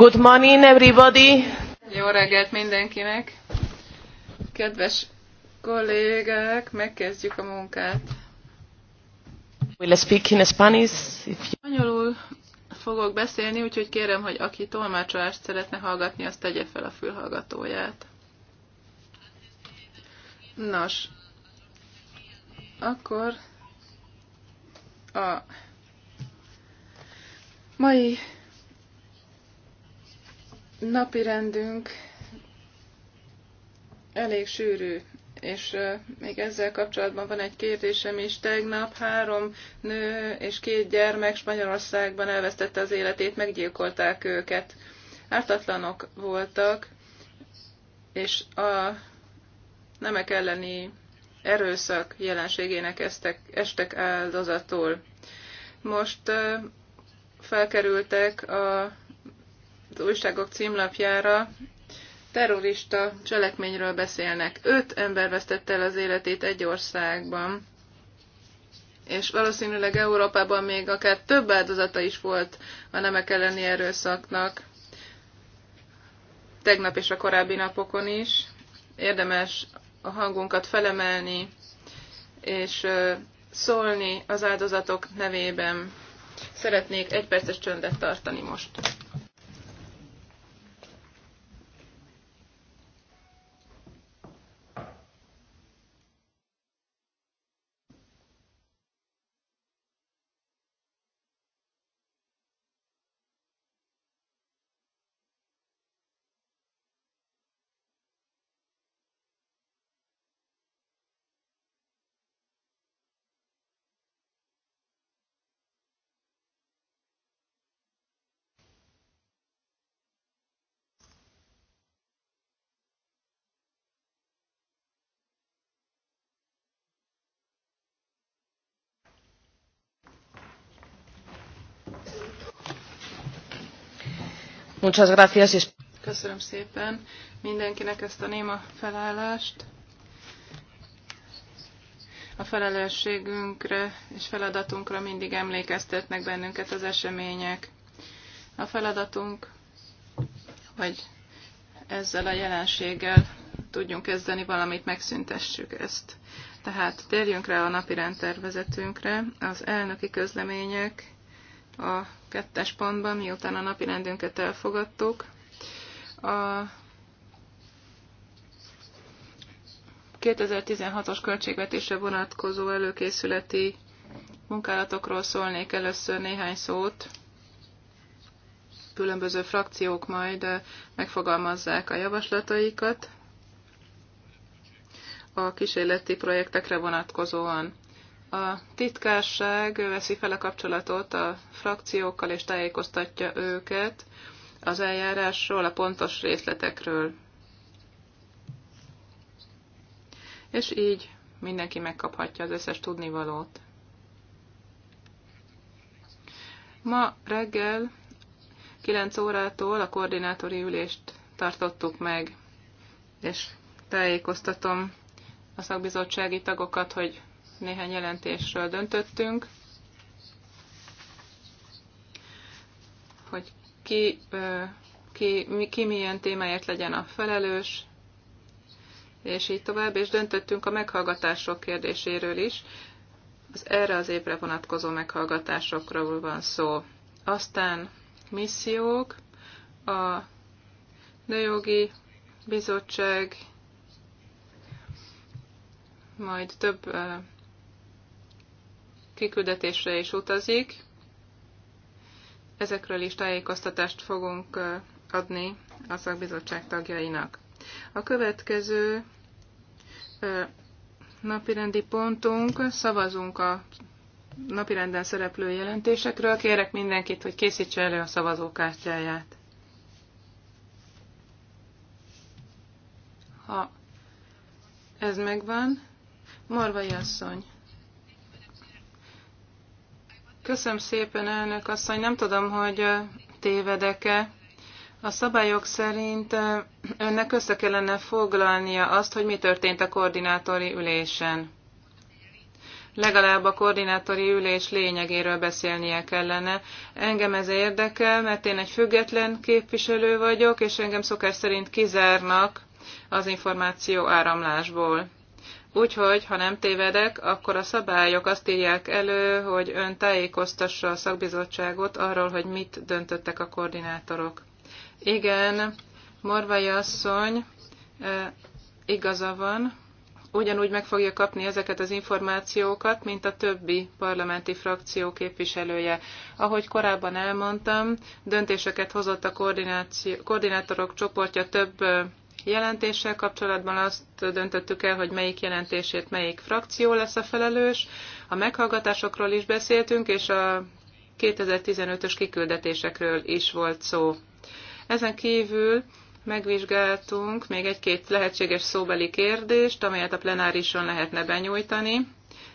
Good morning, everybody! Jó reggelt mindenkinek! Kedves kollégák, megkezdjük a munkát. We'll speak in Spanish? If you... Spanyolul fogok beszélni, úgyhogy kérem, hogy aki tolmácsolást szeretne hallgatni, azt tegye fel a fülhallgatóját. Nos, akkor a mai napi rendünk elég sűrű, és még ezzel kapcsolatban van egy kérdésem is. Tegnap három nő és két gyermek Spanyolországban elvesztette az életét, meggyilkolták őket. Ártatlanok voltak, és a nemek elleni erőszak jelenségének estek, estek áldozatól. Most felkerültek a az újságok címlapjára terrorista cselekményről beszélnek. Öt ember vesztette el az életét egy országban, és valószínűleg Európában még akár több áldozata is volt a nemek elleni erőszaknak, tegnap és a korábbi napokon is. Érdemes a hangunkat felemelni, és szólni az áldozatok nevében. Szeretnék egy perces csöndet tartani most. Muchas gracias. Köszönöm szépen mindenkinek ezt a néma felállást. A felelősségünkre és feladatunkra mindig emlékeztetnek bennünket az események. A feladatunk, hogy ezzel a jelenséggel tudjunk kezdeni valamit, megszüntessük ezt. Tehát térjünk rá a napi rendtervezetünkre, az elnöki közlemények, a kettes pontban, miután a napi rendünket elfogadtuk. A 2016-os költségvetésre vonatkozó előkészületi munkálatokról szólnék először néhány szót. Különböző frakciók majd eh, megfogalmazzák a javaslataikat a kísérleti projektekre vonatkozóan. A titkárság veszi fel a kapcsolatot a frakciókkal és tájékoztatja őket az eljárásról, a pontos részletekről. És így mindenki megkaphatja az összes tudnivalót. Ma reggel 9 órától a koordinátori ülést tartottuk meg, és tájékoztatom a szakbizottsági tagokat, hogy néhány jelentésről döntöttünk, hogy ki, ki, mi, ki milyen témáért legyen a felelős, és így tovább, és döntöttünk a meghallgatások kérdéséről is. Az erre az épre vonatkozó meghallgatásokról van szó. Aztán missziók, a Nőjogi Bizottság, majd több kiküldetésre is utazik. Ezekről is tájékoztatást fogunk adni a szakbizottság tagjainak. A következő napirendi pontunk, szavazunk a napirenden szereplő jelentésekről. Kérek mindenkit, hogy készítse elő a szavazókártyáját. Ha ez megvan, Marvai asszony. Köszönöm szépen, elnök asszony. Nem tudom, hogy tévedek-e. A szabályok szerint önnek össze kellene foglalnia azt, hogy mi történt a koordinátori ülésen. Legalább a koordinátori ülés lényegéről beszélnie kellene. Engem ez érdekel, mert én egy független képviselő vagyok, és engem szokás szerint kizárnak az információ áramlásból. Úgyhogy, ha nem tévedek, akkor a szabályok azt írják elő, hogy ön tájékoztassa a szakbizottságot arról, hogy mit döntöttek a koordinátorok. Igen, Morvai asszony e, igaza van, ugyanúgy meg fogja kapni ezeket az információkat, mint a többi parlamenti frakció képviselője. Ahogy korábban elmondtam, döntéseket hozott a koordinátorok csoportja több e, jelentéssel kapcsolatban azt döntöttük el, hogy melyik jelentését melyik frakció lesz a felelős. A meghallgatásokról is beszéltünk, és a 2015-ös kiküldetésekről is volt szó. Ezen kívül megvizsgáltunk még egy-két lehetséges szóbeli kérdést, amelyet a plenárison lehetne benyújtani,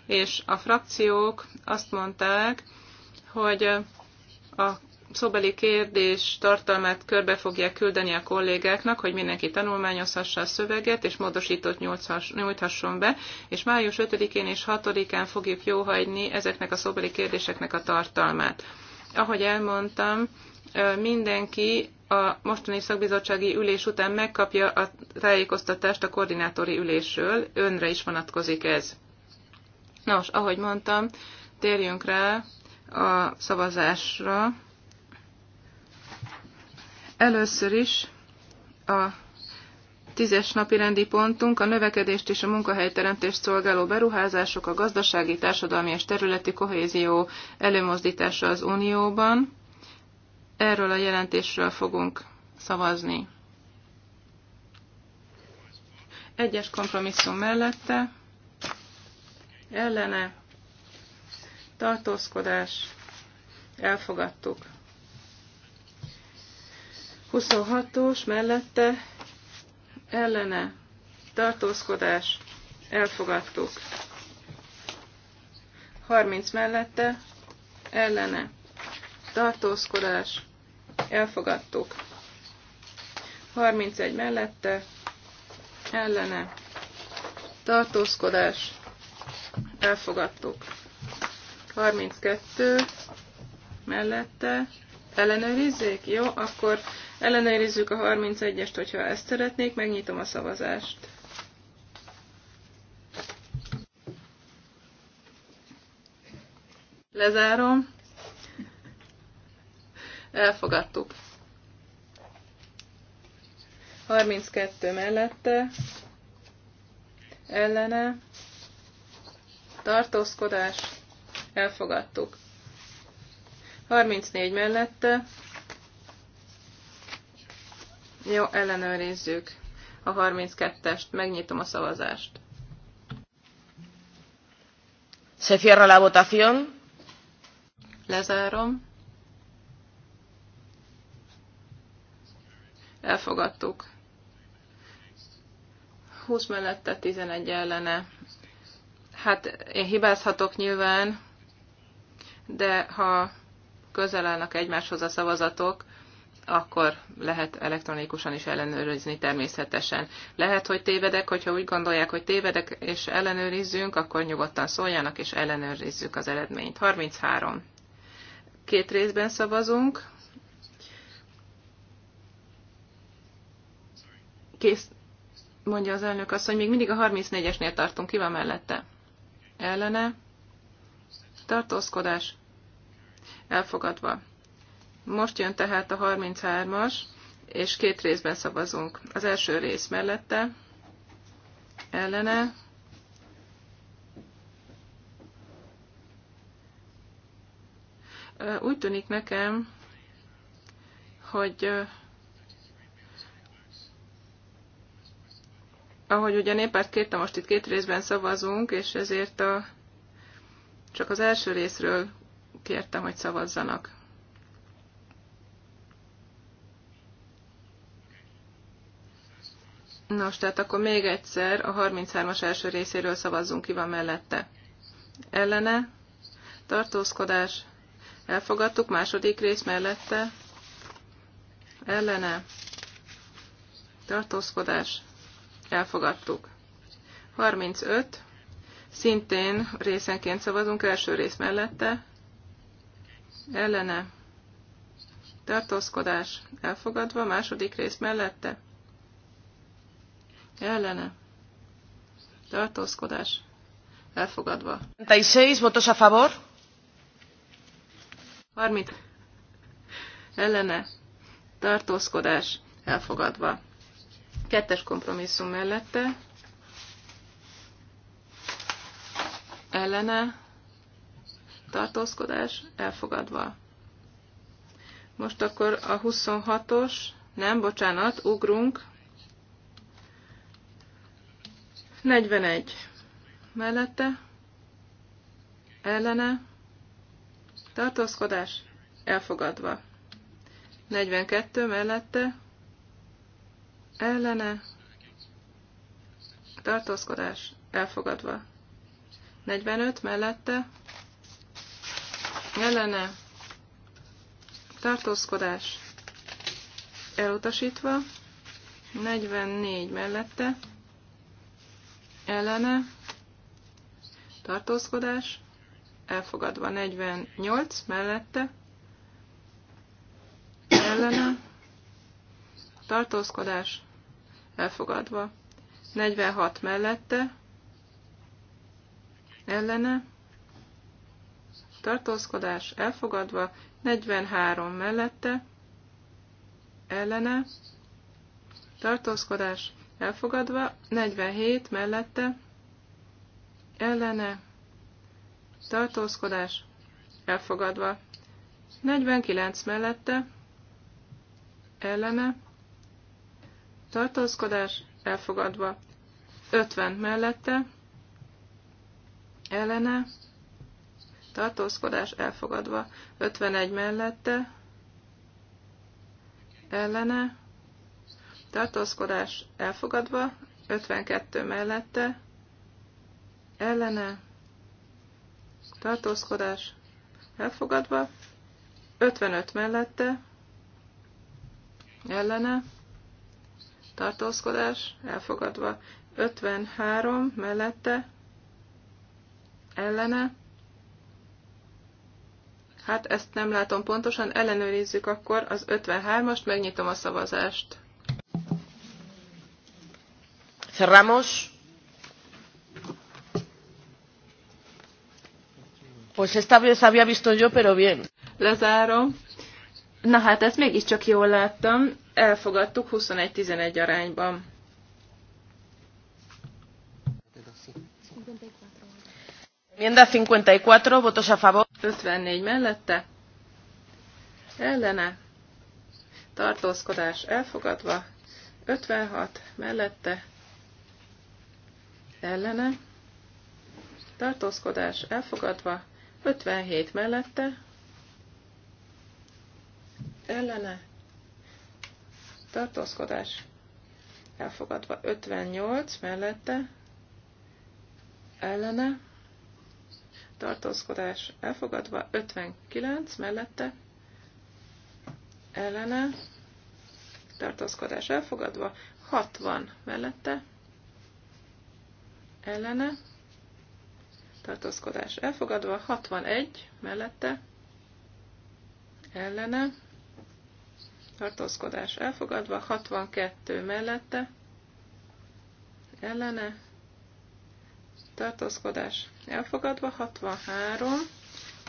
és a frakciók azt mondták, hogy a szóbeli kérdés tartalmát körbe fogják küldeni a kollégáknak, hogy mindenki tanulmányozhassa a szöveget, és módosított nyújthasson be, és május 5-én és 6-án fogjuk jóhagyni ezeknek a szóbeli kérdéseknek a tartalmát. Ahogy elmondtam, mindenki a mostani szakbizottsági ülés után megkapja a tájékoztatást a koordinátori ülésről, önre is vonatkozik ez. Nos, ahogy mondtam, térjünk rá a szavazásra. Először is a tízes napi rendi pontunk a növekedést és a munkahelyteremtést szolgáló beruházások, a gazdasági, társadalmi és területi kohézió előmozdítása az Unióban. Erről a jelentésről fogunk szavazni. Egyes kompromisszum mellette, ellene, tartózkodás, elfogadtuk. 26-os mellette ellene tartózkodás elfogadtuk. 30 mellette ellene tartózkodás elfogadtuk. 31 mellette ellene tartózkodás elfogadtuk. 32 mellette ellenőrizzék? Jó, akkor Ellenőrizzük a 31-est, hogyha ezt szeretnék, megnyitom a szavazást. Lezárom. Elfogadtuk. 32 mellette, ellene, tartózkodás, elfogadtuk. 34 mellette, jó, ellenőrizzük a 32-est, megnyitom a szavazást. Se cierra la votación. Lezárom. Elfogadtuk. 20 mellette 11 ellene. Hát én hibázhatok nyilván, de ha közel állnak egymáshoz a szavazatok, akkor lehet elektronikusan is ellenőrizni természetesen. Lehet, hogy tévedek, hogyha úgy gondolják, hogy tévedek, és ellenőrizzünk, akkor nyugodtan szóljanak, és ellenőrizzük az eredményt. 33. Két részben szavazunk. Kész, mondja az elnök azt, hogy még mindig a 34-esnél tartunk. Ki van mellette? Ellene. Tartózkodás. Elfogadva. Most jön tehát a 33-as, és két részben szavazunk. Az első rész mellette, ellene, Úgy tűnik nekem, hogy ahogy ugye néppárt kérte, most itt két részben szavazunk, és ezért a, csak az első részről kértem, hogy szavazzanak. Nos, tehát akkor még egyszer a 33-as első részéről szavazzunk ki van mellette. Ellene, tartózkodás, elfogadtuk, második rész mellette, ellene, tartózkodás, elfogadtuk. 35, szintén részenként szavazunk, első rész mellette, ellene, tartózkodás, elfogadva, második rész mellette, ellene tartózkodás elfogadva. 36 votos a favor. 30 ellene tartózkodás elfogadva. Kettes kompromisszum mellette ellene tartózkodás elfogadva. Most akkor a 26-os, nem, bocsánat, ugrunk, 41. Mellette, ellene, tartózkodás, elfogadva. 42. Mellette, ellene, tartózkodás, elfogadva. 45. Mellette, ellene, tartózkodás, elutasítva. 44. Mellette, ellene, tartózkodás, elfogadva 48 mellette, ellene, tartózkodás, elfogadva 46 mellette, ellene, tartózkodás, elfogadva 43 mellette, ellene, tartózkodás, elfogadva, 47 mellette, ellene, tartózkodás, elfogadva, 49 mellette, ellene, tartózkodás, elfogadva, 50 mellette, ellene, tartózkodás, elfogadva, 51 mellette, ellene, tartózkodás elfogadva, 52 mellette, ellene, tartózkodás elfogadva, 55 mellette, ellene, tartózkodás elfogadva, 53 mellette, ellene, Hát ezt nem látom pontosan, ellenőrizzük akkor az 53-ast, megnyitom a szavazást. Cerramos. Pues esta vez había visto yo, pero bien. Lezárom. Na hát ezt mégiscsak jól láttam. Elfogadtuk 21-11 arányban. Enmienda 54, votos a favor. 54 mellette. Ellene. Tartózkodás elfogadva. 56 mellette ellene, tartózkodás elfogadva, 57 mellette, ellene, tartózkodás elfogadva, 58 mellette, ellene, tartózkodás elfogadva, 59 mellette, ellene, tartózkodás elfogadva, 60 mellette, ellene, tartózkodás elfogadva, 61 mellette, ellene, tartózkodás elfogadva, 62 mellette, ellene, tartózkodás elfogadva, 63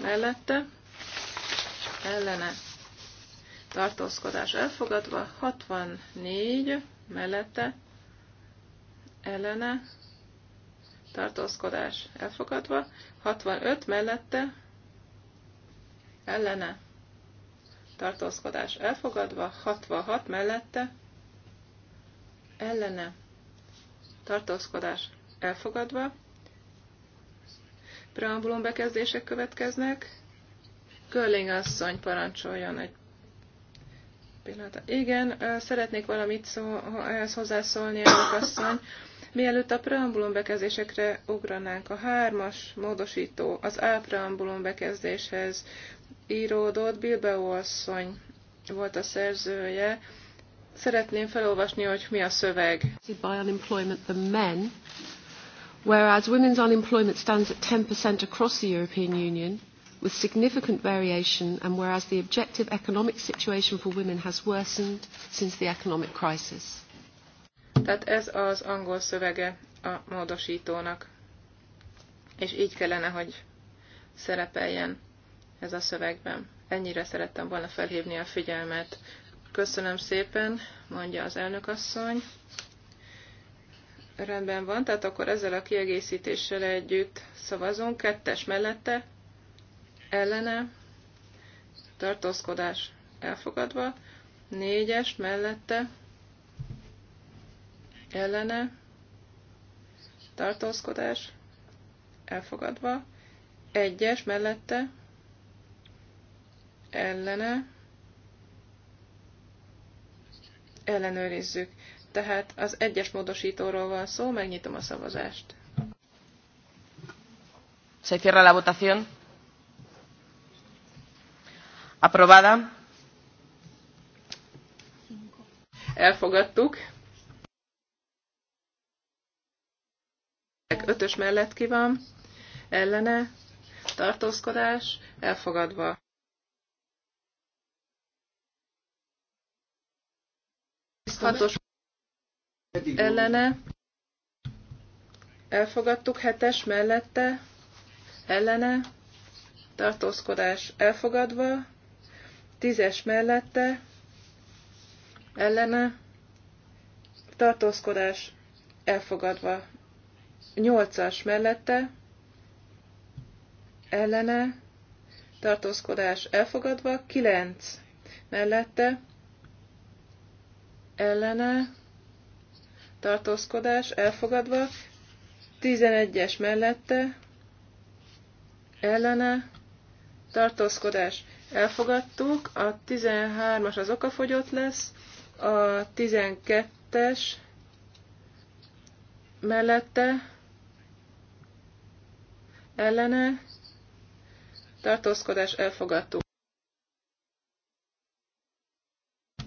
mellette, ellene, tartózkodás elfogadva, 64 mellette, ellene, tartózkodás elfogadva, 65 mellette ellene tartózkodás elfogadva, 66 mellette ellene tartózkodás elfogadva. Preambulum bekezdések következnek. Görling asszony parancsoljon egy pillanat. Igen, szeretnék valamit szó, ehhez hozzászólni, elnök asszony. Mielőtt a preambulum bekezdésekre ugranánk, a hármas módosító az A preambulum bekezdéshez íródott Bilbao asszony volt a szerzője. Szeretném felolvasni, hogy mi a szöveg. By unemployment the men, whereas women's unemployment stands at 10% across the European Union, with significant variation, and whereas the objective economic situation for women has worsened since the economic crisis. Tehát ez az angol szövege a módosítónak. És így kellene, hogy szerepeljen ez a szövegben. Ennyire szerettem volna felhívni a figyelmet. Köszönöm szépen, mondja az elnökasszony. Rendben van, tehát akkor ezzel a kiegészítéssel együtt szavazunk. Kettes mellette, ellene, tartózkodás elfogadva, négyes mellette, ellene, tartózkodás, elfogadva, egyes mellette, ellene, ellenőrizzük. Tehát az egyes módosítóról van szó, megnyitom a szavazást. Se cierra la votación. Aprobada. Elfogadtuk. ötös mellett ki van, ellene, tartózkodás, elfogadva. Hatos ellene, elfogadtuk, hetes mellette, ellene, tartózkodás elfogadva, tízes mellette, ellene, tartózkodás elfogadva, Nyolcas mellette ellene tartózkodás elfogadva, Kilenc mellette ellene tartózkodás elfogadva, Tizenegyes mellette ellene tartózkodás elfogadtuk, a 13-as az okafogyott lesz, a 12-es mellette ellene tartózkodás elfogadtuk.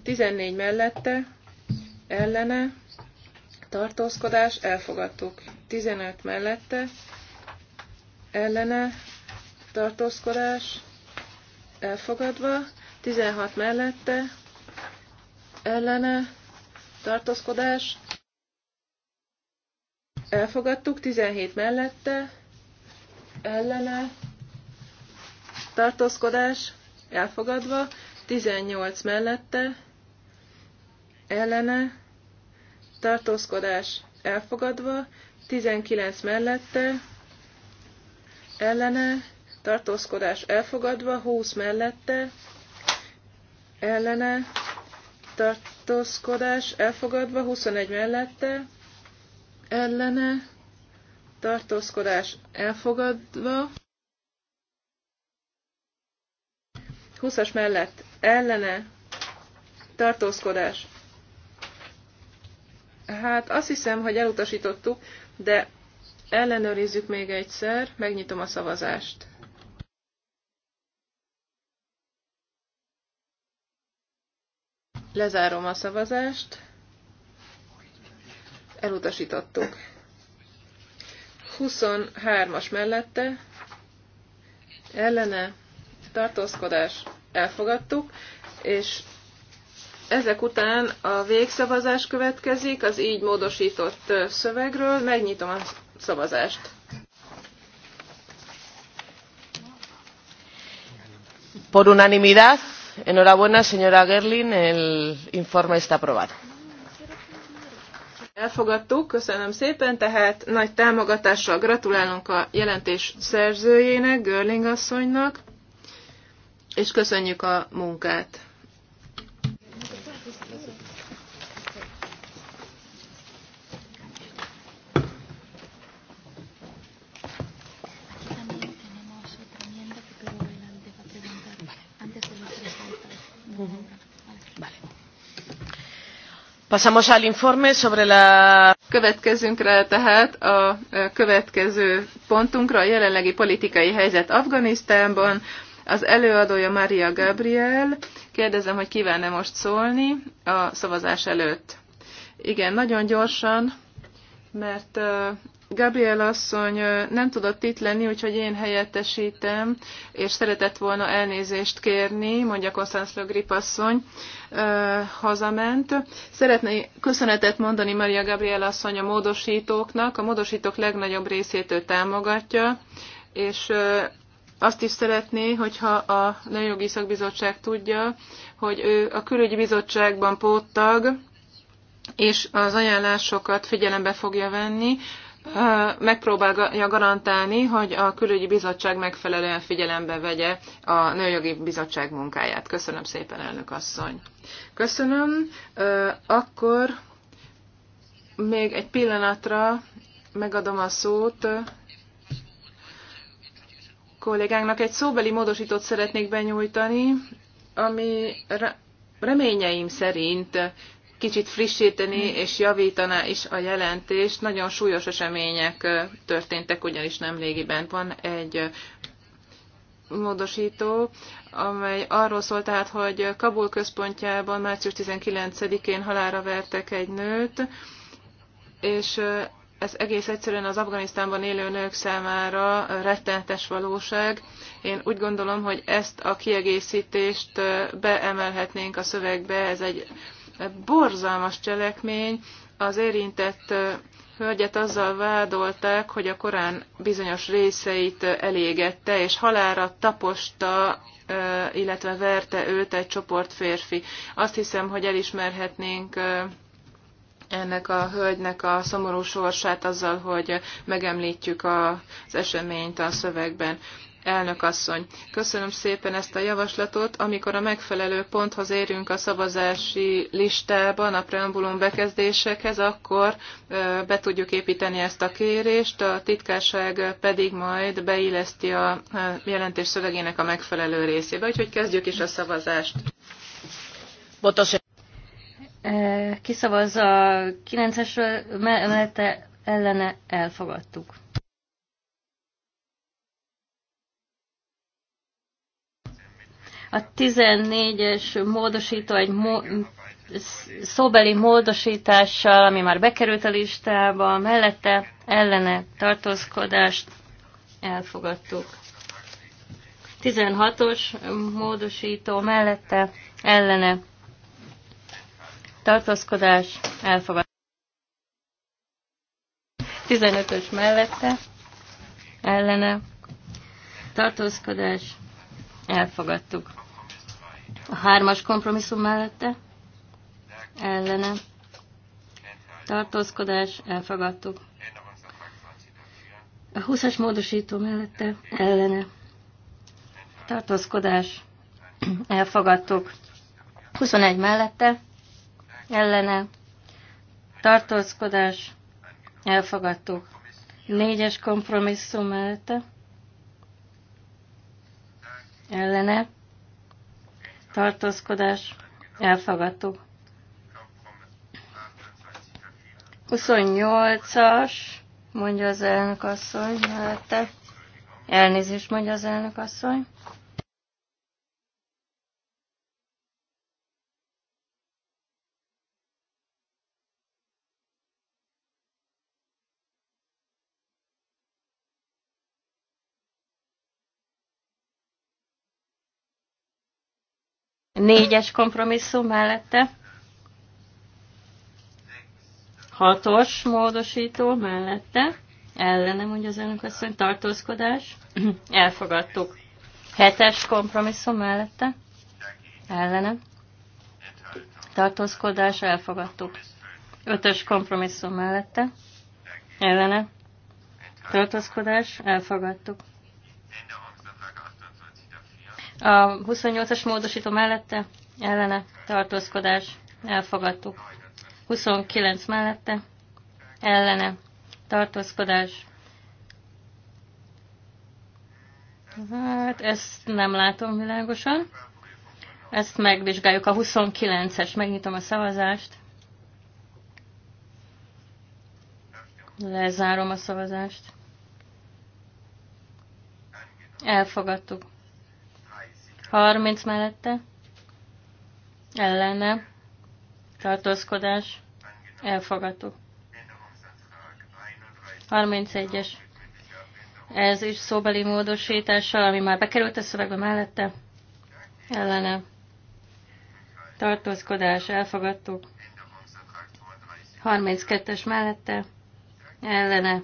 14 mellette ellene tartózkodás elfogadtuk. 15 mellette ellene tartózkodás elfogadva, 16 mellette ellene tartózkodás elfogadtuk, 17 mellette ellene, tartózkodás, elfogadva, 18 mellette, ellene, tartózkodás, elfogadva, 19 mellette, ellene, tartózkodás elfogadva, 20 mellette, ellene, tartózkodás elfogadva, 21 mellette, ellene, tartózkodás elfogadva, 20-as mellett ellene tartózkodás. Hát azt hiszem, hogy elutasítottuk, de ellenőrizzük még egyszer, megnyitom a szavazást. Lezárom a szavazást. Elutasítottuk. 23-as mellette ellene tartózkodás elfogadtuk, és ezek után a végszavazás következik az így módosított szövegről. Megnyitom a szavazást. Por unanimidad, enhorabuena, señora Gerlin, el informe está aprobado. Elfogadtuk, köszönöm szépen, tehát nagy támogatással gratulálunk a jelentés szerzőjének, Görling asszonynak, és köszönjük a munkát. Pasamos al informe sobre la... Következünkre tehát a eh, következő pontunkra a jelenlegi politikai helyzet Afganisztánban. Az előadója Maria Gabriel. Kérdezem, hogy kívánne most szólni a szavazás előtt. Igen, nagyon gyorsan, mert eh, Gabriel asszony nem tudott itt lenni, úgyhogy én helyettesítem, és szeretett volna elnézést kérni, mondja Konstanz Le Grip asszony, hazament. Szeretné köszönetet mondani Maria Gabriel asszony a módosítóknak. A módosítók legnagyobb részét ő támogatja, és azt is szeretné, hogyha a Nőjogi Szakbizottság tudja, hogy ő a külügyi bizottságban póttag, és az ajánlásokat figyelembe fogja venni, megpróbálja garantálni, hogy a külügyi bizottság megfelelően figyelembe vegye a Nőjogi Bizottság munkáját. Köszönöm szépen, elnök asszony. Köszönöm. Akkor még egy pillanatra megadom a szót kollégánknak. Egy szóbeli módosítót szeretnék benyújtani, ami reményeim szerint kicsit frissíteni mm. és javítaná is a jelentést. Nagyon súlyos események történtek, ugyanis nem légiben van egy módosító, amely arról szól tehát, hogy Kabul központjában március 19-én halára vertek egy nőt, és ez egész egyszerűen az Afganisztánban élő nők számára rettenetes valóság. Én úgy gondolom, hogy ezt a kiegészítést beemelhetnénk a szövegbe, ez egy borzalmas cselekmény, az érintett hölgyet azzal vádolták, hogy a Korán bizonyos részeit elégette, és halára taposta, illetve verte őt egy csoport férfi. Azt hiszem, hogy elismerhetnénk ennek a hölgynek a szomorú sorsát azzal, hogy megemlítjük az eseményt a szövegben. Elnök asszony, köszönöm szépen ezt a javaslatot. Amikor a megfelelő ponthoz érünk a szavazási listában, a preambulum bekezdésekhez, akkor be tudjuk építeni ezt a kérést, a titkárság pedig majd beilleszti a jelentés szövegének a megfelelő részébe. Úgyhogy kezdjük is a szavazást. Botos. E, kiszavaz a 9 es mellette ellene elfogadtuk. A 14-es módosító egy mo szóbeli módosítással, ami már bekerült a listába, mellette ellene tartózkodást elfogadtuk. 16-os módosító mellette ellene tartózkodás elfogadtuk. 15-ös mellette ellene tartózkodás elfogadtuk. A hármas kompromisszum mellette ellene tartózkodás elfogadtuk. A 20-as módosító mellette ellene tartózkodás elfogadtuk. 21 mellette ellene tartózkodás elfogadtuk. Négyes kompromisszum mellette ellene tartózkodás, elfogadtuk. 28-as, mondja az elnök asszony, mellette. Elnézést mondja az elnök asszony. Négyes kompromisszum mellette. Hatos módosító mellette. Ellene mondja az önök asszony tartózkodás. Elfogadtuk. Hetes kompromisszum mellette. Ellene. Tartózkodás elfogadtuk. Ötös kompromisszum mellette. Ellene. Tartózkodás elfogadtuk. A 28-as módosító mellette ellene tartózkodás elfogadtuk. 29 mellette ellene tartózkodás. Hát ezt nem látom világosan. Ezt megvizsgáljuk a 29-es. Megnyitom a szavazást. Lezárom a szavazást. Elfogadtuk. 30 mellette, ellene, tartózkodás, elfogadó. 31-es. Ez is szóbeli módosítással, ami már bekerült a szövegbe mellette, ellene, tartózkodás, elfogadó. 32-es mellette, ellene,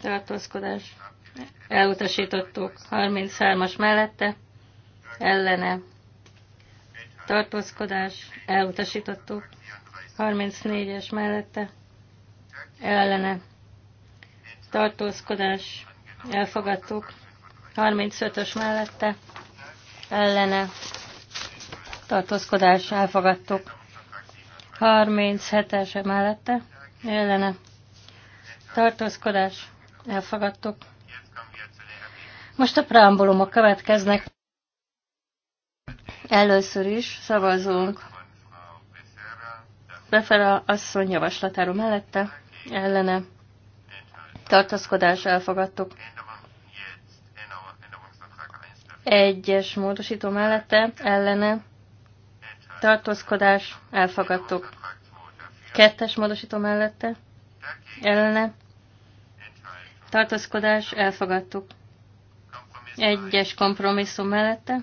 tartózkodás, elutasítottuk 33-as mellette, ellene tartózkodás, elutasítottuk 34-es mellette, ellene tartózkodás, elfogadtuk 35-ös mellette, ellene tartózkodás, elfogadtuk 37-es mellette, ellene tartózkodás, elfogadtuk most a preambulumok következnek. Először is szavazunk befele asszony javaslatára mellette, ellene tartózkodás elfogadtuk. Egyes módosító mellette, ellene tartózkodás elfogadtuk. Kettes módosító mellette, ellene tartózkodás elfogadtuk. Egyes kompromisszum mellette.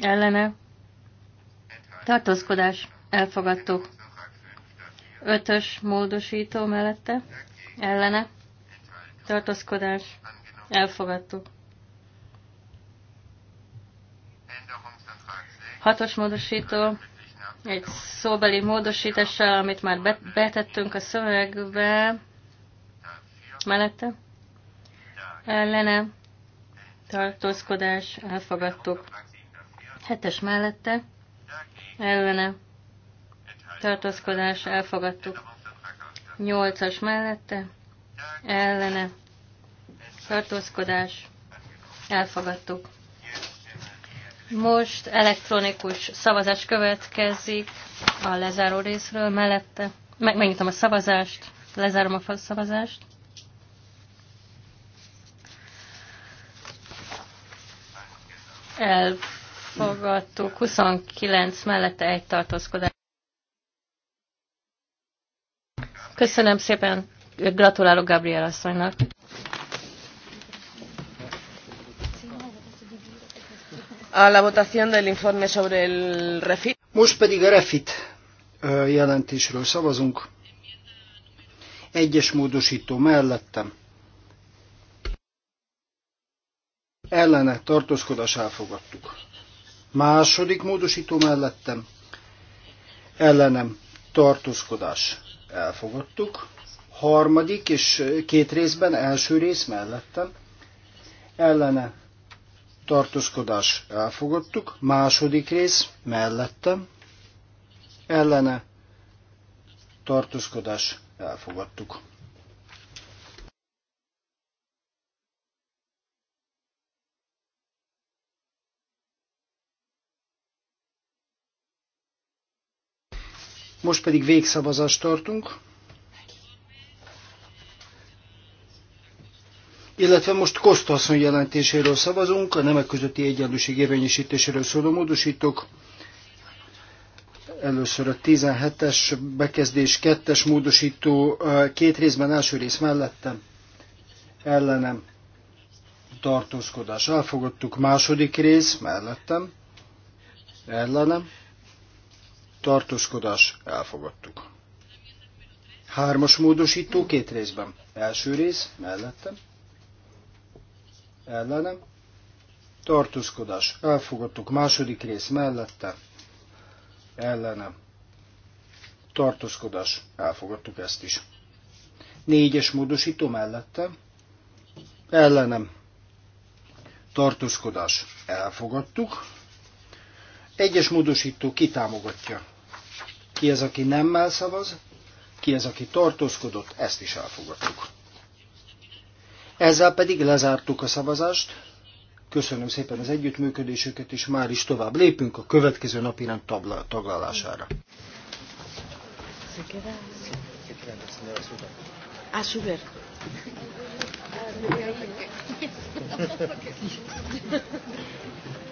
Ellene. Tartózkodás. Elfogadtuk. Ötös módosító mellette. Ellene. Tartózkodás. Elfogadtuk. Hatos módosító. Egy szóbeli módosítással, amit már betettünk a szövegbe. Mellette ellene tartózkodás elfogadtuk. Hetes mellette ellene tartózkodás elfogadtuk. Nyolcas mellette ellene tartózkodás elfogadtuk. Most elektronikus szavazás következik a lezáró részről mellette. Meg, megnyitom a szavazást, lezárom a szavazást. elfogadtuk, 29 mellette egy tartózkodás. Köszönöm szépen, gratulálok Gabriel asszonynak. A la votación del informe sobre el refit. Most pedig a refit jelentésről szavazunk. Egyes módosító mellettem ellene tartózkodás elfogadtuk. Második módosító mellettem ellenem tartózkodás elfogadtuk. Harmadik és két részben első rész mellettem ellene tartózkodás elfogadtuk. Második rész mellettem ellene tartózkodás elfogadtuk. Most pedig végszavazást tartunk. Illetve most Koszta jelentéséről szavazunk, a nemek közötti egyenlőség érvényesítéséről szóló módosítók. Először a 17-es bekezdés kettes módosító két részben első rész mellettem ellenem tartózkodás. Elfogadtuk második rész mellettem ellenem tartózkodás, elfogadtuk. Hármas módosító két részben. Első rész, mellettem, ellenem, tartózkodás, elfogadtuk. Második rész, mellette, ellenem, tartózkodás, elfogadtuk ezt is. Négyes módosító mellette, ellenem, tartózkodás, elfogadtuk. Egyes módosító kitámogatja ki az, aki nemmel szavaz? Ki az, aki tartózkodott? Ezt is elfogadtuk. Ezzel pedig lezártuk a szavazást. Köszönöm szépen az együttműködésüket, és már is tovább lépünk a következő napi rend taglalására. Ah,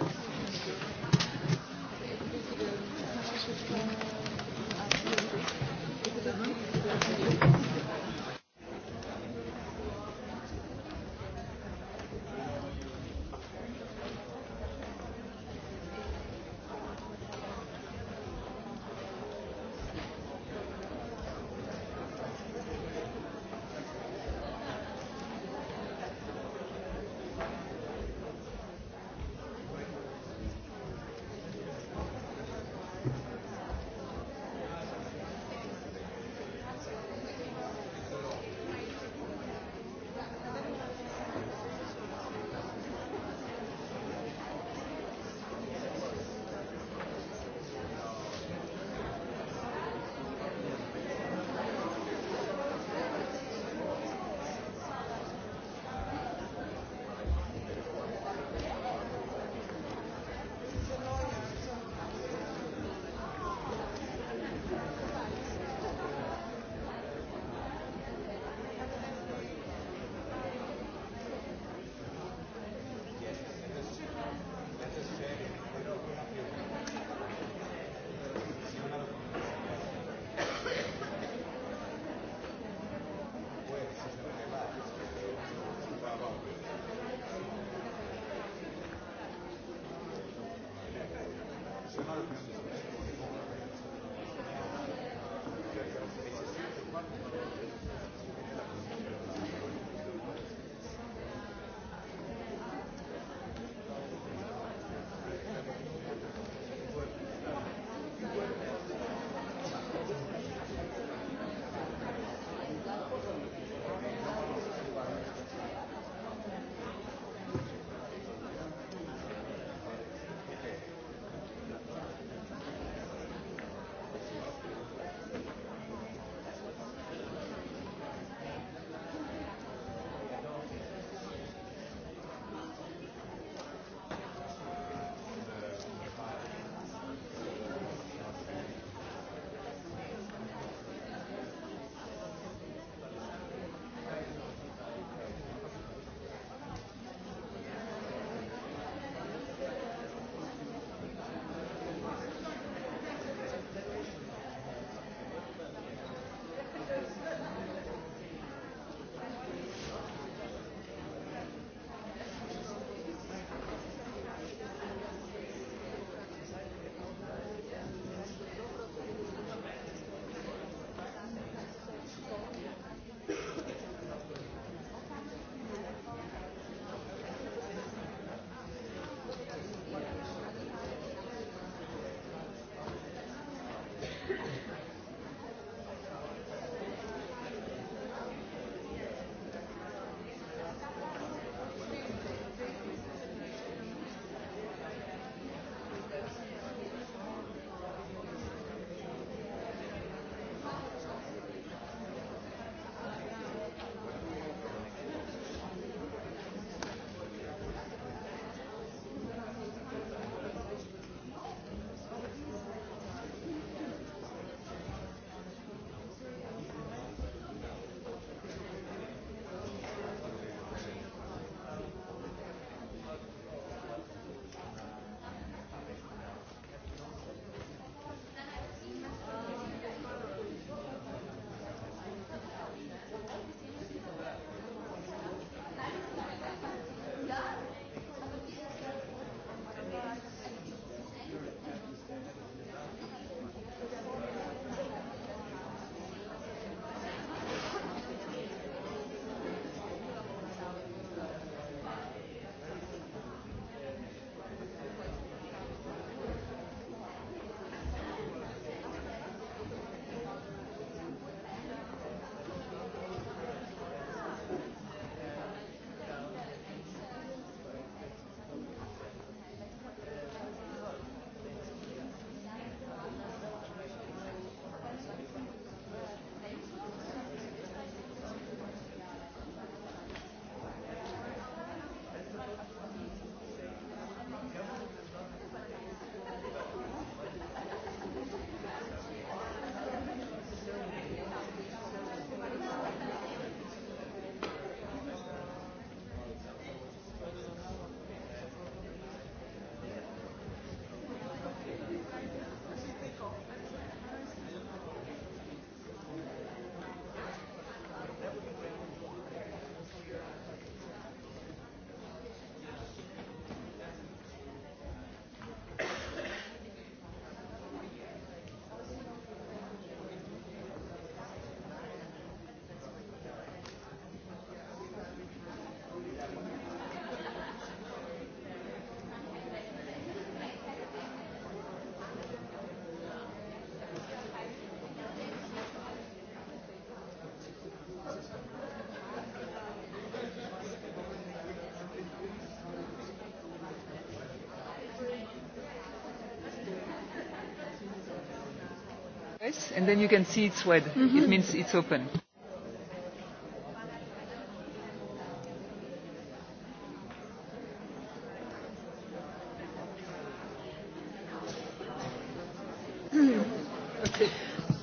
twice, and then you can see it's red. Mm -hmm. It mm-hmm. means it's open.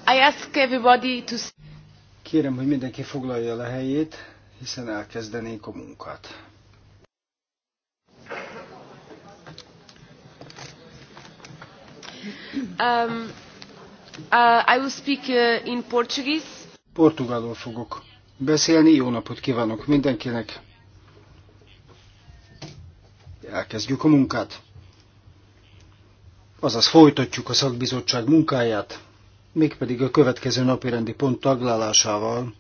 I ask everybody to... Kérem, hogy mindenki foglalja le helyét, hiszen elkezdenénk a munkát. Um, Uh, I will speak uh, in Portuguese. Portugálul fogok beszélni. Jó napot kívánok mindenkinek. Elkezdjük a munkát. Azaz folytatjuk a szakbizottság munkáját, mégpedig a következő napirendi pont taglálásával.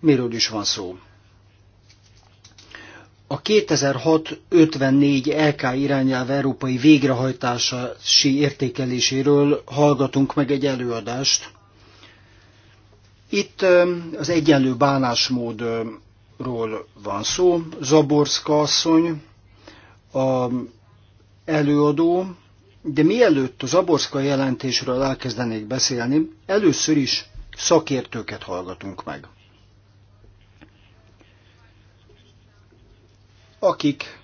Miről is van szó? 2006 54 LK irányelv európai végrehajtási értékeléséről hallgatunk meg egy előadást. Itt az egyenlő bánásmódról van szó. Zaborszka asszony, a előadó, de mielőtt a Zaborszka jelentésről elkezdenék beszélni, először is szakértőket hallgatunk meg. akik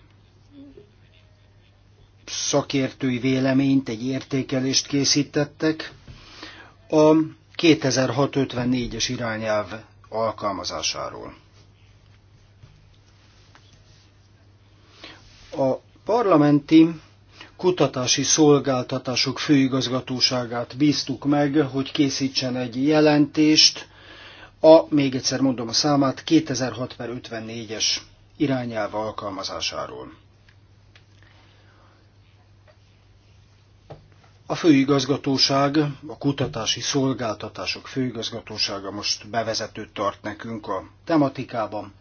szakértői véleményt, egy értékelést készítettek a 2654-es irányelv alkalmazásáról. A parlamenti kutatási szolgáltatások főigazgatóságát bíztuk meg, hogy készítsen egy jelentést, a, még egyszer mondom a számát, 2654 es irányelv alkalmazásáról. A főigazgatóság, a kutatási szolgáltatások főigazgatósága most bevezetőt tart nekünk a tematikában.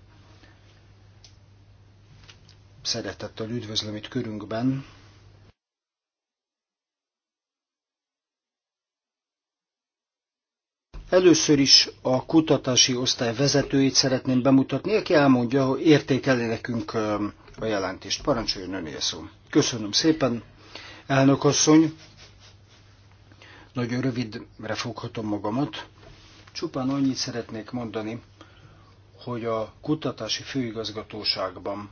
Szeretettel üdvözlöm itt körünkben Először is a kutatási osztály vezetőjét szeretném bemutatni, aki elmondja, hogy értékeli nekünk a jelentést. Parancsoljon ön szó. Köszönöm szépen, elnök asszony. Nagyon rövidre foghatom magamat. Csupán annyit szeretnék mondani, hogy a kutatási főigazgatóságban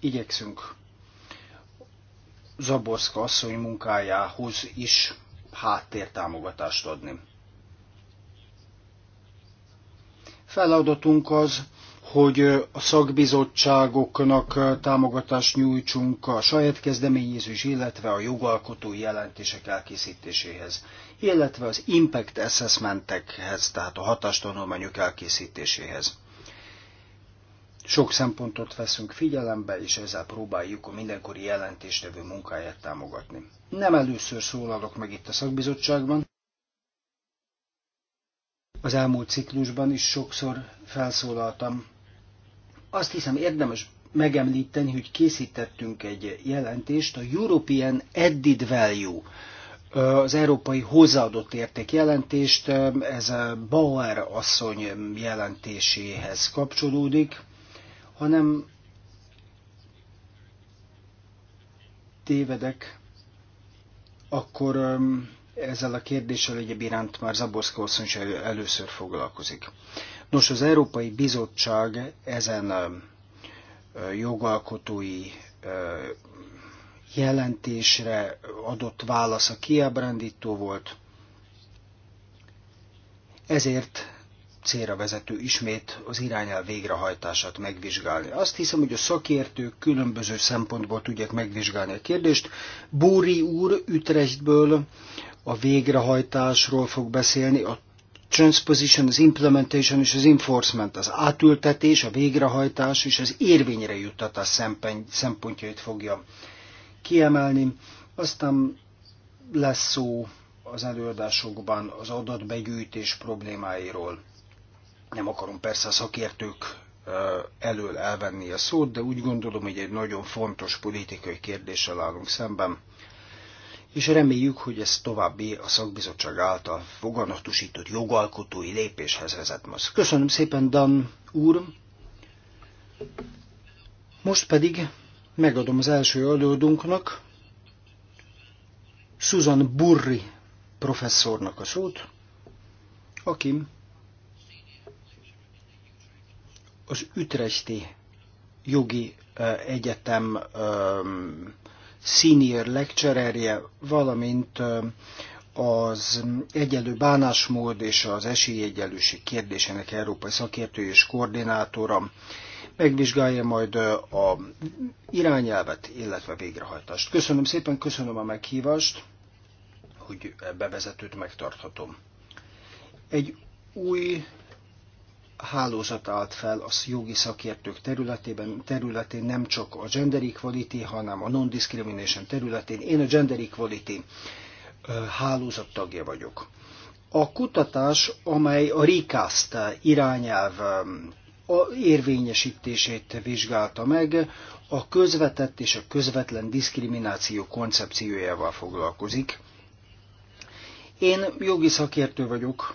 igyekszünk Zaborszka asszony munkájához is háttértámogatást adni. Feladatunk az, hogy a szakbizottságoknak támogatást nyújtsunk a saját kezdeményezés, illetve a jogalkotói jelentések elkészítéséhez, illetve az impact assessmentekhez, tehát a hatástanulmányok elkészítéséhez. Sok szempontot veszünk figyelembe, és ezzel próbáljuk a mindenkori jelentéstevő munkáját támogatni. Nem először szólalok meg itt a szakbizottságban, az elmúlt ciklusban is sokszor felszólaltam. Azt hiszem érdemes megemlíteni, hogy készítettünk egy jelentést, a European Added Value, az európai hozzáadott érték jelentést, ez a Bauer asszony jelentéséhez kapcsolódik, hanem tévedek, akkor um, ezzel a kérdéssel egyéb iránt már Zaborszka asszony is először foglalkozik. Nos, az Európai Bizottság ezen a jogalkotói jelentésre adott válasz a kiábrándító volt, ezért célra vezető ismét az irányel végrehajtását megvizsgálni. Azt hiszem, hogy a szakértők különböző szempontból tudják megvizsgálni a kérdést. Bóri úr Ütrechtből a végrehajtásról fog beszélni, a transposition, az implementation és az enforcement, az átültetés, a végrehajtás és az érvényre juttatás szempontjait fogja kiemelni. Aztán lesz szó az előadásokban az adatbegyűjtés problémáiról. Nem akarom persze a szakértők elől elvenni a szót, de úgy gondolom, hogy egy nagyon fontos politikai kérdéssel állunk szemben és reméljük, hogy ez további a szakbizottság által foganatosított jogalkotói lépéshez vezet most. Köszönöm szépen, Dan úr! Most pedig megadom az első előadónknak, Susan Burri professzornak a szót, aki az Ütresti Jogi eh, Egyetem ehm, senior lecturerje, valamint az egyenlő bánásmód és az esélyegyenlőség kérdésének európai szakértő és koordinátora. Megvizsgálja majd a irányelvet, illetve végrehajtást. Köszönöm szépen, köszönöm a meghívást, hogy e bevezetőt megtarthatom. Egy új hálózat állt fel a jogi szakértők területében, területén nem csak a gender equality, hanem a non-discrimination területén. Én a gender equality hálózat tagja vagyok. A kutatás, amely a RICAST irányelv érvényesítését vizsgálta meg, a közvetett és a közvetlen diszkrimináció koncepciójával foglalkozik. Én jogi szakértő vagyok,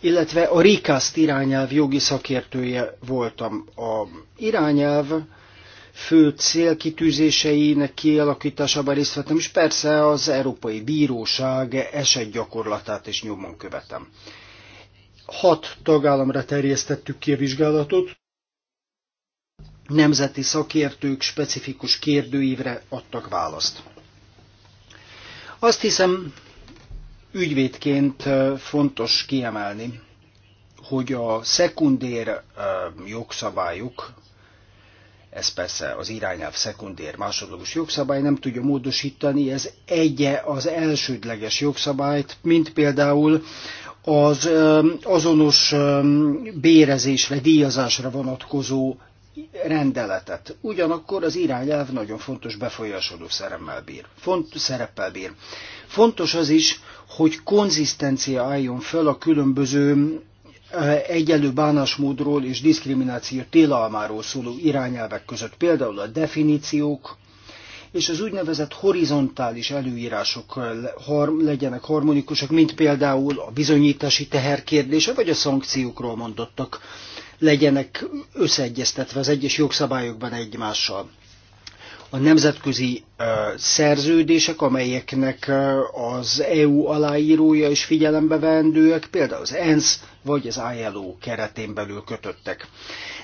illetve a rikaszt irányelv jogi szakértője voltam. A irányelv fő célkitűzéseinek kialakításában részt vettem, és persze az Európai Bíróság eset gyakorlatát is nyomon követem. Hat tagállamra terjesztettük ki a vizsgálatot, nemzeti szakértők specifikus kérdőívre adtak választ. Azt hiszem, Ügyvédként fontos kiemelni, hogy a szekundér jogszabályok, ez persze az irányelv szekundér másodlagos jogszabály nem tudja módosítani, ez egye az elsődleges jogszabályt, mint például az azonos bérezésre, díjazásra vonatkozó rendeletet. Ugyanakkor az irányelv nagyon fontos befolyásoló szeremmel bír. Font, szereppel bír. Fontos az is, hogy konzisztencia álljon fel a különböző egyenlő bánásmódról és diszkrimináció tilalmáról szóló irányelvek között, például a definíciók és az úgynevezett horizontális előírások legyenek harmonikusak, mint például a bizonyítási teherkérdése, vagy a szankciókról mondottak legyenek összeegyeztetve az egyes jogszabályokban egymással. A nemzetközi szerződések, amelyeknek az EU aláírója is figyelembe vendőek, például az ENSZ vagy az ILO keretén belül kötöttek.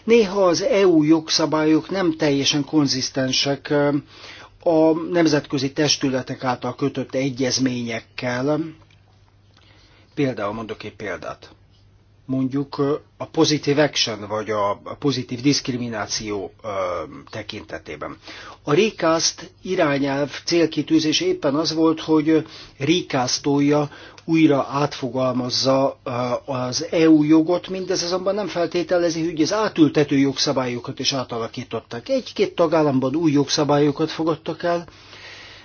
Néha az EU jogszabályok nem teljesen konzisztensek a nemzetközi testületek által kötött egyezményekkel. Például mondok egy példát mondjuk a pozitív action, vagy a pozitív diszkrimináció tekintetében. A recast irányelv célkitűzés éppen az volt, hogy recastolja, újra átfogalmazza az EU jogot, mindez azonban nem feltételezi, hogy az átültető jogszabályokat is átalakították. Egy-két tagállamban új jogszabályokat fogadtak el,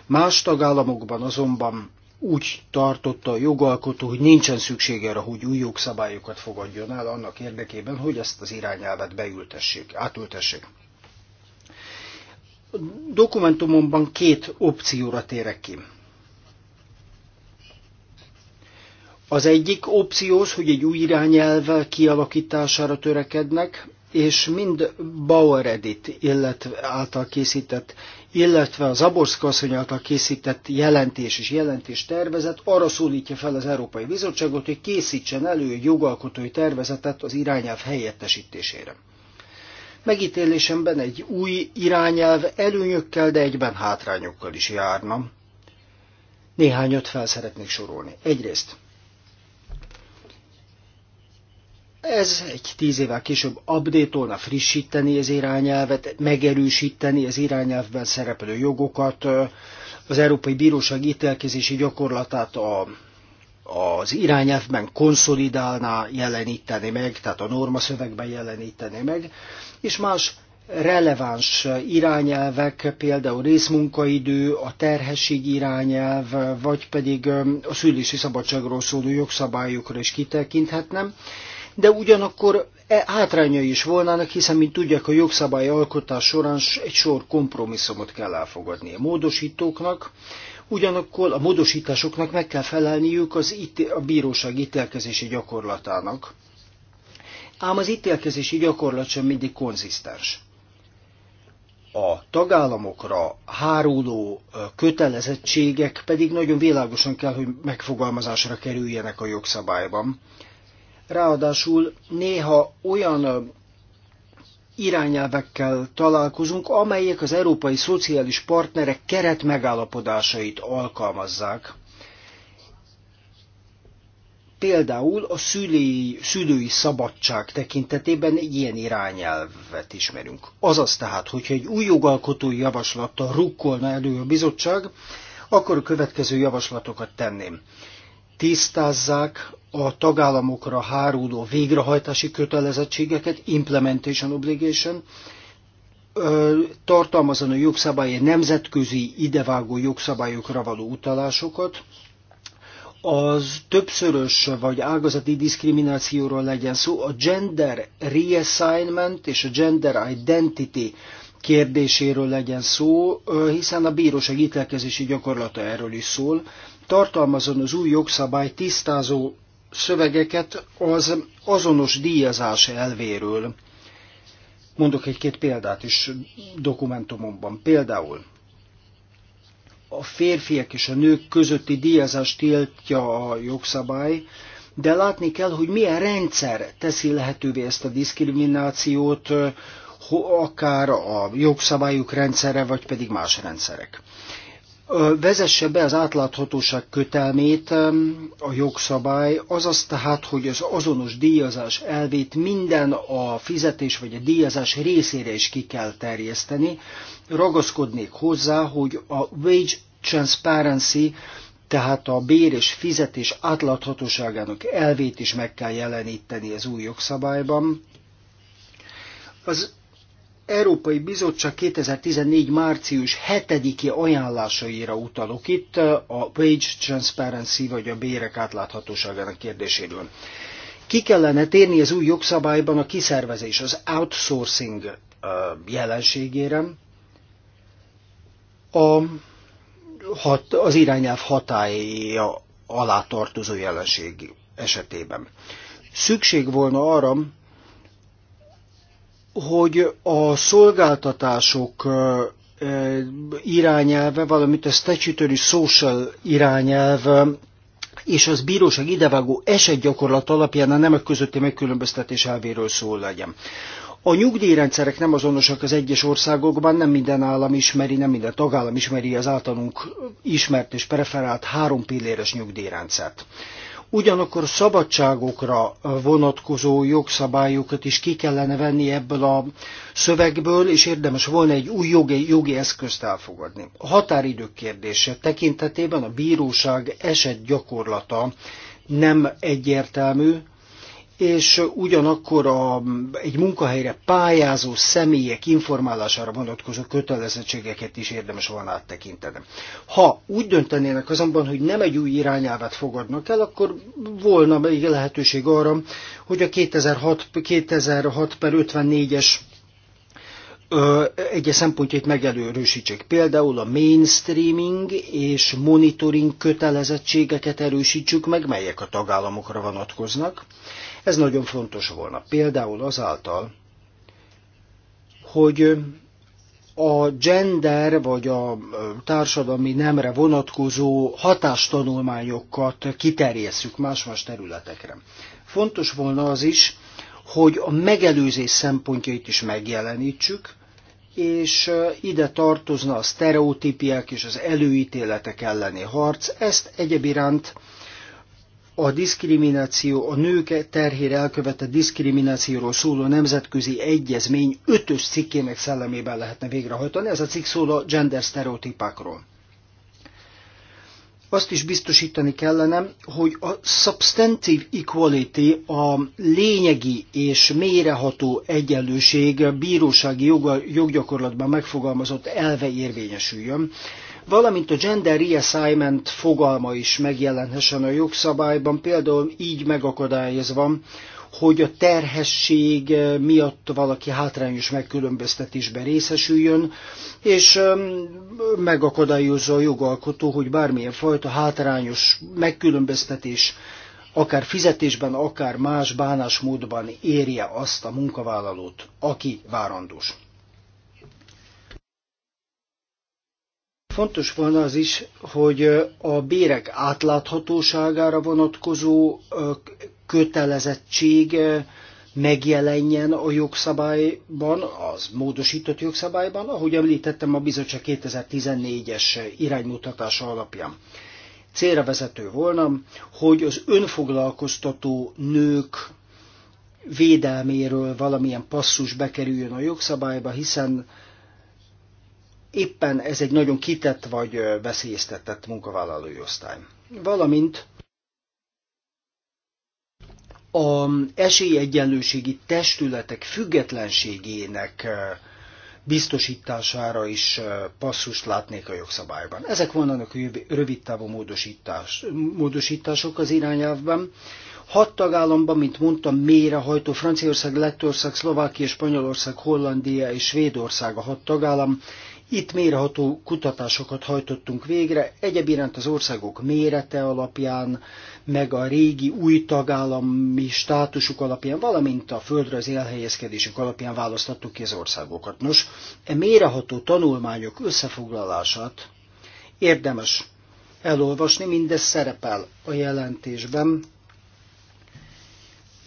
más tagállamokban azonban úgy tartotta a jogalkotó, hogy nincsen szükség erre, hogy új jogszabályokat fogadjon el annak érdekében, hogy ezt az irányelvet beültessék, átültessék. A dokumentumomban két opcióra térek ki. Az egyik opcióz, hogy egy új irányelvvel kialakítására törekednek, és mind Bauer Edit illetve által készített illetve a Zaborszka asszony által készített jelentés és jelentés tervezet arra szólítja fel az Európai Bizottságot, hogy készítsen elő egy jogalkotói tervezetet az irányelv helyettesítésére. Megítélésemben egy új irányelv előnyökkel, de egyben hátrányokkal is járna. Néhányat fel szeretnék sorolni. Egyrészt Ez egy tíz évvel később updatolna, frissíteni az irányelvet, megerősíteni az irányelvben szereplő jogokat, az Európai Bíróság ítélkezési gyakorlatát a az irányelvben konszolidálná, jeleníteni meg, tehát a norma szövegben jeleníteni meg, és más releváns irányelvek, például részmunkaidő, a terhesség irányelv, vagy pedig a szülési szabadságról szóló jogszabályokra is kitekinthetnem, de ugyanakkor e hátrányai is volnának, hiszen, mint tudják, a jogszabály alkotás során egy sor kompromisszumot kell elfogadni a módosítóknak, ugyanakkor a módosításoknak meg kell felelniük az ité- a bíróság ítélkezési gyakorlatának. Ám az ítélkezési gyakorlat sem mindig konzisztens a tagállamokra háruló kötelezettségek pedig nagyon világosan kell, hogy megfogalmazásra kerüljenek a jogszabályban. Ráadásul néha olyan irányelvekkel találkozunk, amelyek az európai szociális partnerek keret megállapodásait alkalmazzák. Például a szülői, szülői szabadság tekintetében egy ilyen irányelvet ismerünk. Azaz tehát, hogyha egy új jogalkotói javaslattal rukkolna elő a bizottság, akkor a következő javaslatokat tenném tisztázzák a tagállamokra háruló végrehajtási kötelezettségeket, implementation obligation, tartalmazon a jogszabályi nemzetközi idevágó jogszabályokra való utalásokat, az többszörös vagy ágazati diszkriminációról legyen szó, a gender reassignment és a gender identity kérdéséről legyen szó, hiszen a bíróság ítélkezési gyakorlata erről is szól, tartalmazon az új jogszabály tisztázó szövegeket az azonos díjazás elvéről. Mondok egy-két példát is dokumentumomban. Például a férfiak és a nők közötti díjazást tiltja a jogszabály, de látni kell, hogy milyen rendszer teszi lehetővé ezt a diszkriminációt, akár a jogszabályuk rendszere, vagy pedig más rendszerek vezesse be az átláthatóság kötelmét a jogszabály, azaz tehát, hogy az azonos díjazás elvét minden a fizetés vagy a díjazás részére is ki kell terjeszteni. Ragaszkodnék hozzá, hogy a wage transparency, tehát a bér és fizetés átláthatóságának elvét is meg kell jeleníteni az új jogszabályban. Az Európai Bizottság 2014. március 7-i ajánlásaira utalok itt a page Transparency vagy a bérek átláthatóságának kérdéséről. Ki kellene térni az új jogszabályban a kiszervezés, az outsourcing jelenségére, a, hat, az irányelv hatája alá tartozó jelenség esetében. Szükség volna arra, hogy a szolgáltatások irányelve, valamint a statutory social irányelv és az bíróság idevágó esetgyakorlat alapján a nemek közötti megkülönböztetés elvéről szól legyen. A nyugdíjrendszerek nem azonosak az egyes országokban, nem minden állam ismeri, nem minden tagállam ismeri az általunk ismert és preferált három pilléres nyugdíjrendszert. Ugyanakkor a szabadságokra vonatkozó jogszabályokat is ki kellene venni ebből a szövegből, és érdemes volna egy új jogi, jogi eszközt elfogadni. A határidők kérdése tekintetében a bíróság eset gyakorlata nem egyértelmű, és ugyanakkor a, egy munkahelyre pályázó személyek informálására vonatkozó kötelezettségeket is érdemes volna áttekintenem. Ha úgy döntenének azonban, hogy nem egy új irányelvet fogadnak el, akkor volna még lehetőség arra, hogy a 2006, 2006 per 54-es egyes szempontjait megelőrősítsék. Például a mainstreaming és monitoring kötelezettségeket erősítsük meg, melyek a tagállamokra vonatkoznak ez nagyon fontos volna. Például azáltal, hogy a gender vagy a társadalmi nemre vonatkozó hatástanulmányokat kiterjesszük más-más területekre. Fontos volna az is, hogy a megelőzés szempontjait is megjelenítsük, és ide tartozna a sztereotípiák és az előítéletek elleni harc, ezt egyebiránt iránt a diszkrimináció, a nők terhére elkövetett diszkriminációról szóló nemzetközi egyezmény ötös cikkének szellemében lehetne végrehajtani. Ez a cikk szól a gender sztereotípákról. Azt is biztosítani kellene, hogy a substantive equality, a lényegi és méreható egyenlőség bírósági joga, joggyakorlatban megfogalmazott elve érvényesüljön valamint a gender reassignment fogalma is megjelenhessen a jogszabályban, például így megakadályozva, hogy a terhesség eh, miatt valaki hátrányos megkülönböztetésben részesüljön, és megakadályozza a jogalkotó, hogy bármilyen fajta hátrányos megkülönböztetés akár fizetésben, akár más bánásmódban érje azt a munkavállalót, aki várandós. Fontos van az is, hogy a bérek átláthatóságára vonatkozó kötelezettség megjelenjen a jogszabályban, az módosított jogszabályban, ahogy említettem a bizottság 2014-es iránymutatása alapján. Célra vezető volna, hogy az önfoglalkoztató nők védelméről valamilyen passzus bekerüljön a jogszabályba, hiszen éppen ez egy nagyon kitett vagy veszélyeztetett munkavállalói osztály. Valamint a esélyegyenlőségi testületek függetlenségének biztosítására is passzus látnék a jogszabályban. Ezek vannak rövid távú módosítás, módosítások az irányelvben. Hat tagállamban, mint mondtam, mélyrehajtó Franciaország, Lettország, Szlovákia, Spanyolország, Hollandia és Svédország a hat tagállam, itt mérható kutatásokat hajtottunk végre, Egyebiránt az országok mérete alapján, meg a régi új tagállami státusuk alapján, valamint a földre az elhelyezkedésük alapján választottuk ki az országokat. Nos, e méreható tanulmányok összefoglalását érdemes elolvasni, mindez szerepel a jelentésben,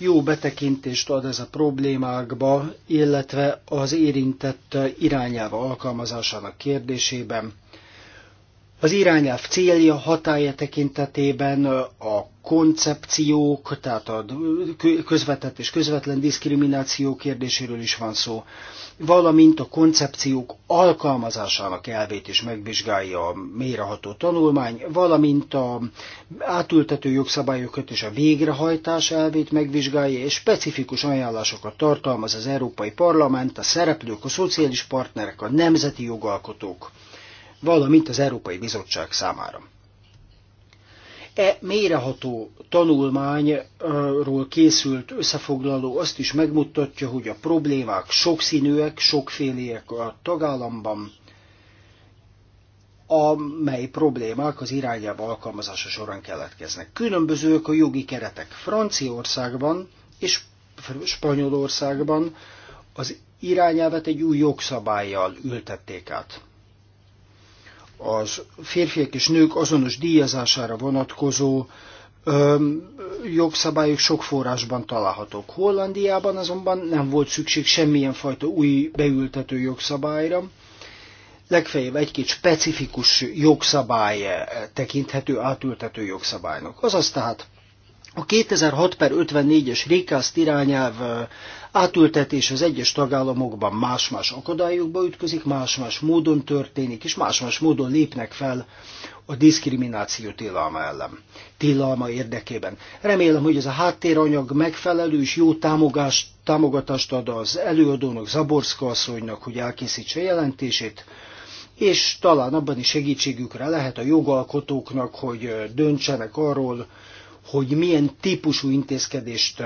jó betekintést ad ez a problémákba, illetve az érintett irányába alkalmazásának kérdésében az irányelv célja, hatája tekintetében a koncepciók, tehát a közvetett és közvetlen diszkrimináció kérdéséről is van szó, valamint a koncepciók alkalmazásának elvét is megvizsgálja a mélyreható tanulmány, valamint a átültető jogszabályokat és a végrehajtás elvét megvizsgálja, és specifikus ajánlásokat tartalmaz az Európai Parlament, a szereplők, a szociális partnerek, a nemzeti jogalkotók valamint az Európai Bizottság számára. E méreható tanulmányról készült összefoglaló azt is megmutatja, hogy a problémák sokszínűek, sokféliek a tagállamban, amely problémák az irányába alkalmazása során keletkeznek. Különbözőek a jogi keretek. Franciaországban és Spanyolországban az irányelvet egy új jogszabályjal ültették át az férfiak és nők azonos díjazására vonatkozó öm, jogszabályok sok forrásban találhatók. Hollandiában azonban nem volt szükség semmilyen fajta új beültető jogszabályra, legfeljebb egy-két specifikus jogszabály tekinthető átültető jogszabálynak. Azaz tehát a 2006 per 54-es Rékászt irányelv átültetés az egyes tagállamokban más-más akadályokba ütközik, más-más módon történik, és más-más módon lépnek fel a diszkrimináció tilalma ellen, tilalma érdekében. Remélem, hogy ez a háttéranyag megfelelő és jó támogást, támogatást ad az előadónak, Zaborszka asszonynak, hogy elkészítse jelentését, és talán abban is segítségükre lehet a jogalkotóknak, hogy döntsenek arról, hogy milyen típusú intézkedést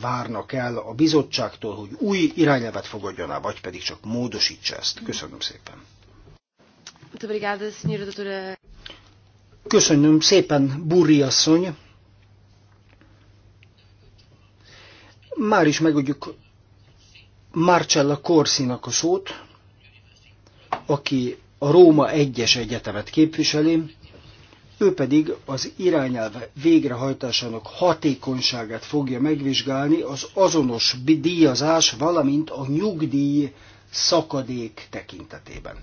várnak el a bizottságtól, hogy új irányelvet fogadjon el, vagy pedig csak módosítsa ezt. Köszönöm szépen. Köszönöm szépen, Burri asszony. Már is megadjuk Marcella Korszinak a szót, aki a Róma 1-es egyetemet képviseli, ő pedig az irányelv végrehajtásának hatékonyságát fogja megvizsgálni az azonos díjazás, valamint a nyugdíj szakadék tekintetében.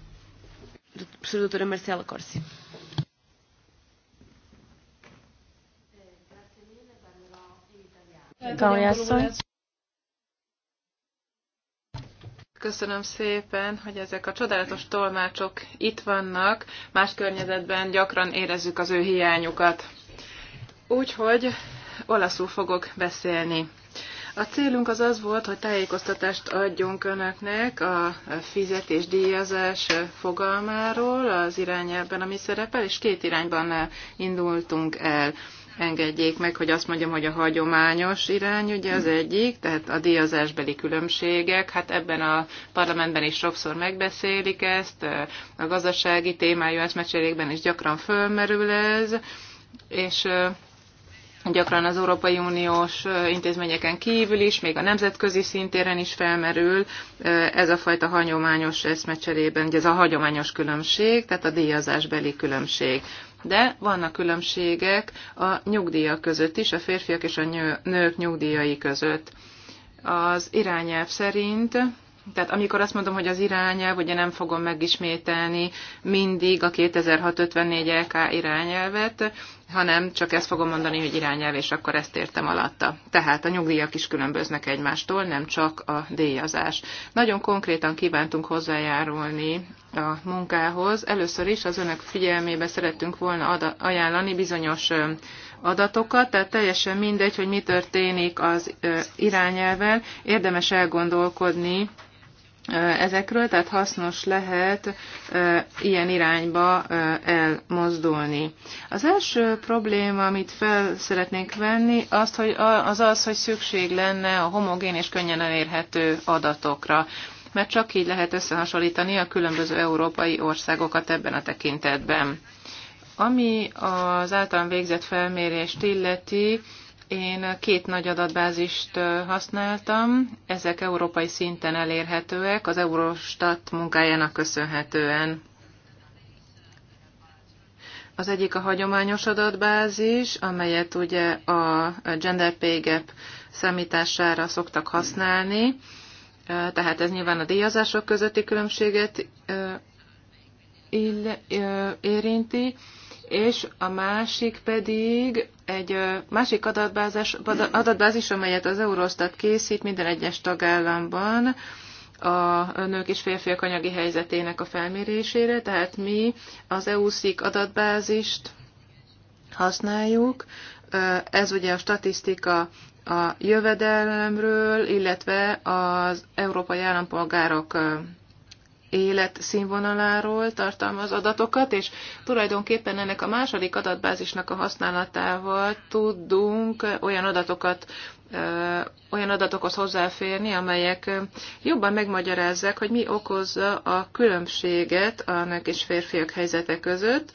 Köszönöm, Marcelo Köszönöm szépen, hogy ezek a csodálatos tolmácsok itt vannak. Más környezetben gyakran érezzük az ő hiányukat. Úgyhogy olaszul fogok beszélni. A célunk az az volt, hogy tájékoztatást adjunk önöknek a fizetésdíjazás fogalmáról az irányelben, ami szerepel, és két irányban indultunk el engedjék meg, hogy azt mondjam, hogy a hagyományos irány ugye az egyik, tehát a díjazásbeli különbségek, hát ebben a parlamentben is sokszor megbeszélik ezt, a gazdasági témájú eszmecserékben is gyakran fölmerül ez, és gyakran az Európai Uniós intézményeken kívül is, még a nemzetközi szintéren is felmerül ez a fajta hagyományos eszmecserében, ugye ez a hagyományos különbség, tehát a díjazásbeli különbség de vannak különbségek a nyugdíjak között is, a férfiak és a nők nyugdíjai között. Az irányelv szerint tehát amikor azt mondom, hogy az irányelv, ugye nem fogom megismételni mindig a 2654 LK irányelvet, hanem csak ezt fogom mondani, hogy irányelv, és akkor ezt értem alatta. Tehát a nyugdíjak is különböznek egymástól, nem csak a díjazás. Nagyon konkrétan kívántunk hozzájárulni a munkához. Először is az önök figyelmébe szerettünk volna ajánlani bizonyos adatokat, tehát teljesen mindegy, hogy mi történik az irányelvel. érdemes elgondolkodni, ezekről, tehát hasznos lehet ilyen irányba elmozdulni. Az első probléma, amit fel szeretnénk venni, az, hogy az az, hogy szükség lenne a homogén és könnyen elérhető adatokra mert csak így lehet összehasonlítani a különböző európai országokat ebben a tekintetben. Ami az általán végzett felmérést illeti, én két nagy adatbázist használtam, ezek európai szinten elérhetőek, az Eurostat munkájának köszönhetően. Az egyik a hagyományos adatbázis, amelyet ugye a gender pay gap számítására szoktak használni, tehát ez nyilván a díjazások közötti különbséget érinti, és a másik pedig egy másik adatbázis, adatbázis, amelyet az Eurostat készít minden egyes tagállamban a nők és férfiak anyagi helyzetének a felmérésére, tehát mi az EU-szik adatbázist használjuk. Ez ugye a statisztika a jövedelemről, illetve az európai állampolgárok élet színvonaláról tartalmaz adatokat, és tulajdonképpen ennek a második adatbázisnak a használatával tudunk olyan adatokat olyan adatokhoz hozzáférni, amelyek jobban megmagyarázzák, hogy mi okozza a különbséget a nők és férfiak helyzete között,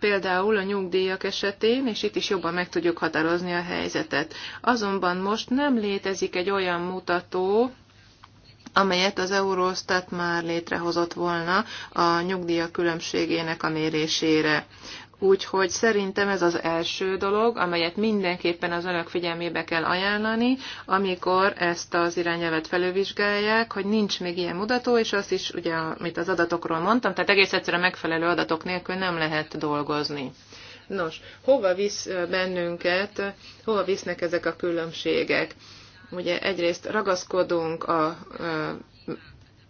például a nyugdíjak esetén, és itt is jobban meg tudjuk határozni a helyzetet. Azonban most nem létezik egy olyan mutató, amelyet az Eurostat már létrehozott volna a nyugdíja különbségének a mérésére. Úgyhogy szerintem ez az első dolog, amelyet mindenképpen az önök figyelmébe kell ajánlani, amikor ezt az irányelvet felülvizsgálják, hogy nincs még ilyen mutató, és azt is, ugye, amit az adatokról mondtam, tehát egész egyszerűen megfelelő adatok nélkül nem lehet dolgozni. Nos, hova visz bennünket, hova visznek ezek a különbségek? Ugye egyrészt ragaszkodunk a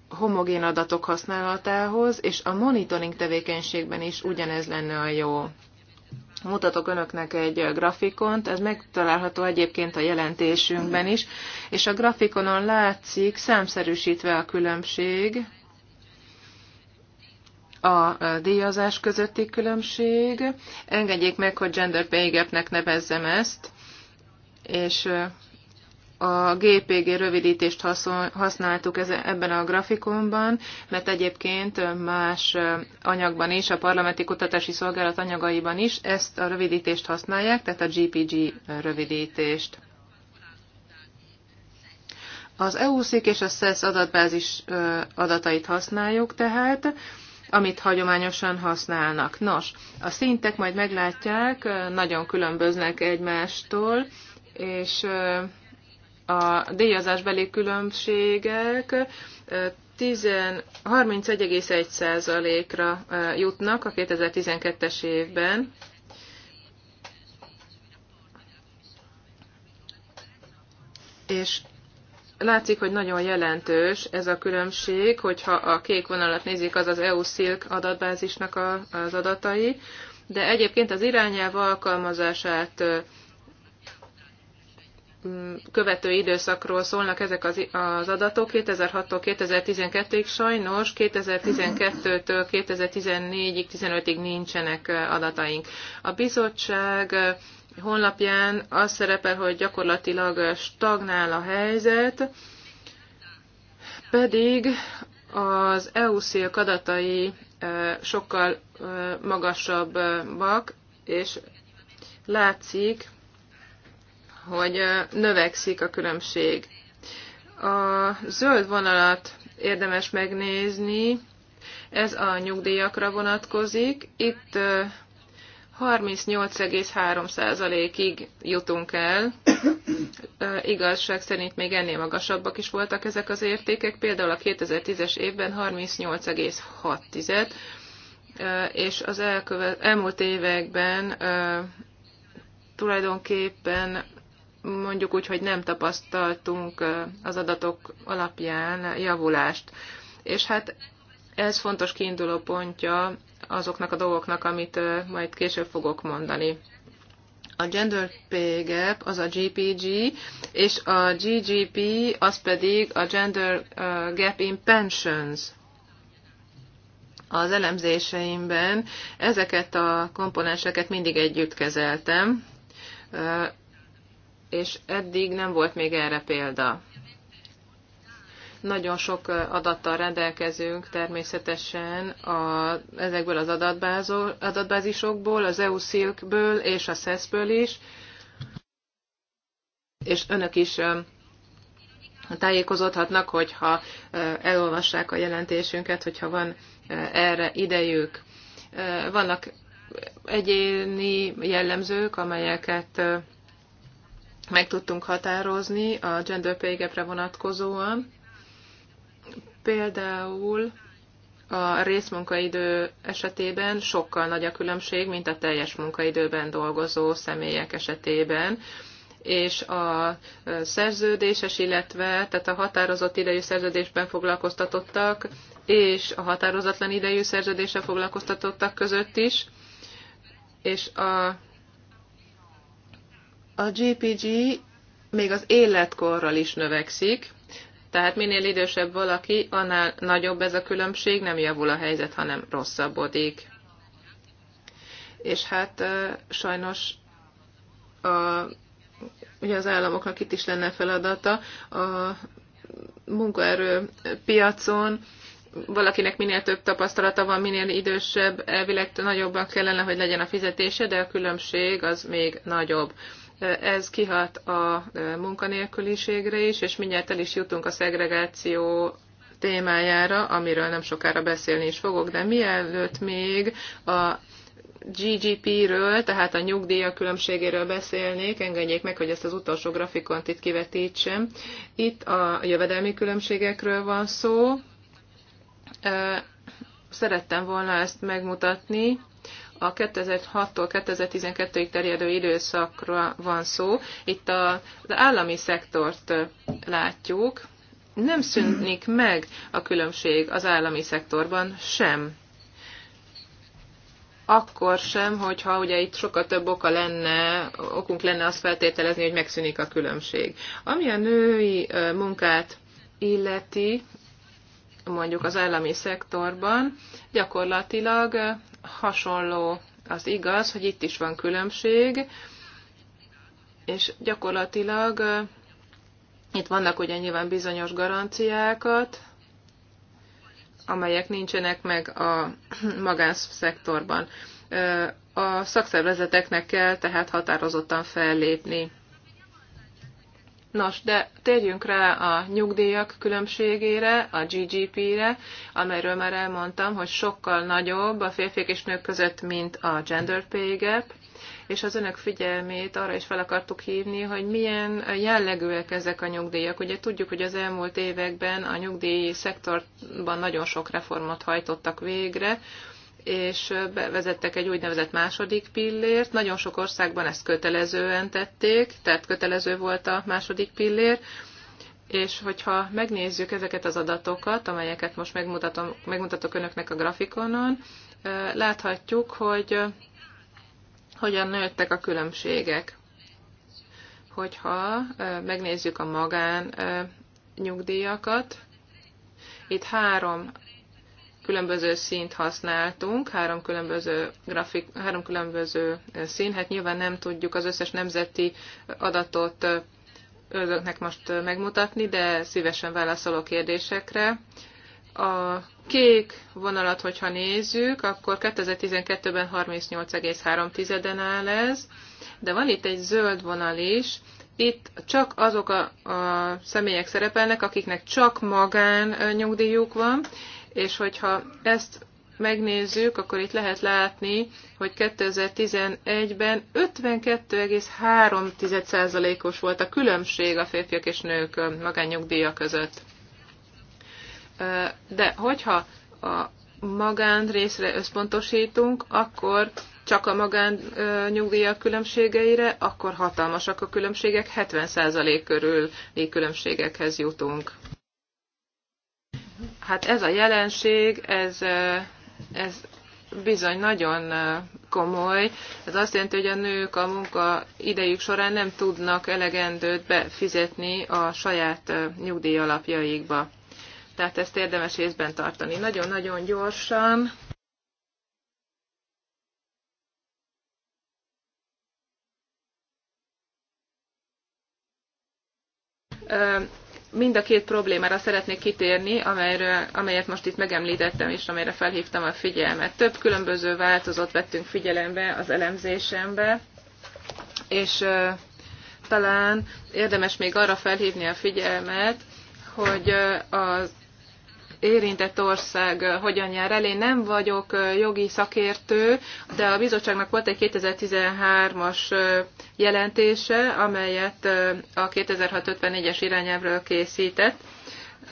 homogén adatok használatához, és a monitoring tevékenységben is ugyanez lenne a jó. Mutatok önöknek egy grafikont, ez megtalálható egyébként a jelentésünkben is, és a grafikonon látszik számszerűsítve a különbség, a díjazás közötti különbség. Engedjék meg, hogy gender pay gap-nek nevezzem ezt, és a GPG rövidítést használtuk ebben a grafikonban, mert egyébként más anyagban is, a Parlamenti Kutatási Szolgálat anyagaiban is ezt a rövidítést használják, tehát a GPG rövidítést. Az EUSZIK és a SESZ adatbázis adatait használjuk tehát, amit hagyományosan használnak. Nos, a szintek majd meglátják, nagyon különböznek egymástól, és a díjazásbeli különbségek 31,1%-ra jutnak a 2012-es évben. És látszik, hogy nagyon jelentős ez a különbség, hogyha a kék vonalat nézik, az az EU-SILK adatbázisnak az adatai, de egyébként az irányelv alkalmazását követő időszakról szólnak ezek az, az adatok 2006-tól 2012-ig, sajnos 2012-től 2014-ig, 15-ig nincsenek adataink. A bizottság honlapján az szerepel, hogy gyakorlatilag stagnál a helyzet, pedig az EU-szilk adatai sokkal magasabbak, és látszik, hogy növekszik a különbség. A zöld vonalat érdemes megnézni, ez a nyugdíjakra vonatkozik. Itt 38,3%-ig jutunk el. Igazság szerint még ennél magasabbak is voltak ezek az értékek, például a 2010-es évben 38,6, és az elkövet, elmúlt években tulajdonképpen mondjuk úgy, hogy nem tapasztaltunk az adatok alapján javulást. És hát ez fontos kiinduló pontja azoknak a dolgoknak, amit majd később fogok mondani. A gender pay gap az a GPG, és a GGP az pedig a gender gap in pensions. Az elemzéseimben ezeket a komponenseket mindig együtt kezeltem, és eddig nem volt még erre példa. Nagyon sok adattal rendelkezünk természetesen a, ezekből az adatbázisokból, az EU Silkből és a SES-ből is, és önök is tájékozódhatnak, hogyha elolvassák a jelentésünket, hogyha van erre idejük. Vannak egyéni jellemzők, amelyeket meg tudtunk határozni a gender pay gap-re vonatkozóan. Például a részmunkaidő esetében sokkal nagy a különbség, mint a teljes munkaidőben dolgozó személyek esetében és a szerződéses, illetve tehát a határozott idejű szerződésben foglalkoztatottak, és a határozatlan idejű szerződésre foglalkoztatottak között is, és a a GPG még az életkorral is növekszik, tehát minél idősebb valaki, annál nagyobb ez a különbség, nem javul a helyzet, hanem rosszabbodik. És hát sajnos a, ugye az államoknak itt is lenne feladata a munkaerő piacon, valakinek minél több tapasztalata van, minél idősebb, elvileg nagyobban kellene, hogy legyen a fizetése, de a különbség az még nagyobb ez kihat a munkanélküliségre is, és mindjárt el is jutunk a szegregáció témájára, amiről nem sokára beszélni is fogok, de mielőtt még a GGP-ről, tehát a nyugdíja különbségéről beszélnék, engedjék meg, hogy ezt az utolsó grafikont itt kivetítsem. Itt a jövedelmi különbségekről van szó. Szerettem volna ezt megmutatni, a 2006-tól 2012-ig terjedő időszakra van szó. Itt a, az állami szektort látjuk. Nem szűnik meg a különbség az állami szektorban sem akkor sem, hogyha ugye itt sokkal több oka lenne, okunk lenne azt feltételezni, hogy megszűnik a különbség. Ami a női munkát illeti, mondjuk az állami szektorban, gyakorlatilag hasonló az igaz, hogy itt is van különbség, és gyakorlatilag itt vannak ugye nyilván bizonyos garanciákat, amelyek nincsenek meg a magánszektorban. A szakszervezeteknek kell tehát határozottan fellépni Nos, de térjünk rá a nyugdíjak különbségére, a GGP-re, amelyről már elmondtam, hogy sokkal nagyobb a férfiak és nők között, mint a gender pay gap, és az önök figyelmét arra is fel akartuk hívni, hogy milyen jellegűek ezek a nyugdíjak. Ugye tudjuk, hogy az elmúlt években a nyugdíj szektorban nagyon sok reformot hajtottak végre, és bevezettek egy úgynevezett második pillért. Nagyon sok országban ezt kötelezően tették, tehát kötelező volt a második pillér, és hogyha megnézzük ezeket az adatokat, amelyeket most megmutatom, megmutatok önöknek a grafikonon, láthatjuk, hogy hogyan nőttek a különbségek. Hogyha megnézzük a magán nyugdíjakat, itt három különböző színt használtunk, három különböző, grafik, három különböző szín, hát nyilván nem tudjuk az összes nemzeti adatot önöknek most megmutatni, de szívesen válaszolok kérdésekre. A kék vonalat, hogyha nézzük, akkor 2012-ben 38,3-en áll ez, de van itt egy zöld vonal is, itt csak azok a, a személyek szerepelnek, akiknek csak magán nyugdíjuk van, és hogyha ezt megnézzük, akkor itt lehet látni, hogy 2011-ben 52,3%-os volt a különbség a férfiak és nők magánnyugdíja között. De hogyha a magán részre összpontosítunk, akkor csak a magán nyugdíjak különbségeire, akkor hatalmasak a különbségek, 70% körül különbségekhez jutunk. Hát ez a jelenség, ez, ez bizony nagyon komoly. Ez azt jelenti, hogy a nők a munka idejük során nem tudnak elegendőt befizetni a saját nyugdíj alapjaikba. Tehát ezt érdemes észben tartani. Nagyon-nagyon gyorsan. Ö, mind a két problémára szeretnék kitérni, amelyről, amelyet most itt megemlítettem, és amelyre felhívtam a figyelmet. Több különböző változót vettünk figyelembe az elemzésembe, és talán érdemes még arra felhívni a figyelmet, hogy az érintett ország hogyan jár el. Én nem vagyok jogi szakértő, de a bizottságnak volt egy 2013-as jelentése, amelyet a 2654-es irányelvről készített.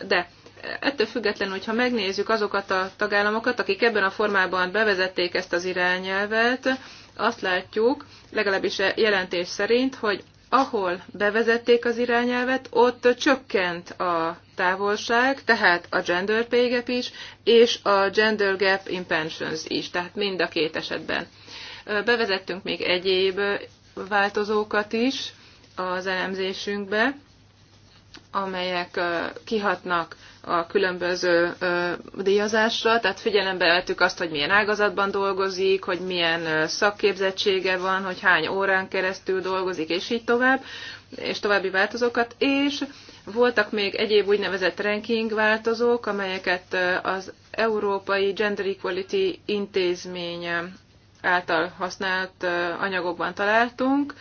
De e, ettől függetlenül, hogyha megnézzük azokat a tagállamokat, akik ebben a formában bevezették ezt az irányelvet, azt látjuk, legalábbis e, jelentés szerint, hogy ahol bevezették az irányelvet, ott csökkent a távolság, tehát a gender pay gap is, és a gender gap in pensions is, tehát mind a két esetben. Bevezettünk még egyéb változókat is az elemzésünkbe, amelyek kihatnak a különböző ö, díjazásra, tehát figyelembe vettük azt, hogy milyen ágazatban dolgozik, hogy milyen ö, szakképzettsége van, hogy hány órán keresztül dolgozik, és így tovább, és további változókat, és voltak még egyéb úgynevezett ranking változók, amelyeket az Európai Gender Equality Intézmény által használt anyagokban találtunk. Ö,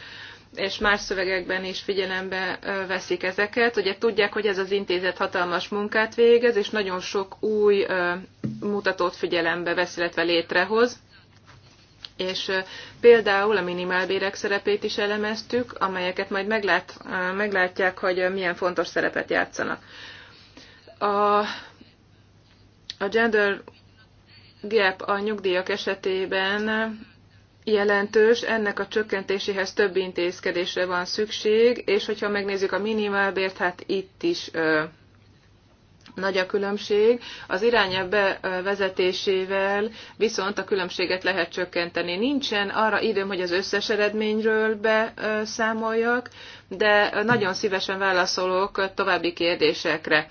és más szövegekben is figyelembe veszik ezeket. Ugye tudják, hogy ez az intézet hatalmas munkát végez, és nagyon sok új mutatót figyelembe vesz, illetve létrehoz. És például a minimálbérek szerepét is elemeztük, amelyeket majd meglát, meglátják, hogy milyen fontos szerepet játszanak. A, a gender gap a nyugdíjak esetében jelentős, ennek a csökkentéséhez több intézkedésre van szükség, és hogyha megnézzük a minimálbért, hát itt is ö, nagy a különbség. Az irányelv bevezetésével viszont a különbséget lehet csökkenteni. Nincsen arra időm, hogy az összes eredményről beszámoljak, de nagyon szívesen válaszolok további kérdésekre.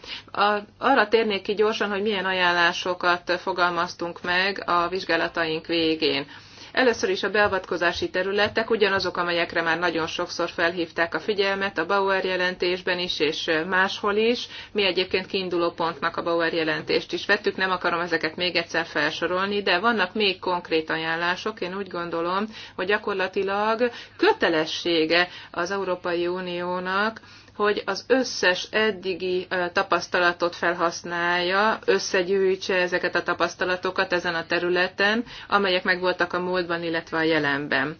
Arra térnék ki gyorsan, hogy milyen ajánlásokat fogalmaztunk meg a vizsgálataink végén. Először is a beavatkozási területek ugyanazok, amelyekre már nagyon sokszor felhívták a figyelmet a Bauer jelentésben is, és máshol is. Mi egyébként kiinduló pontnak a Bauer jelentést is vettük, nem akarom ezeket még egyszer felsorolni, de vannak még konkrét ajánlások. Én úgy gondolom, hogy gyakorlatilag kötelessége az Európai Uniónak, hogy az összes eddigi tapasztalatot felhasználja, összegyűjtse ezeket a tapasztalatokat ezen a területen, amelyek megvoltak a múltban, illetve a jelenben.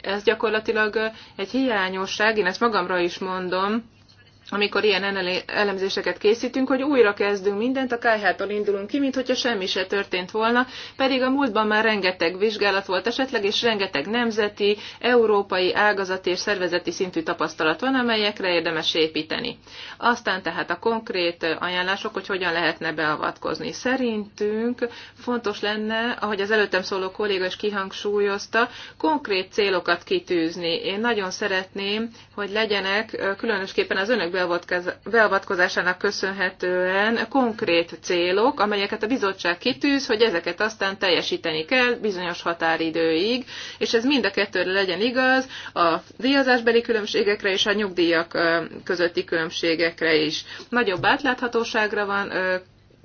Ez gyakorlatilag egy hiányosság, én ezt magamra is mondom, amikor ilyen elemzéseket készítünk, hogy újra kezdünk mindent, a kájhától indulunk ki, mint hogyha semmi se történt volna, pedig a múltban már rengeteg vizsgálat volt esetleg, és rengeteg nemzeti, európai, ágazati és szervezeti szintű tapasztalat van, amelyekre érdemes építeni. Aztán tehát a konkrét ajánlások, hogy hogyan lehetne beavatkozni. Szerintünk fontos lenne, ahogy az előttem szóló kolléga is kihangsúlyozta, konkrét célokat kitűzni. Én nagyon szeretném, hogy legyenek, különösképpen az önök beavatkozásának köszönhetően konkrét célok, amelyeket a bizottság kitűz, hogy ezeket aztán teljesíteni kell bizonyos határidőig, és ez mind a kettőre legyen igaz, a díjazásbeli különbségekre és a nyugdíjak közötti különbségekre is. Nagyobb átláthatóságra van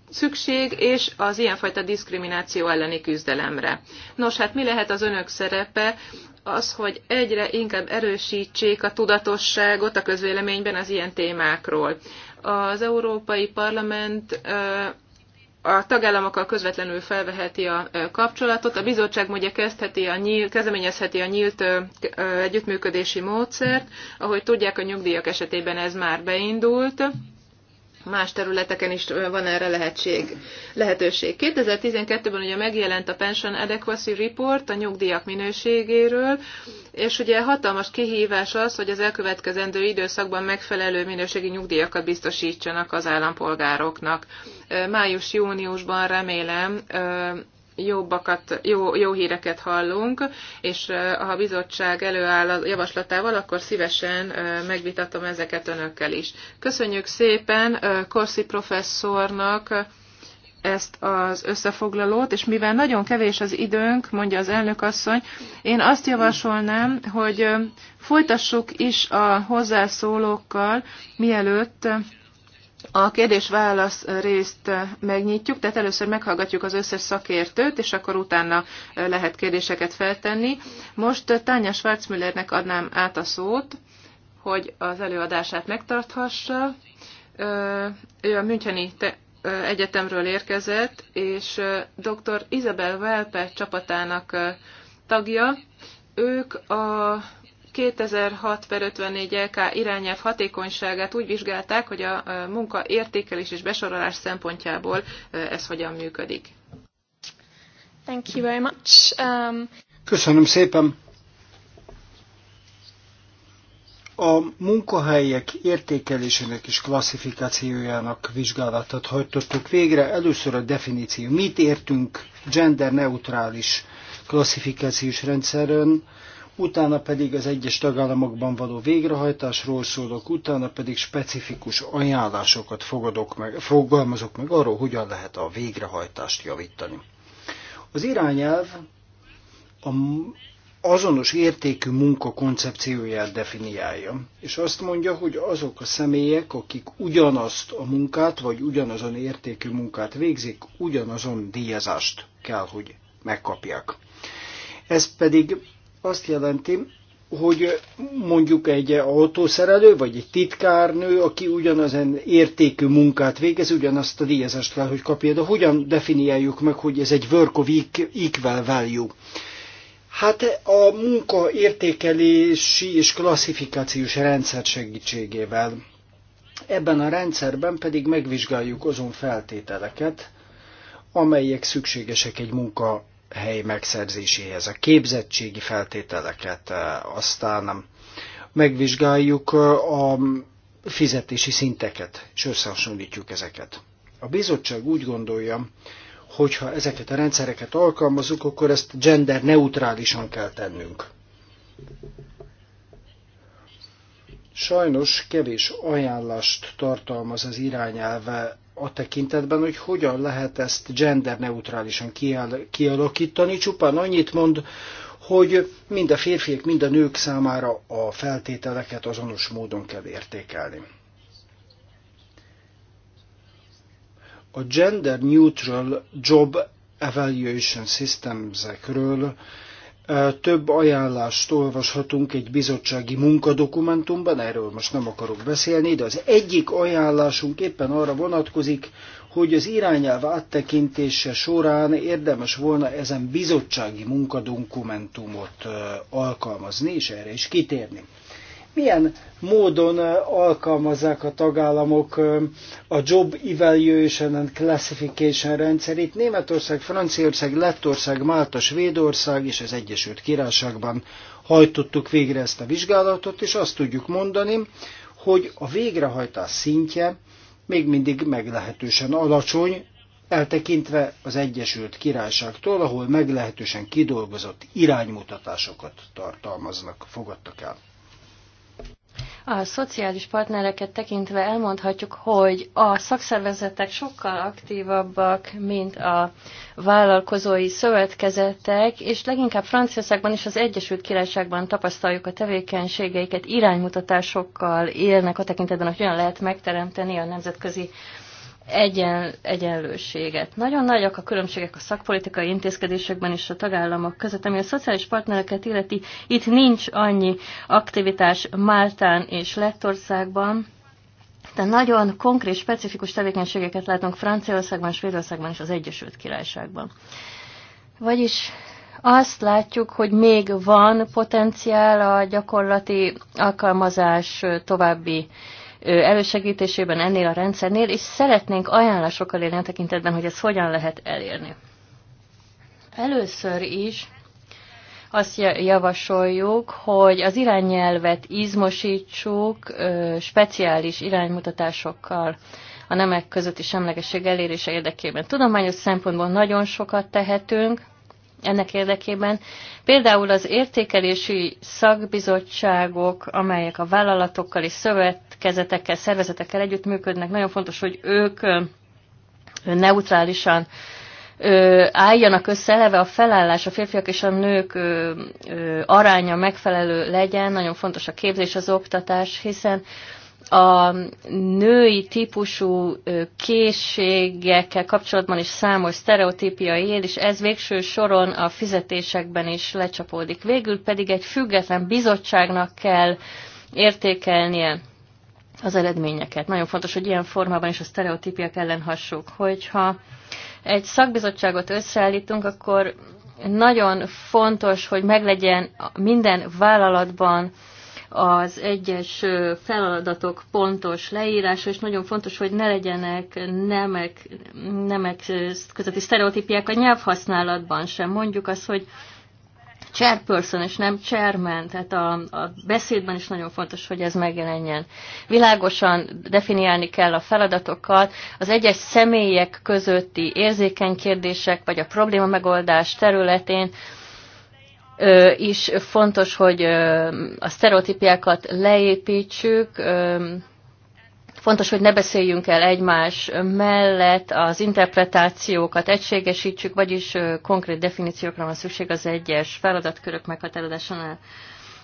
szükség, és az ilyenfajta diszkrimináció elleni küzdelemre. Nos, hát mi lehet az önök szerepe az, hogy egyre inkább erősítsék a tudatosságot a közvéleményben az ilyen témákról. Az Európai Parlament a tagállamokkal közvetlenül felveheti a kapcsolatot, a bizottság ugye kezdheti a nyílt, kezdeményezheti a nyílt együttműködési módszert, ahogy tudják, a nyugdíjak esetében ez már beindult más területeken is van erre lehetség, lehetőség. 2012-ben ugye megjelent a Pension Adequacy Report a nyugdíjak minőségéről, és ugye hatalmas kihívás az, hogy az elkövetkezendő időszakban megfelelő minőségi nyugdíjakat biztosítsanak az állampolgároknak. Május-júniusban remélem jobbakat, jó, jó híreket hallunk, és ha a bizottság előáll a javaslatával, akkor szívesen megvitatom ezeket önökkel is. Köszönjük szépen Korszi professzornak ezt az összefoglalót, és mivel nagyon kevés az időnk, mondja az elnök asszony, én azt javasolnám, hogy folytassuk is a hozzászólókkal, mielőtt a kérdés-válasz részt megnyitjuk, tehát először meghallgatjuk az összes szakértőt, és akkor utána lehet kérdéseket feltenni. Most Tánya Schwarzmüllernek adnám át a szót, hogy az előadását megtarthassa. Ő a Müncheni Egyetemről érkezett, és dr. Isabel Welpe csapatának tagja. Ők a 2006 per 54 LK irányelv hatékonyságát úgy vizsgálták, hogy a munka értékelés és besorolás szempontjából ez hogyan működik. Thank you very much. Um... Köszönöm szépen. A munkahelyek értékelésének és klasszifikációjának vizsgálatát hajtottuk végre. Először a definíció. Mit értünk gender-neutrális klasszifikációs rendszeren? utána pedig az egyes tagállamokban való végrehajtásról szólok, utána pedig specifikus ajánlásokat fogadok meg, fogalmazok meg arról, hogyan lehet a végrehajtást javítani. Az irányelv a azonos értékű munka koncepcióját definiálja, és azt mondja, hogy azok a személyek, akik ugyanazt a munkát, vagy ugyanazon értékű munkát végzik, ugyanazon díjazást kell, hogy megkapják. Ez pedig azt jelenti, hogy mondjuk egy autószerelő, vagy egy titkárnő, aki ugyanazen értékű munkát végez, ugyanazt a díjazást kell, hogy kapja, de hogyan definiáljuk meg, hogy ez egy work of equal value? Hát a munka értékelési és klasszifikációs rendszer segítségével. Ebben a rendszerben pedig megvizsgáljuk azon feltételeket, amelyek szükségesek egy munka hely megszerzéséhez, a képzettségi feltételeket, e, aztán megvizsgáljuk e, a fizetési szinteket, és összehasonlítjuk ezeket. A bizottság úgy gondolja, hogyha ezeket a rendszereket alkalmazunk, akkor ezt gender neutrálisan kell tennünk. Sajnos kevés ajánlást tartalmaz az irányelve a tekintetben, hogy hogyan lehet ezt genderneutrálisan kialakítani. Csupán annyit mond, hogy mind a férfiak, mind a nők számára a feltételeket azonos módon kell értékelni. A Gender Neutral Job Evaluation systems több ajánlást olvashatunk egy bizottsági munkadokumentumban, erről most nem akarok beszélni, de az egyik ajánlásunk éppen arra vonatkozik, hogy az irányelv áttekintése során érdemes volna ezen bizottsági munkadokumentumot alkalmazni, és erre is kitérni milyen módon alkalmazzák a tagállamok a Job Evaluation and Classification rendszerét. Németország, Franciaország, Lettország, Málta, Svédország és az Egyesült Királyságban hajtottuk végre ezt a vizsgálatot, és azt tudjuk mondani, hogy a végrehajtás szintje még mindig meglehetősen alacsony, eltekintve az Egyesült Királyságtól, ahol meglehetősen kidolgozott iránymutatásokat tartalmaznak, fogadtak el. A szociális partnereket tekintve elmondhatjuk, hogy a szakszervezetek sokkal aktívabbak, mint a vállalkozói szövetkezetek, és leginkább Franciaországban és az Egyesült Királyságban tapasztaljuk a tevékenységeiket, iránymutatásokkal élnek a tekintetben, hogy olyan lehet megteremteni a nemzetközi egyen, egyenlőséget. Nagyon nagyok a különbségek a szakpolitikai intézkedésekben és a tagállamok között, ami a szociális partnereket illeti. Itt nincs annyi aktivitás Máltán és Lettországban, de nagyon konkrét, specifikus tevékenységeket látunk Franciaországban, Svédországban és az Egyesült Királyságban. Vagyis azt látjuk, hogy még van potenciál a gyakorlati alkalmazás további elősegítésében ennél a rendszernél, és szeretnénk ajánlásokkal élni a tekintetben, hogy ezt hogyan lehet elérni. Először is azt javasoljuk, hogy az irányelvet izmosítsuk speciális iránymutatásokkal a nemek közötti semlegesség elérése érdekében. Tudományos szempontból nagyon sokat tehetünk, ennek érdekében. Például az értékelési szakbizottságok, amelyek a vállalatokkal és szövetkezetekkel, szervezetekkel együttműködnek, nagyon fontos, hogy ők neutrálisan álljanak össze, eleve a felállás, a férfiak és a nők aránya megfelelő legyen, nagyon fontos a képzés, az oktatás, hiszen a női típusú készségekkel kapcsolatban is számos sztereotípia él, és ez végső soron a fizetésekben is lecsapódik. Végül pedig egy független bizottságnak kell értékelnie az eredményeket. Nagyon fontos, hogy ilyen formában is a sztereotípiak ellen hassuk. Hogyha egy szakbizottságot összeállítunk, akkor nagyon fontos, hogy meglegyen minden vállalatban az egyes feladatok pontos leírása, és nagyon fontos, hogy ne legyenek nemek, nemek közötti sztereotípiák a nyelvhasználatban sem. Mondjuk azt, hogy chairperson és nem chairman, tehát a, a beszédben is nagyon fontos, hogy ez megjelenjen. Világosan definiálni kell a feladatokat, az egyes személyek közötti érzékeny kérdések, vagy a probléma megoldás területén, is fontos, hogy a sztereotípiákat leépítsük, fontos, hogy ne beszéljünk el egymás mellett, az interpretációkat egységesítsük, vagyis konkrét definíciókra van szükség az egyes feladatkörök meghatározásánál.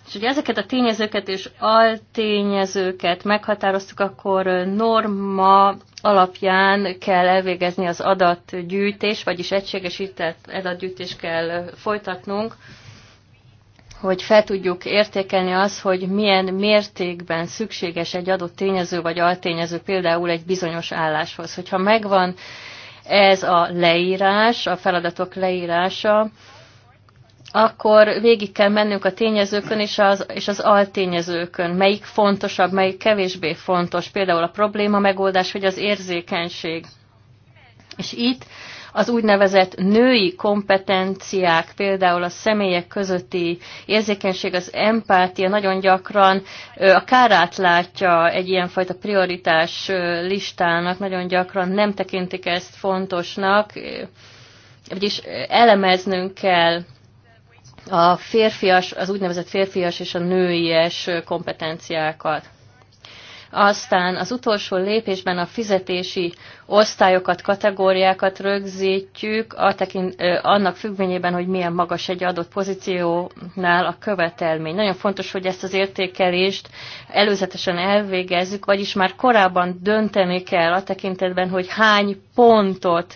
És hogy ezeket a tényezőket és altényezőket meghatároztuk, akkor norma alapján kell elvégezni az adatgyűjtés, vagyis egységesített adatgyűjtést kell folytatnunk, hogy fel tudjuk értékelni az, hogy milyen mértékben szükséges egy adott tényező vagy altényező például egy bizonyos álláshoz. Hogyha megvan ez a leírás, a feladatok leírása, akkor végig kell mennünk a tényezőkön és az, és az altényezőkön. Melyik fontosabb, melyik kevésbé fontos, például a probléma megoldás, vagy az érzékenység. És itt az úgynevezett női kompetenciák, például a személyek közötti érzékenység, az empátia nagyon gyakran a kárát látja egy ilyenfajta prioritás listának, nagyon gyakran nem tekintik ezt fontosnak, vagyis elemeznünk kell a férfias, az úgynevezett férfias és a nőies kompetenciákat. Aztán az utolsó lépésben a fizetési osztályokat, kategóriákat rögzítjük, a tekint, annak függvényében, hogy milyen magas egy adott pozíciónál a követelmény. Nagyon fontos, hogy ezt az értékelést előzetesen elvégezzük, vagyis már korábban dönteni kell a tekintetben, hogy hány pontot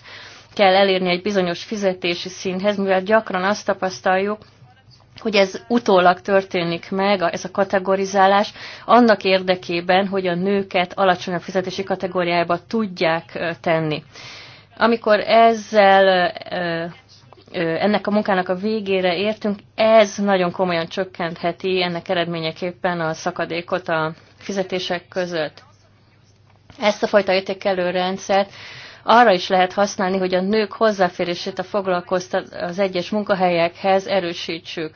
kell elérni egy bizonyos fizetési színhez, mivel gyakran azt tapasztaljuk, hogy ez utólag történik meg, ez a kategorizálás, annak érdekében, hogy a nőket alacsonyabb fizetési kategóriába tudják tenni. Amikor ezzel ennek a munkának a végére értünk, ez nagyon komolyan csökkentheti ennek eredményeképpen a szakadékot a fizetések között. Ezt a fajta értékelő rendszert arra is lehet használni, hogy a nők hozzáférését a foglalkoztat az egyes munkahelyekhez erősítsük.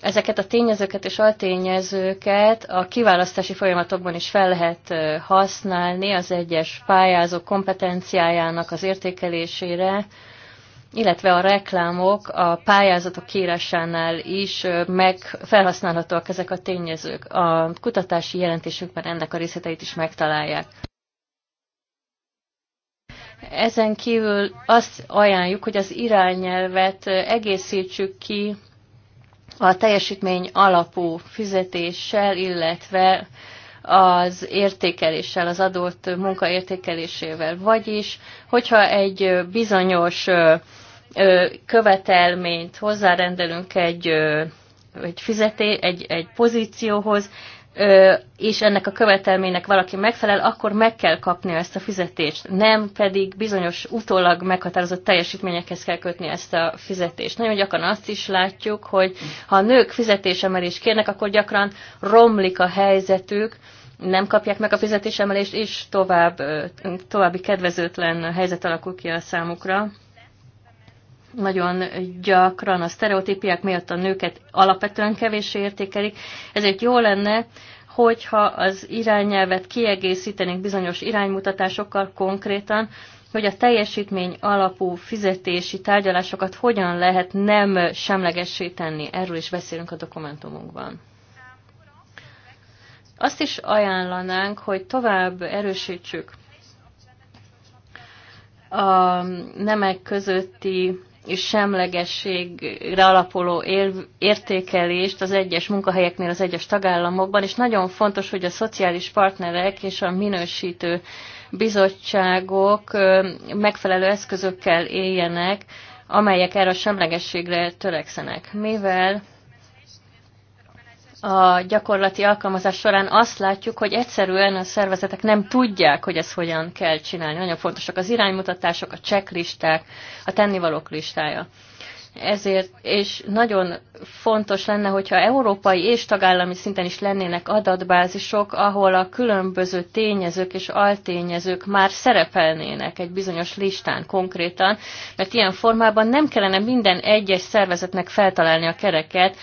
Ezeket a tényezőket és altényezőket a kiválasztási folyamatokban is fel lehet használni az egyes pályázók kompetenciájának az értékelésére, illetve a reklámok a pályázatok kírásánál is meg felhasználhatóak ezek a tényezők. A kutatási jelentésünkben ennek a részleteit is megtalálják. Ezen kívül azt ajánljuk, hogy az irányelvet egészítsük ki a teljesítmény alapú fizetéssel, illetve az értékeléssel, az adott munka értékelésével. Vagyis, hogyha egy bizonyos követelményt hozzárendelünk egy, egy, fizeté, egy, egy pozícióhoz, és ennek a követelménynek valaki megfelel, akkor meg kell kapnia ezt a fizetést, nem pedig bizonyos utólag meghatározott teljesítményekhez kell kötni ezt a fizetést. Nagyon gyakran azt is látjuk, hogy ha a nők fizetésemelést kérnek, akkor gyakran romlik a helyzetük, nem kapják meg a fizetésemelést, és tovább, további kedvezőtlen helyzet alakul ki a számukra nagyon gyakran a sztereotípiák miatt a nőket alapvetően kevés értékelik, ezért jó lenne, hogyha az irányelvet kiegészítenék bizonyos iránymutatásokkal konkrétan, hogy a teljesítmény alapú fizetési tárgyalásokat hogyan lehet nem semlegessé tenni. Erről is beszélünk a dokumentumunkban. Azt is ajánlanánk, hogy tovább erősítsük a nemek közötti és semlegességre alapuló értékelést az egyes munkahelyeknél az egyes tagállamokban, és nagyon fontos, hogy a szociális partnerek és a minősítő bizottságok megfelelő eszközökkel éljenek, amelyek erre a semlegességre törekszenek. Mivel a gyakorlati alkalmazás során azt látjuk, hogy egyszerűen a szervezetek nem tudják, hogy ezt hogyan kell csinálni. Nagyon fontosak az iránymutatások, a checklisták, a tennivalók listája. Ezért, és nagyon fontos lenne, hogyha európai és tagállami szinten is lennének adatbázisok, ahol a különböző tényezők és altényezők már szerepelnének egy bizonyos listán konkrétan, mert ilyen formában nem kellene minden egyes szervezetnek feltalálni a kereket,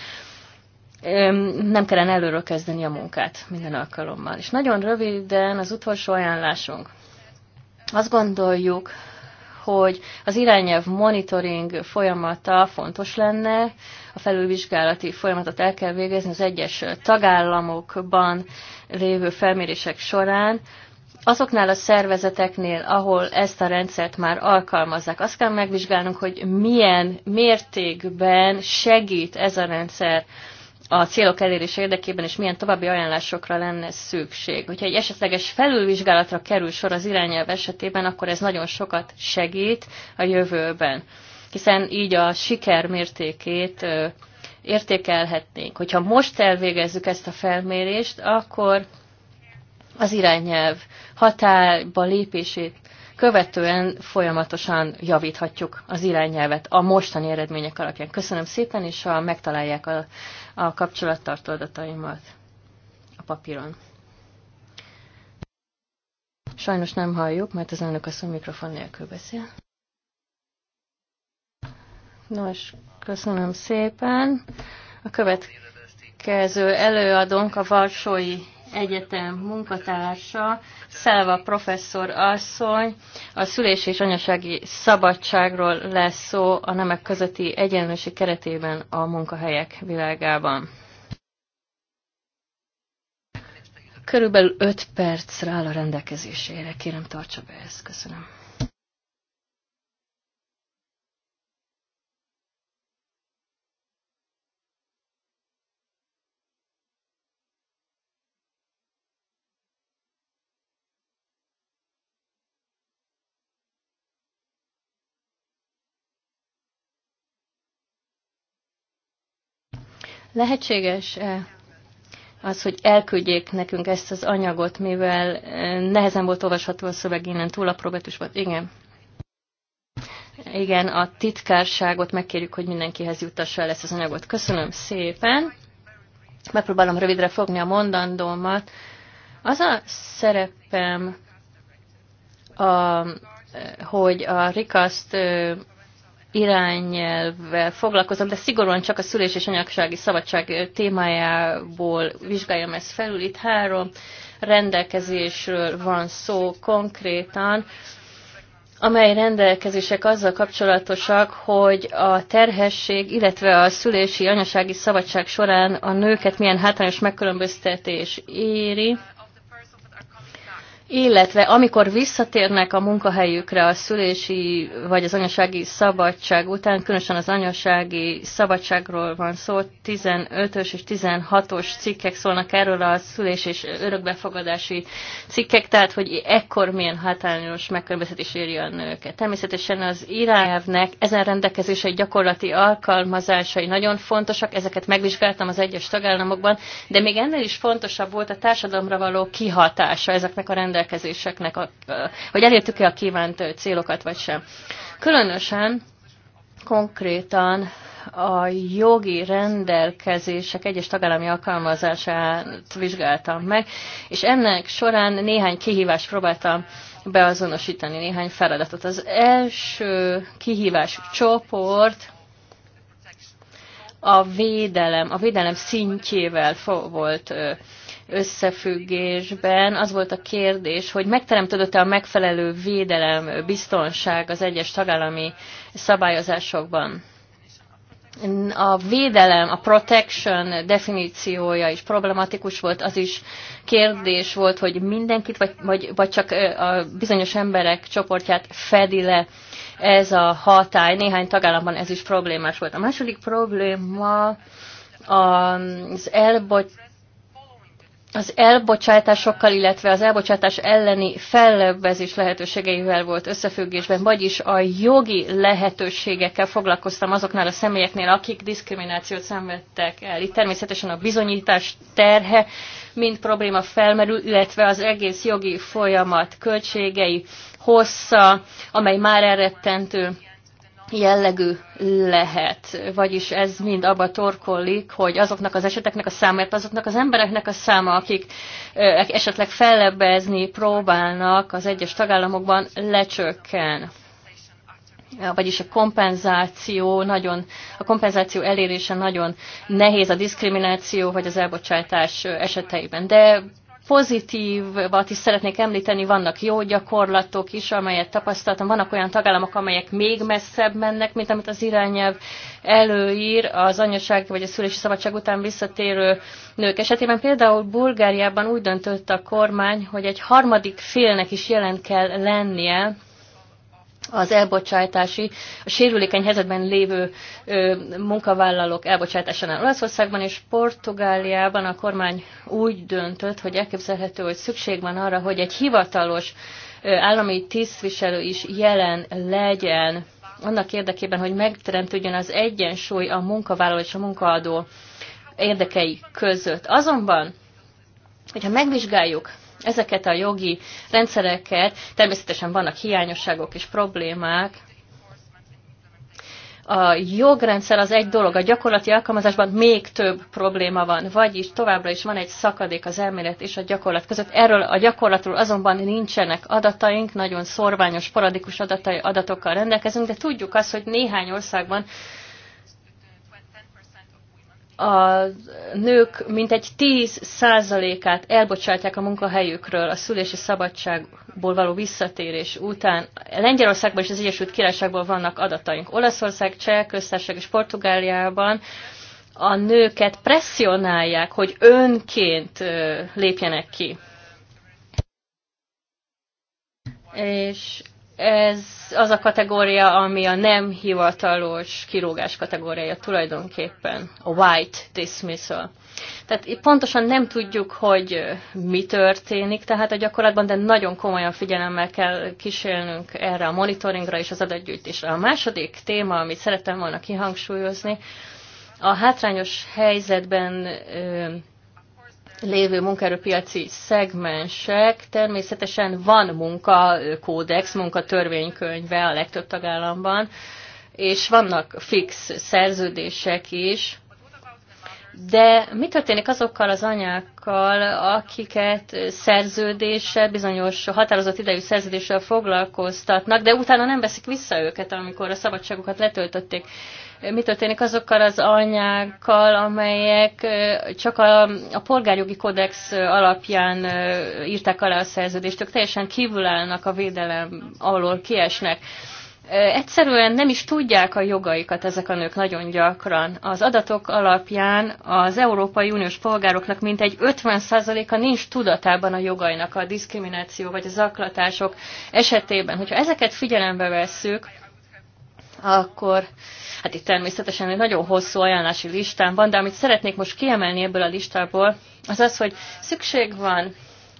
nem kellene előről kezdeni a munkát minden alkalommal. És nagyon röviden az utolsó ajánlásunk. Azt gondoljuk, hogy az irányelv monitoring folyamata fontos lenne, a felülvizsgálati folyamatot el kell végezni az egyes tagállamokban lévő felmérések során, azoknál a szervezeteknél, ahol ezt a rendszert már alkalmazzák, azt kell megvizsgálnunk, hogy milyen mértékben segít ez a rendszer a célok elérése érdekében, és milyen további ajánlásokra lenne szükség. Hogyha egy esetleges felülvizsgálatra kerül sor az irányelv esetében, akkor ez nagyon sokat segít a jövőben, hiszen így a siker mértékét értékelhetnénk. Hogyha most elvégezzük ezt a felmérést, akkor az irányelv hatályba lépését követően folyamatosan javíthatjuk az irányelvet a mostani eredmények alapján. Köszönöm szépen, és ha megtalálják a, a kapcsolattartó adataimat a papíron. Sajnos nem halljuk, mert az elnök asszony mikrofon nélkül beszél. Nos, köszönöm szépen. A következő előadónk a Varsói Egyetem munkatársa, szelva professzor asszony, a szülés és anyasági szabadságról lesz szó a nemek közötti egyenlősi keretében a munkahelyek világában. Körülbelül 5 perc rá a rendelkezésére. Kérem, tartsa be ezt. Köszönöm. Lehetséges-e az, hogy elküldjék nekünk ezt az anyagot, mivel eh, nehezen volt olvasható a szöveg innen túl apróbetűs volt. Igen. Igen, a titkárságot megkérjük, hogy mindenkihez juttassa el ezt az anyagot. Köszönöm szépen. Megpróbálom rövidre fogni a mondandómat. Az a szerepem, a, eh, hogy a Rikaszt eh, irányelvvel foglalkozom, de szigorúan csak a szülés és anyagsági szabadság témájából vizsgáljam ezt felül. Itt három rendelkezésről van szó konkrétan, amely rendelkezések azzal kapcsolatosak, hogy a terhesség, illetve a szülési anyasági szabadság során a nőket milyen hátrányos megkülönböztetés éri, illetve amikor visszatérnek a munkahelyükre a szülési vagy az anyasági szabadság után, különösen az anyasági szabadságról van szó, 15-ös és 16-os cikkek szólnak erről a szülés és örökbefogadási cikkek, tehát hogy ekkor milyen hatányos megkülönböztetés éri a nőket. Természetesen az irányelvnek ezen rendelkezései gyakorlati alkalmazásai nagyon fontosak, ezeket megvizsgáltam az egyes tagállamokban, de még ennél is fontosabb volt a társadalomra való kihatása ezeknek a rendelkezéseknek rendelkezéseknek, a, hogy elértük-e a kívánt célokat, vagy sem. Különösen konkrétan a jogi rendelkezések egyes tagállami alkalmazását vizsgáltam meg, és ennek során néhány kihívást próbáltam beazonosítani, néhány feladatot. Az első kihívás csoport a védelem, a védelem szintjével volt összefüggésben az volt a kérdés, hogy megteremtődött-e a megfelelő védelem, biztonság az egyes tagállami szabályozásokban. A védelem, a protection definíciója is problematikus volt, az is kérdés volt, hogy mindenkit, vagy, vagy, vagy csak a bizonyos emberek csoportját fedi le ez a hatály. Néhány tagállamban ez is problémás volt. A második probléma az elbocs az elbocsátásokkal, illetve az elbocsátás elleni fellebbezés lehetőségeivel volt összefüggésben, vagyis a jogi lehetőségekkel foglalkoztam azoknál a személyeknél, akik diszkriminációt szenvedtek el. Itt természetesen a bizonyítás terhe, mint probléma felmerül, illetve az egész jogi folyamat költségei, hossza, amely már elrettentő jellegű lehet. Vagyis ez mind abba torkollik, hogy azoknak az eseteknek a mert azoknak az embereknek a száma, akik esetleg fellebbezni próbálnak az egyes tagállamokban, lecsökken vagyis a kompenzáció nagyon, a kompenzáció elérése nagyon nehéz a diszkrimináció vagy az elbocsátás eseteiben. De Pozitívat is szeretnék említeni, vannak jó gyakorlatok is, amelyet tapasztaltam. Vannak olyan tagállamok, amelyek még messzebb mennek, mint amit az irányelv előír az anyaság vagy a szülési szabadság után visszatérő nők esetében. Például Bulgáriában úgy döntött a kormány, hogy egy harmadik félnek is jelen kell lennie az elbocsátási, a sérülékeny helyzetben lévő ö, munkavállalók elbocsátásánál Olaszországban és Portugáliában a kormány úgy döntött, hogy elképzelhető, hogy szükség van arra, hogy egy hivatalos ö, állami tisztviselő is jelen legyen annak érdekében, hogy megteremtődjön az egyensúly a munkavállaló és a munkaadó érdekei között. Azonban, hogyha megvizsgáljuk Ezeket a jogi rendszereket természetesen vannak hiányosságok és problémák, a jogrendszer az egy dolog, a gyakorlati alkalmazásban még több probléma van, vagyis továbbra is van egy szakadék az elmélet és a gyakorlat között. Erről a gyakorlatról azonban nincsenek adataink, nagyon szorványos, paradikus adatai, adatokkal rendelkezünk, de tudjuk azt, hogy néhány országban a nők mintegy 10%-át elbocsátják a munkahelyükről a szülési szabadságból való visszatérés után. Lengyelországban és az Egyesült Királyságban vannak adataink. Olaszország, Cseh, Köztársaság és Portugáliában a nőket presszionálják, hogy önként lépjenek ki. És ez az a kategória, ami a nem hivatalos kirúgás kategóriája tulajdonképpen, a white dismissal. Tehát pontosan nem tudjuk, hogy mi történik, tehát a gyakorlatban, de nagyon komolyan figyelemmel kell kísérnünk erre a monitoringra és az adatgyűjtésre. A második téma, amit szerettem volna kihangsúlyozni, a hátrányos helyzetben lévő munkaerőpiaci szegmensek, természetesen van munkakódex, munkatörvénykönyve a legtöbb tagállamban, és vannak fix szerződések is, de mi történik azokkal az anyákkal, akiket szerződéssel, bizonyos határozott idejű szerződéssel foglalkoztatnak, de utána nem veszik vissza őket, amikor a szabadságokat letöltötték? mi történik azokkal az anyákkal, amelyek csak a, a polgárjogi kodex alapján írták alá a szerződést, ők teljesen kívülállnak a védelem alól, kiesnek egyszerűen nem is tudják a jogaikat ezek a nők nagyon gyakran. Az adatok alapján az Európai Uniós polgároknak mintegy 50%-a nincs tudatában a jogainak a diszkrimináció vagy a zaklatások esetében. Hogyha ezeket figyelembe vesszük, akkor hát itt természetesen egy nagyon hosszú ajánlási listán van, de amit szeretnék most kiemelni ebből a listából, az az, hogy szükség van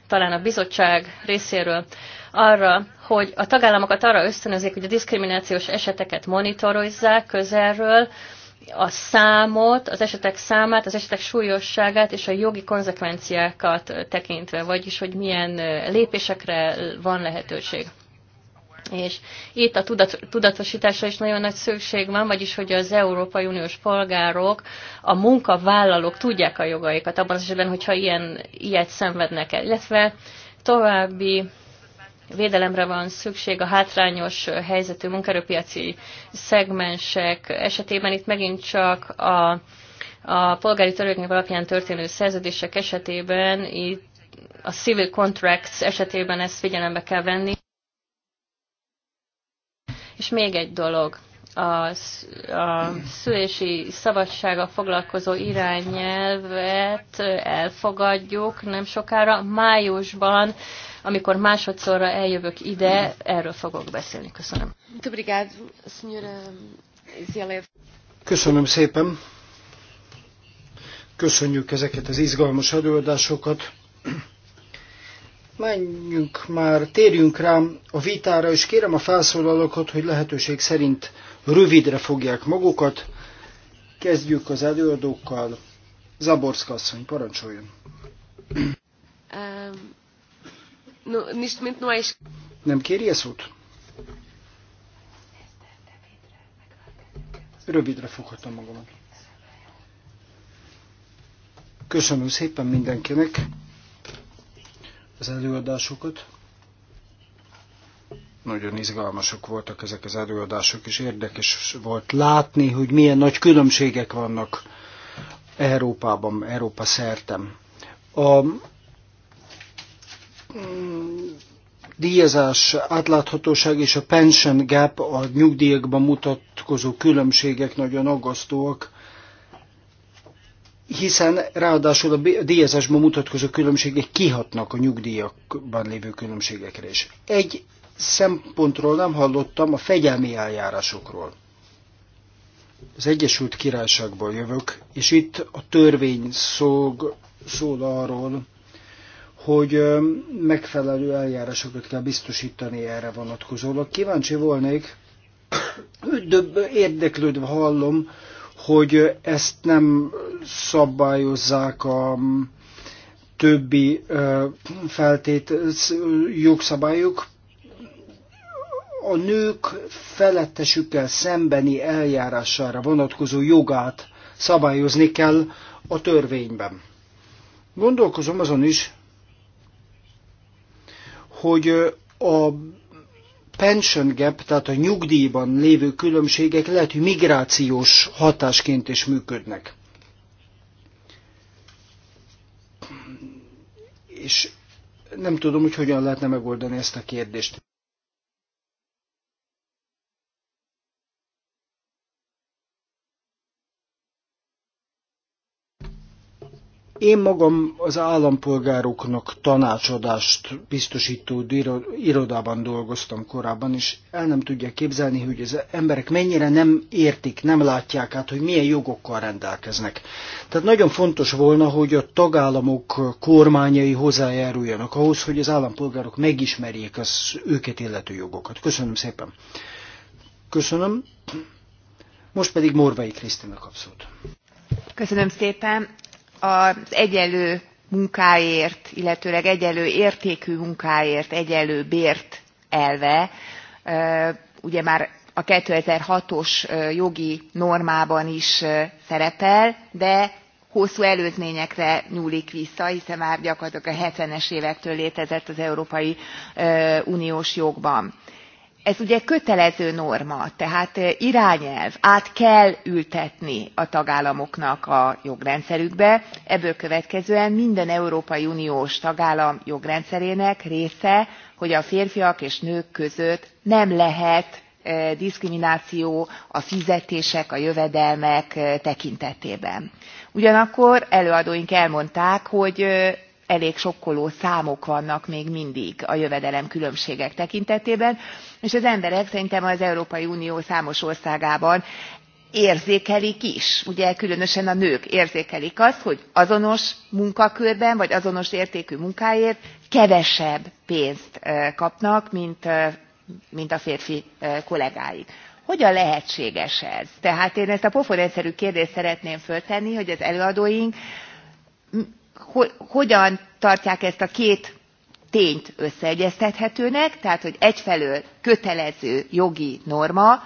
talán a bizottság részéről arra, hogy a tagállamokat arra ösztönözik, hogy a diszkriminációs eseteket monitorozzák közelről, a számot, az esetek számát, az esetek súlyosságát és a jogi konzekvenciákat tekintve, vagyis hogy milyen lépésekre van lehetőség. És itt a tudatosításra is nagyon nagy szükség van, vagyis hogy az Európai Uniós polgárok, a munkavállalók tudják a jogaikat abban az esetben, hogyha ilyen, ilyet szenvednek el. Illetve további védelemre van szükség a hátrányos helyzetű munkerőpiaci szegmensek esetében. Itt megint csak a, a polgári törvények alapján történő szerződések esetében, itt a civil contracts esetében ezt figyelembe kell venni. És még egy dolog, a, a szülési szabadsága foglalkozó irányelvet elfogadjuk nem sokára. Májusban, amikor másodszorra eljövök ide, erről fogok beszélni. Köszönöm. Köszönöm szépen. Köszönjük ezeket az izgalmas előadásokat menjünk már, térjünk rám a vitára, és kérem a felszólalókat, hogy lehetőség szerint rövidre fogják magukat. Kezdjük az előadókkal. Zaborszka asszony, parancsoljon. Ehm, Nem kéri a szót? Rövidre foghatom magamat. Köszönöm szépen mindenkinek az előadásokat. Nagyon izgalmasok voltak ezek az előadások, és érdekes volt látni, hogy milyen nagy különbségek vannak Európában, Európa szertem. A mm, díjazás átláthatóság és a pension gap, a nyugdíjakban mutatkozó különbségek nagyon aggasztóak hiszen ráadásul a díjazásban mutatkozó különbségek kihatnak a nyugdíjakban lévő különbségekre is. Egy szempontról nem hallottam, a fegyelmi eljárásokról. Az Egyesült Királyságból jövök, és itt a törvény szól, szól arról, hogy megfelelő eljárásokat kell biztosítani erre vonatkozólag. Kíváncsi volnék, érdeklődve hallom, hogy ezt nem szabályozzák a többi feltét jogszabályok. A nők felettesükkel szembeni eljárására vonatkozó jogát szabályozni kell a törvényben. Gondolkozom azon is, hogy a pension gap, tehát a nyugdíjban lévő különbségek lehet, hogy migrációs hatásként is működnek. És nem tudom, hogy hogyan lehetne megoldani ezt a kérdést. Én magam az állampolgároknak tanácsadást biztosító irodában dolgoztam korábban, és el nem tudják képzelni, hogy az emberek mennyire nem értik, nem látják át, hogy milyen jogokkal rendelkeznek. Tehát nagyon fontos volna, hogy a tagállamok kormányai hozzájáruljanak ahhoz, hogy az állampolgárok megismerjék az őket illető jogokat. Köszönöm szépen. Köszönöm. Most pedig Morvai Krisztina kapszót. Köszönöm szépen az egyenlő munkáért illetőleg egyenlő értékű munkáért egyenlő bért elve ugye már a two thousand and six os jogi normában is szerepel de hosszú előzményekre nyúlik vissza hiszen már gyakorlatilag a seventy es évektől létezett az európai uniós jogban ez ugye kötelező norma, tehát eh, irányelv, át kell ültetni a tagállamoknak a jogrendszerükbe, ebből következően minden Európai Uniós tagállam jogrendszerének része, hogy a férfiak és nők között nem lehet eh, diszkrimináció a fizetések, a jövedelmek eh, tekintetében. Ugyanakkor előadóink elmondták, hogy elég sokkoló számok vannak még mindig a jövedelemkülönbségek tekintetében és az emberek szerintem az európai unió számos országában érzékelik is ugye különösen a nők érzékelik azt hogy azonos munkakörben vagy azonos értékű munkáért kevesebb pénzt kapnak mint mint a férfi kollégáik. Hogyan lehetséges ez? Tehát én ezt a egyszerű kérdést szeretném föltenni, hogy az előadóink hogyan tartják ezt a két tényt összeegyeztethetőnek tehát hogy egyfelől kötelező jogi norma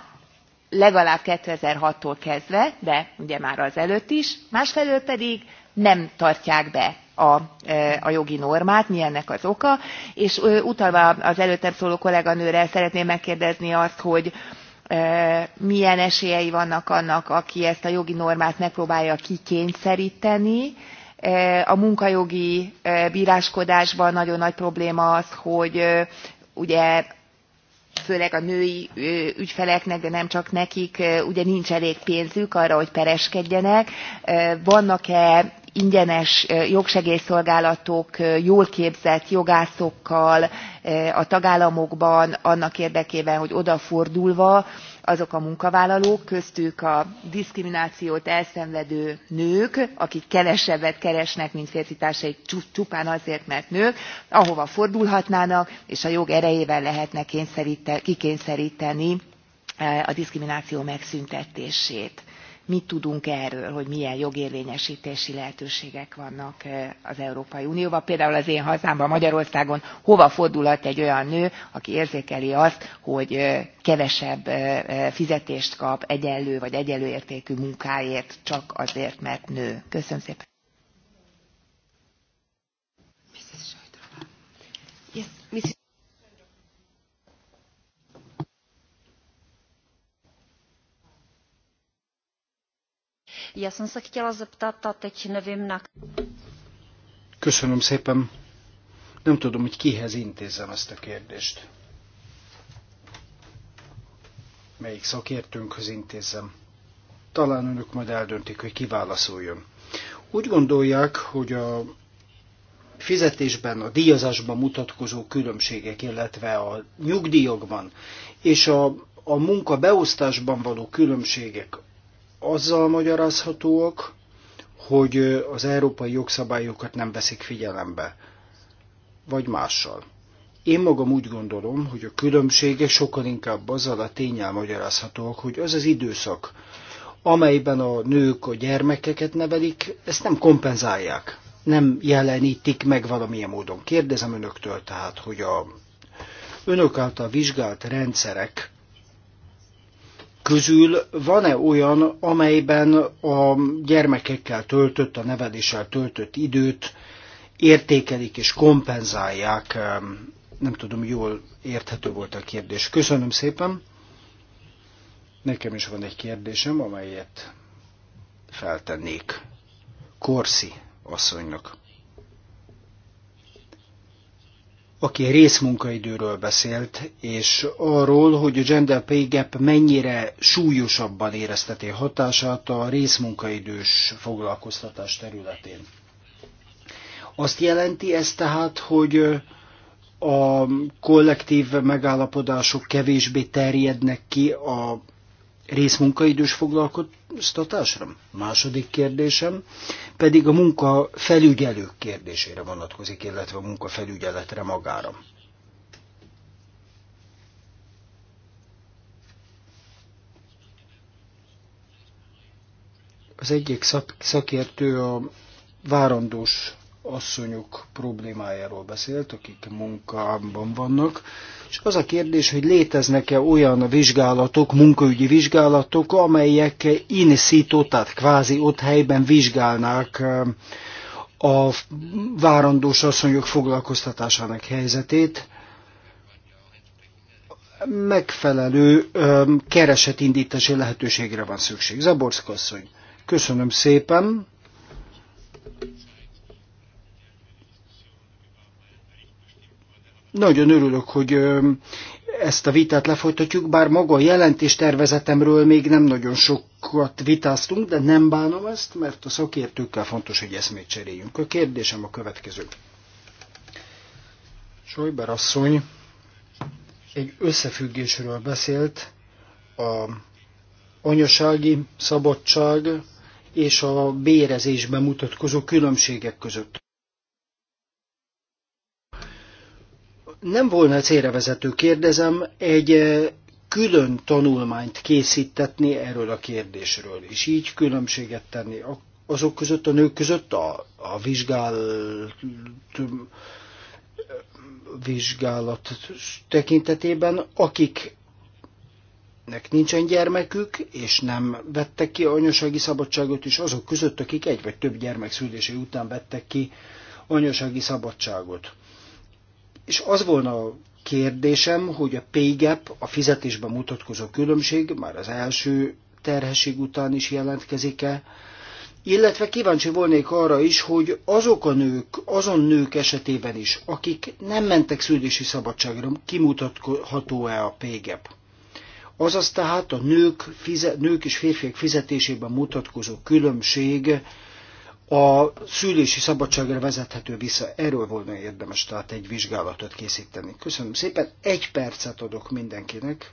legalább two thousand and six tól kezdve de ugye már azelőtt is másfelől pedig nem tartják be a, e, a jogi normát mi ennek az oka és utalva az előttem szóló kolléganőre szeretném megkérdezni azt hogy e, milyen esélyei vannak annak aki ezt a jogi normát megpróbálja kikényszeríteni? E, a munkajogi e, bráskodásban nagyon nagy probléma az hogy e, ugye főleg a női ügyfeleknek de nem csak nekik ugye nincs elég pénzük arra hogy pereskedjenek. vannak e ingyenes jogsegélyszolgálatok jól képzett jogászokkal E, a tagállamokban annak érdekében hogy odafordulva azok a munkavállalók köztük a diszkriminációt elszenvedő nők akik kevesebbet keresnek mint férfitársaik csupán azért mert nők ahova fordulhatnának és a jog erejével lehetne kikényszerteni e, a diszkrimináció megszüntetését mit tudunk erről, hogy milyen jogérvényestési lehetőségek vannak az Európai Unióban. Például az én hazámban, Magyarországon hova fordulhat egy olyan nő, aki érzékeli azt, hogy kevesebb fizetést kap egyenlő vagy értékű munkáért, csak azért, mert nő. Köszönöm szépen. Yes, Mrs. Já jsem se chtěla zeptat, a teď nevím na... Köszönöm szépen. Nem tudom, hogy kihez intézzem ezt a kérdést. Melyik szakértőnkhöz intézzem. Talán önök majd eldöntik, hogy kiválaszoljon. Úgy gondolják, hogy a fizetésben, a díjazásban mutatkozó különbségek, illetve a nyugdíjakban és a, a munka beosztásban való különbségek azzal magyarázhatóak, hogy az európai jogszabályokat nem veszik figyelembe, vagy mással. Én magam úgy gondolom, hogy a különbsége sokkal inkább azzal a tényel magyarázhatóak, hogy az az időszak, amelyben a nők a gyermekeket nevelik, ezt nem kompenzálják, nem jelenítik meg valamilyen módon. Kérdezem önöktől tehát, hogy a önök által vizsgált rendszerek közül van-e olyan, amelyben a gyermekekkel töltött, a neveléssel töltött időt értékelik és kompenzálják? Nem tudom, jól érthető volt a kérdés. Köszönöm szépen. Nekem is van egy kérdésem, amelyet feltennék Korszi asszonynak. aki részmunkaidőről beszélt, és arról, hogy a gender pay gap mennyire súlyosabban érezteti hatását a részmunkaidős foglalkoztatás területén. Azt jelenti ez tehát, hogy a kollektív megállapodások kevésbé terjednek ki a részmunkaidős foglalkoztatásra? Második kérdésem pedig a munka felügyelők kérdésére vonatkozik, illetve a munkafelügyeletre magára. Az egyik szakértő a várandós asszonyok problémájáról beszélt, akik munkában vannak és az a kérdés, hogy léteznek-e olyan vizsgálatok, munkaügyi vizsgálatok, amelyek in situ, tehát kvázi ott helyben vizsgálnák eh, a várandós asszonyok foglalkoztatásának helyzetét, megfelelő eh, keresetindítási lehetőségre van szükség. Zaborszka asszony, köszönöm szépen. Nagyon örülök, hogy ezt a vitát lefolytatjuk, bár maga a jelentéstervezetemről még nem nagyon sokat vitáztunk, de nem bánom ezt, mert a szakértőkkel fontos, hogy eszmét cseréljünk. A kérdésem a következő. Sojber asszony egy összefüggésről beszélt a anyasági szabadság és a bérezésben mutatkozó különbségek között. nem volna célra vezető, kérdezem, egy külön tanulmányt készítetni erről a kérdésről, és így különbséget tenni azok között, a nők között, a, a vizsgált, vizsgálat tekintetében, akiknek nincsen gyermekük, és nem vettek ki anyasági szabadságot, és azok között, akik egy vagy több gyermek szülése után vettek ki anyasági szabadságot. És az volna a kérdésem, hogy a PAYGAP, a fizetésben mutatkozó különbség már az első terhesség után is jelentkezik-e, illetve kíváncsi volnék arra is, hogy azok a nők, azon nők esetében is, akik nem mentek szülési szabadságra, kimutatható-e a PGEP? Azaz tehát a nők, fize, nők és férfiak fizetésében mutatkozó különbség a szülési szabadságra vezethető vissza. Erről volna érdemes tehát egy vizsgálatot készíteni. Köszönöm szépen, egy percet adok mindenkinek.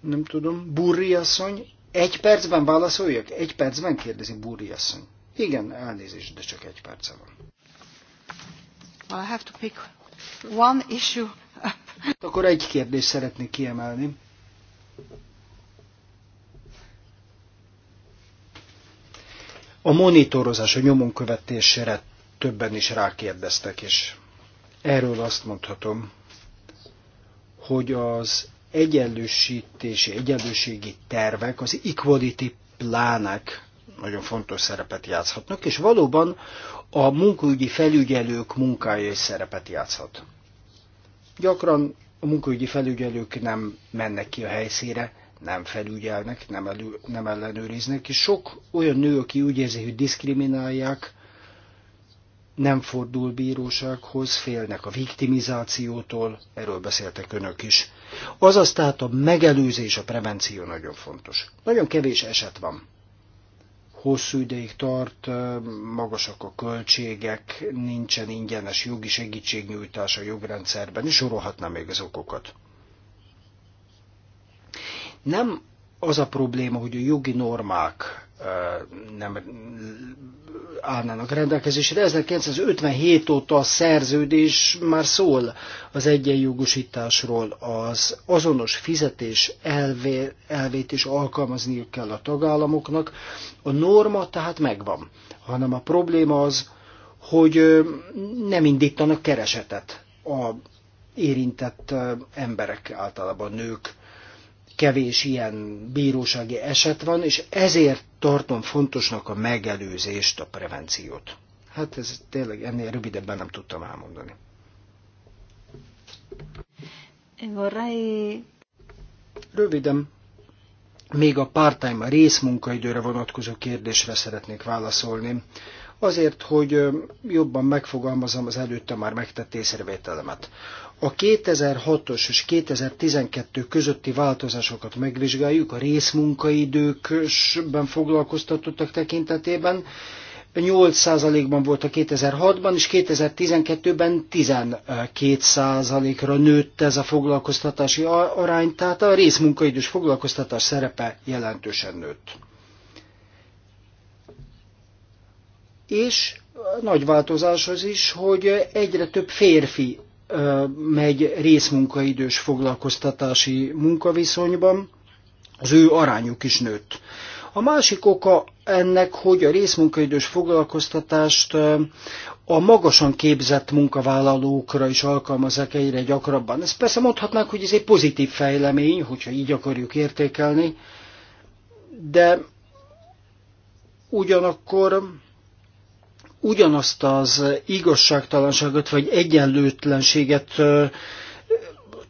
Nem tudom, Burri asszony, egy percben válaszoljak? Egy percben kérdezi Burri asszony. Igen, elnézést, de csak egy perce van. Well, I have to pick one issue Akkor egy kérdést szeretnék kiemelni. A monitorozás, a nyomon követésére többen is rákérdeztek, és erről azt mondhatom, hogy az egyenlősítési, egyenlőségi tervek, az equality plánek nagyon fontos szerepet játszhatnak, és valóban a munkaügyi felügyelők munkája is szerepet játszhat. Gyakran a munkaügyi felügyelők nem mennek ki a helyszíre, nem felügyelnek, nem, elő, nem ellenőriznek, és sok olyan nő, aki úgy érzi, hogy diszkriminálják, nem fordul bírósághoz, félnek a viktimizációtól, erről beszéltek önök is. Azaz tehát a megelőzés, a prevenció nagyon fontos. Nagyon kevés eset van. Hosszú ideig tart, magasak a költségek, nincsen ingyenes jogi segítségnyújtás a jogrendszerben, és sorolhatnám még az okokat. Nem az a probléma, hogy a jogi normák eh, nem állnának rendelkezésre. 1957 óta a szerződés már szól az egyenjogosításról, az azonos fizetés elvé, elvét is alkalmazniuk kell a tagállamoknak. A norma tehát megvan, hanem a probléma az, hogy eh, nem indítanak keresetet a érintett eh, emberek, általában nők kevés ilyen bírósági eset van, és ezért tartom fontosnak a megelőzést, a prevenciót. Hát ez tényleg ennél rövidebben nem tudtam elmondani. Vorrei... Röviden. Még a part-time, a részmunkaidőre vonatkozó kérdésre szeretnék válaszolni. Azért, hogy jobban megfogalmazom az előtte már megtett észrevételemet. A 2006-os és 2012 közötti változásokat megvizsgáljuk a részmunkaidőkben foglalkoztatottak tekintetében. 8%-ban volt a 2006-ban, és 2012-ben 12%-ra nőtt ez a foglalkoztatási arány, tehát a részmunkaidős foglalkoztatás szerepe jelentősen nőtt. És nagy változás az is, hogy egyre több férfi megy részmunkaidős foglalkoztatási munkaviszonyban, az ő arányuk is nőtt. A másik oka ennek, hogy a részmunkaidős foglalkoztatást a magasan képzett munkavállalókra is alkalmazzák egyre gyakrabban. Ezt persze mondhatnánk, hogy ez egy pozitív fejlemény, hogyha így akarjuk értékelni, de ugyanakkor ugyanazt az igazságtalanságot vagy egyenlőtlenséget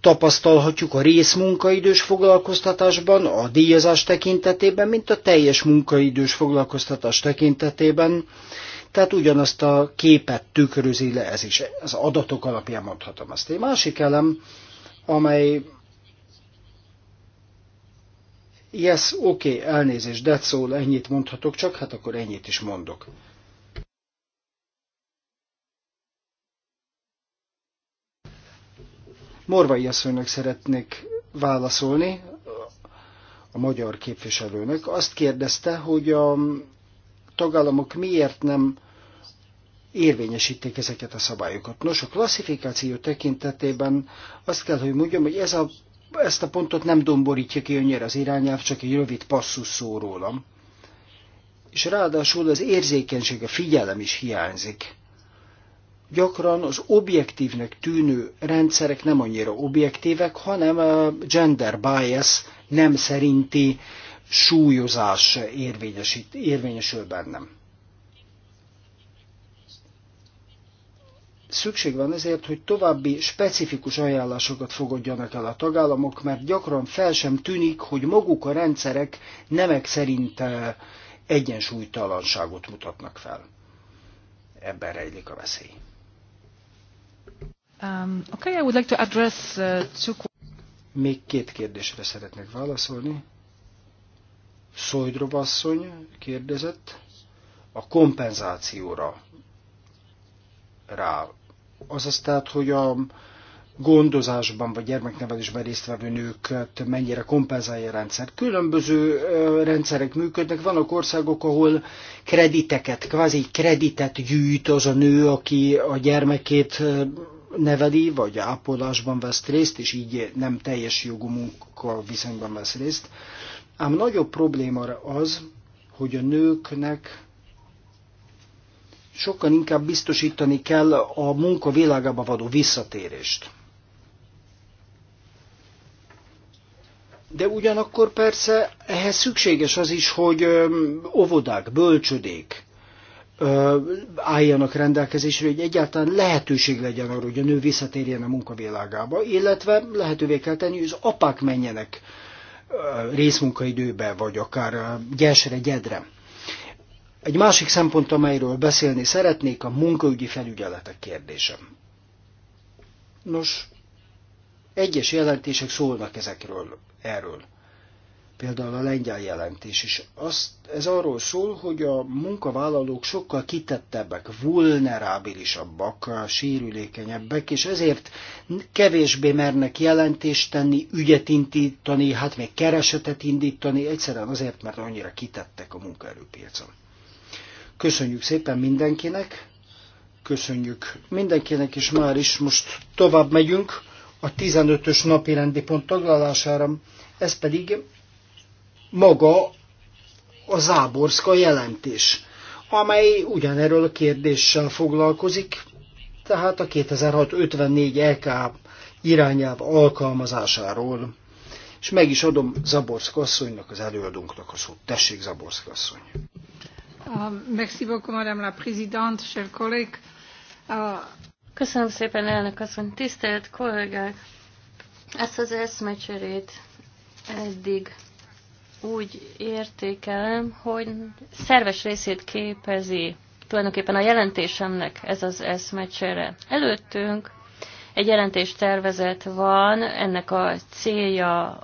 tapasztalhatjuk a részmunkaidős foglalkoztatásban, a díjazás tekintetében, mint a teljes munkaidős foglalkoztatás tekintetében. Tehát ugyanazt a képet tükrözi le ez is. Az adatok alapján mondhatom azt. Egy másik elem, amely Yes, oké, okay, elnézést, that's all, ennyit mondhatok, csak hát akkor ennyit is mondok. Morvai asszonynak szeretnék válaszolni, a magyar képviselőnek. Azt kérdezte, hogy a tagállamok miért nem érvényesítik ezeket a szabályokat. Nos, a klasszifikáció tekintetében azt kell, hogy mondjam, hogy ez a, ezt a pontot nem domborítja ki önnyire az irányelv, csak egy rövid passzus szó rólam. És ráadásul az érzékenység, a figyelem is hiányzik gyakran az objektívnek tűnő rendszerek nem annyira objektívek, hanem a gender bias nem szerinti súlyozás érvényesít, érvényesül bennem. Szükség van ezért, hogy további specifikus ajánlásokat fogadjanak el a tagállamok, mert gyakran fel sem tűnik, hogy maguk a rendszerek nemek szerint egyensúlytalanságot mutatnak fel. Ebben rejlik a veszély. Um, okay, I would like to address uh, two... Még két kérdésre szeretnék válaszolni. Szojdrov asszony kérdezett a kompenzációra rá. Azaz tehát, hogy a gondozásban vagy gyermeknevelésben résztvevő nőket mennyire kompenzálja a rendszer. Különböző rendszerek működnek, vannak országok, ahol krediteket, kvázi kreditet gyűjt az a nő, aki a gyermekét neveli, vagy ápolásban vesz részt, és így nem teljes jogú munkaviszonyban vesz részt. Ám nagyobb probléma az, hogy a nőknek sokkal inkább biztosítani kell a munka világába való visszatérést. De ugyanakkor persze ehhez szükséges az is, hogy óvodák, bölcsödék, álljanak rendelkezésre, hogy egyáltalán lehetőség legyen arra, hogy a nő visszatérjen a munkavilágába, illetve lehetővé kell tenni, hogy az apák menjenek részmunkaidőbe, vagy akár gyesre, gyedre. Egy másik szempont, amelyről beszélni szeretnék, a munkaügyi felügyeletek kérdése. Nos, egyes jelentések szólnak ezekről, erről például a lengyel jelentés is. Azt, ez arról szól, hogy a munkavállalók sokkal kitettebbek, vulnerábilisabbak, sérülékenyebbek, és ezért kevésbé mernek jelentést tenni, ügyet indítani, hát még keresetet indítani, egyszerűen azért, mert annyira kitettek a munkaerőpiacon. Köszönjük szépen mindenkinek, köszönjük mindenkinek, és már is most tovább megyünk a 15-ös napi rendi pont taglalására, ez pedig maga a záborszka jelentés, amely ugyanerről a kérdéssel foglalkozik, tehát a 2654 LK irányába alkalmazásáról. És meg is adom Zaborszka asszonynak, az előadónknak a szót. Tessék, Zaborszka asszony! Uh, merci beaucoup, madame la présidente, uh, Köszönöm szépen, elnök asszony. Tisztelt kollégák! Ezt az eszmecserét eddig úgy értékelem, hogy szerves részét képezi tulajdonképpen a jelentésemnek ez az eszmecsere. Előttünk egy jelentéstervezet van, ennek a célja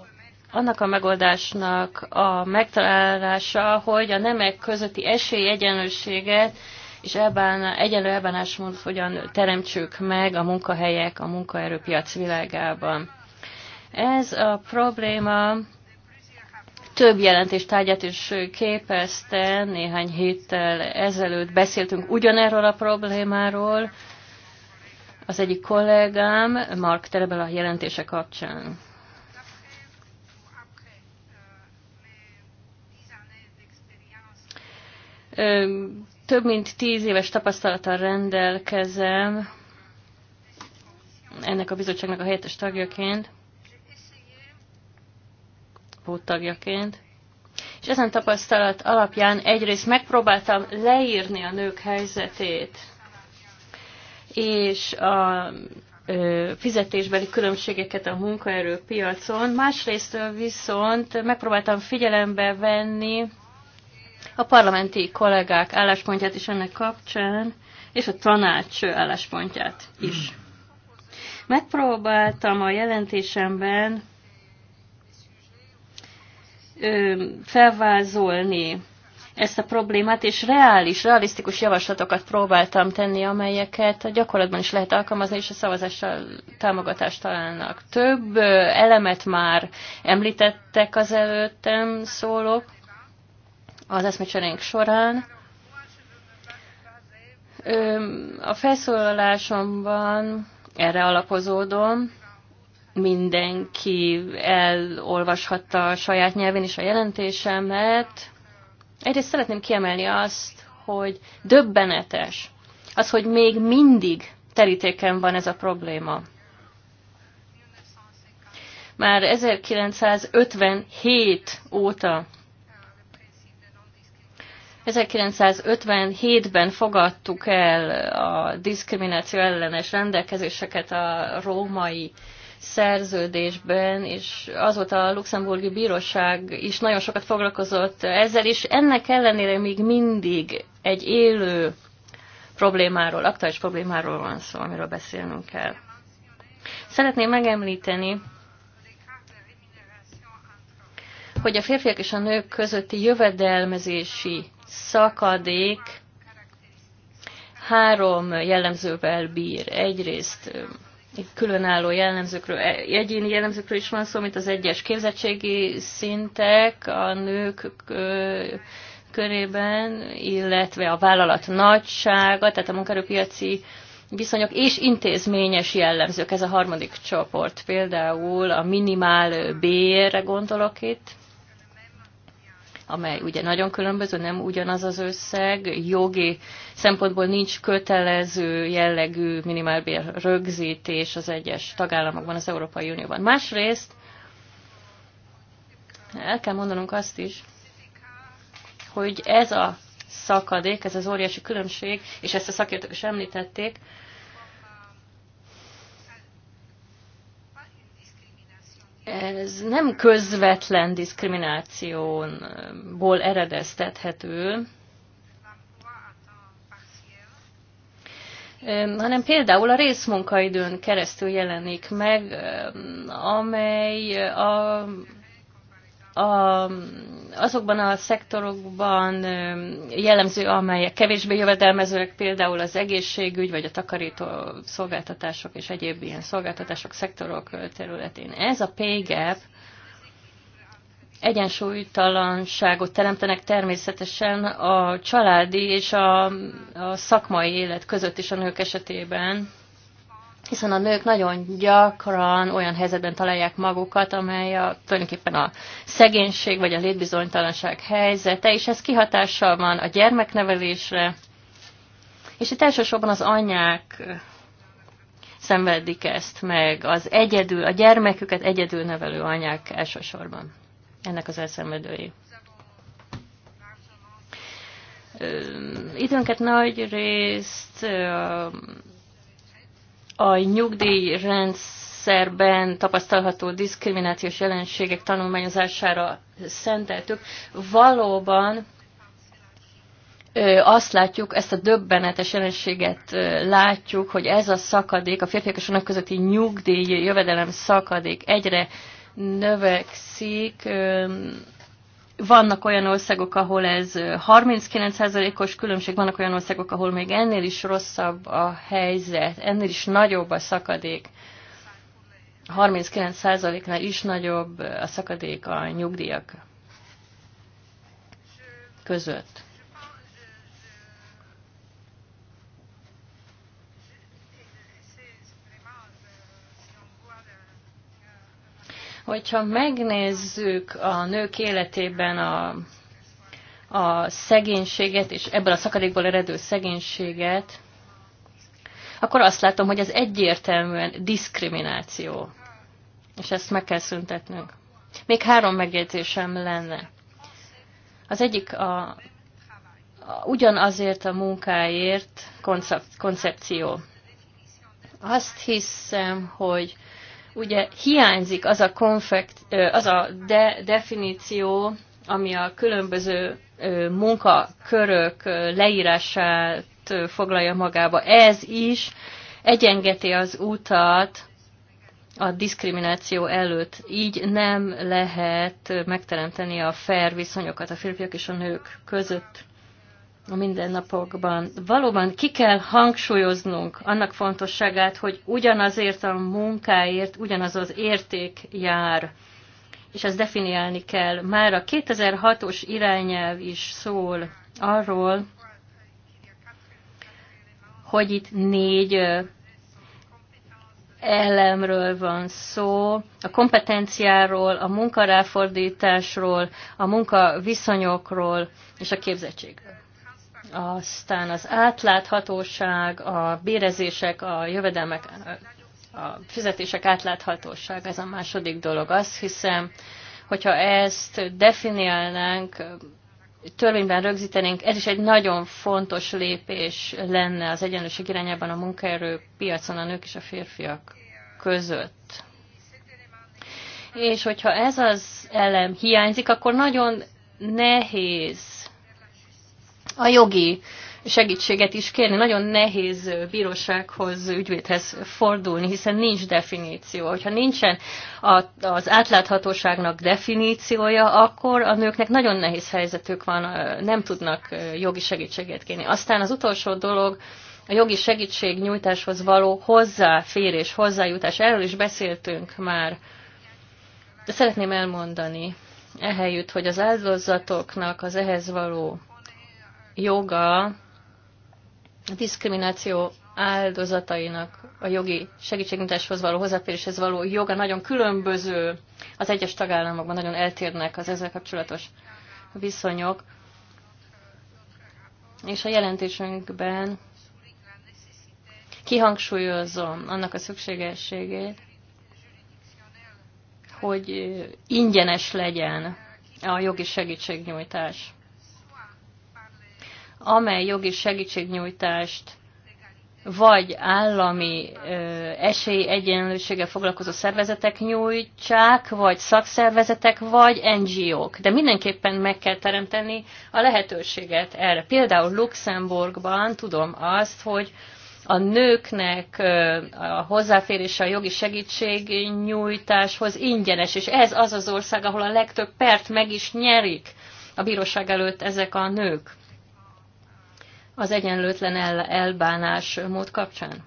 annak a megoldásnak a megtalálása, hogy a nemek közötti esélyegyenlőséget és elbáná, egyenlő elbánásmódot hogyan teremtsük meg a munkahelyek, a munkaerőpiac világában. Ez a probléma több jelentéstárgyát is képezte. Néhány héttel ezelőtt beszéltünk ugyanerről a problémáról, az egyik kollégám, Mark Terebel a jelentése kapcsán. Több mint tíz éves tapasztalattal rendelkezem ennek a bizottságnak a helyettes tagjaként, tagjaként. És ezen tapasztalat alapján egyrészt megpróbáltam leírni a nők helyzetét, és a fizetésbeli különbségeket a munkaerőpiacon, másrészt viszont megpróbáltam figyelembe venni a parlamenti kollégák álláspontját is ennek kapcsán, és a tanács álláspontját is. Megpróbáltam a jelentésemben felvázolni ezt a problémát, és reális, realisztikus javaslatokat próbáltam tenni, amelyeket a gyakorlatban is lehet alkalmazni, és a szavazással támogatást találnak. Több elemet már említettek az előttem szólók az eszmecserénk során. A felszólalásomban erre alapozódom, mindenki elolvashatta a saját nyelvén is a jelentésemet. Egyrészt szeretném kiemelni azt, hogy döbbenetes az, hogy még mindig terítéken van ez a probléma. Már 1957 óta 1957-ben fogadtuk el a diszkrimináció ellenes rendelkezéseket a római szerződésben, és azóta a luxemburgi bíróság is nagyon sokat foglalkozott ezzel, és ennek ellenére még mindig egy élő problémáról, aktuális problémáról van szó, amiről beszélnünk kell. Szeretném megemlíteni, hogy a férfiak és a nők közötti jövedelmezési szakadék három jellemzővel bír. Egyrészt különálló jellemzőkről, e, egyéni jellemzőkről is van szó, mint az egyes képzettségi szintek a nők körében, illetve a vállalat nagysága, tehát a munkerőpiaci viszonyok és intézményes jellemzők, ez a harmadik csoport. Például a minimál bérre gondolok itt, amely ugye nagyon különböző, nem ugyanaz az összeg, jogi szempontból nincs kötelező jellegű minimálbér rögzítés az egyes tagállamokban, az Európai Unióban. Másrészt el kell mondanunk azt is, hogy ez a szakadék, ez az óriási különbség, és ezt a szakértők is említették, ez nem közvetlen diszkriminációból eredeztethető, hanem például a részmunkaidőn keresztül jelenik meg, amely a a, azokban a szektorokban jellemző, amelyek kevésbé jövedelmezőek, például az egészségügy, vagy a takarító szolgáltatások és egyéb ilyen szolgáltatások szektorok területén. Ez a gap egyensúlytalanságot teremtenek természetesen a családi és a, a szakmai élet között is a nők esetében, hiszen a nők nagyon gyakran olyan helyzetben találják magukat, amely a, tulajdonképpen a szegénység vagy a létbizonytalanság helyzete, és ez kihatással van a gyermeknevelésre, és itt elsősorban az anyák szenvedik ezt meg, az egyedül, a gyermeküket egyedül nevelő anyák elsősorban ennek az elszenvedői. Időnket nagy részt a nyugdíjrendszerben tapasztalható diszkriminációs jelenségek tanulmányozására szenteltük, valóban azt látjuk, ezt a döbbenetes jelenséget látjuk, hogy ez a szakadék, a férfiak és a nők közötti nyugdíj jövedelem szakadék egyre növekszik, vannak olyan országok, ahol ez 39%-os különbség, vannak olyan országok, ahol még ennél is rosszabb a helyzet, ennél is nagyobb a szakadék. 39%-nál is nagyobb a szakadék a nyugdíjak között. Hogyha megnézzük a nők életében a, a szegénységet, és ebből a szakadékból eredő szegénységet, akkor azt látom, hogy ez egyértelműen diszkrimináció. És ezt meg kell szüntetnünk. Még három megjegyzésem lenne. Az egyik a ugyanazért a munkáért koncepció. Azt hiszem, hogy ugye hiányzik az a, konfekt, az a de, definíció, ami a különböző munkakörök leírását foglalja magába. Ez is egyengeti az utat a diszkrimináció előtt. Így nem lehet megteremteni a fair viszonyokat a férfiak és a nők között a mindennapokban. Valóban ki kell hangsúlyoznunk annak fontosságát, hogy ugyanazért a munkáért ugyanaz az érték jár, és ezt definiálni kell. Már a 2006-os irányelv is szól arról, hogy itt négy elemről van szó, a kompetenciáról, a munkaráfordításról, a munkaviszonyokról és a képzettségről. Aztán az átláthatóság, a bérezések, a jövedelmek, a fizetések átláthatóság, ez a második dolog. Azt hiszem, hogyha ezt definiálnánk, törvényben rögzítenénk, ez is egy nagyon fontos lépés lenne az egyenlőség irányában a munkaerő piacon a nők és a férfiak között. És hogyha ez az elem hiányzik, akkor nagyon nehéz a jogi segítséget is kérni. Nagyon nehéz bírósághoz, ügyvédhez fordulni, hiszen nincs definíció. Hogyha nincsen a, az átláthatóságnak definíciója, akkor a nőknek nagyon nehéz helyzetük van, nem tudnak jogi segítséget kérni. Aztán az utolsó dolog, a jogi segítség nyújtáshoz való hozzáférés, hozzájutás. Erről is beszéltünk már. De szeretném elmondani ehelyütt, hogy az áldozatoknak az ehhez való joga a diszkrimináció áldozatainak a jogi segítségnyújtáshoz való hozzáféréshez való joga nagyon különböző, az egyes tagállamokban nagyon eltérnek az ezzel kapcsolatos viszonyok. És a jelentésünkben kihangsúlyozom annak a szükségességét, hogy ingyenes legyen a jogi segítségnyújtás amely jogi segítségnyújtást vagy állami ö, esélyegyenlőséggel foglalkozó szervezetek nyújtsák, vagy szakszervezetek, vagy NGO-k. De mindenképpen meg kell teremteni a lehetőséget erre. Például Luxemburgban tudom azt, hogy a nőknek a hozzáférése a jogi segítségnyújtáshoz ingyenes, és ez az az ország, ahol a legtöbb pert meg is nyerik a bíróság előtt ezek a nők az egyenlőtlen el, elbánás mód kapcsán.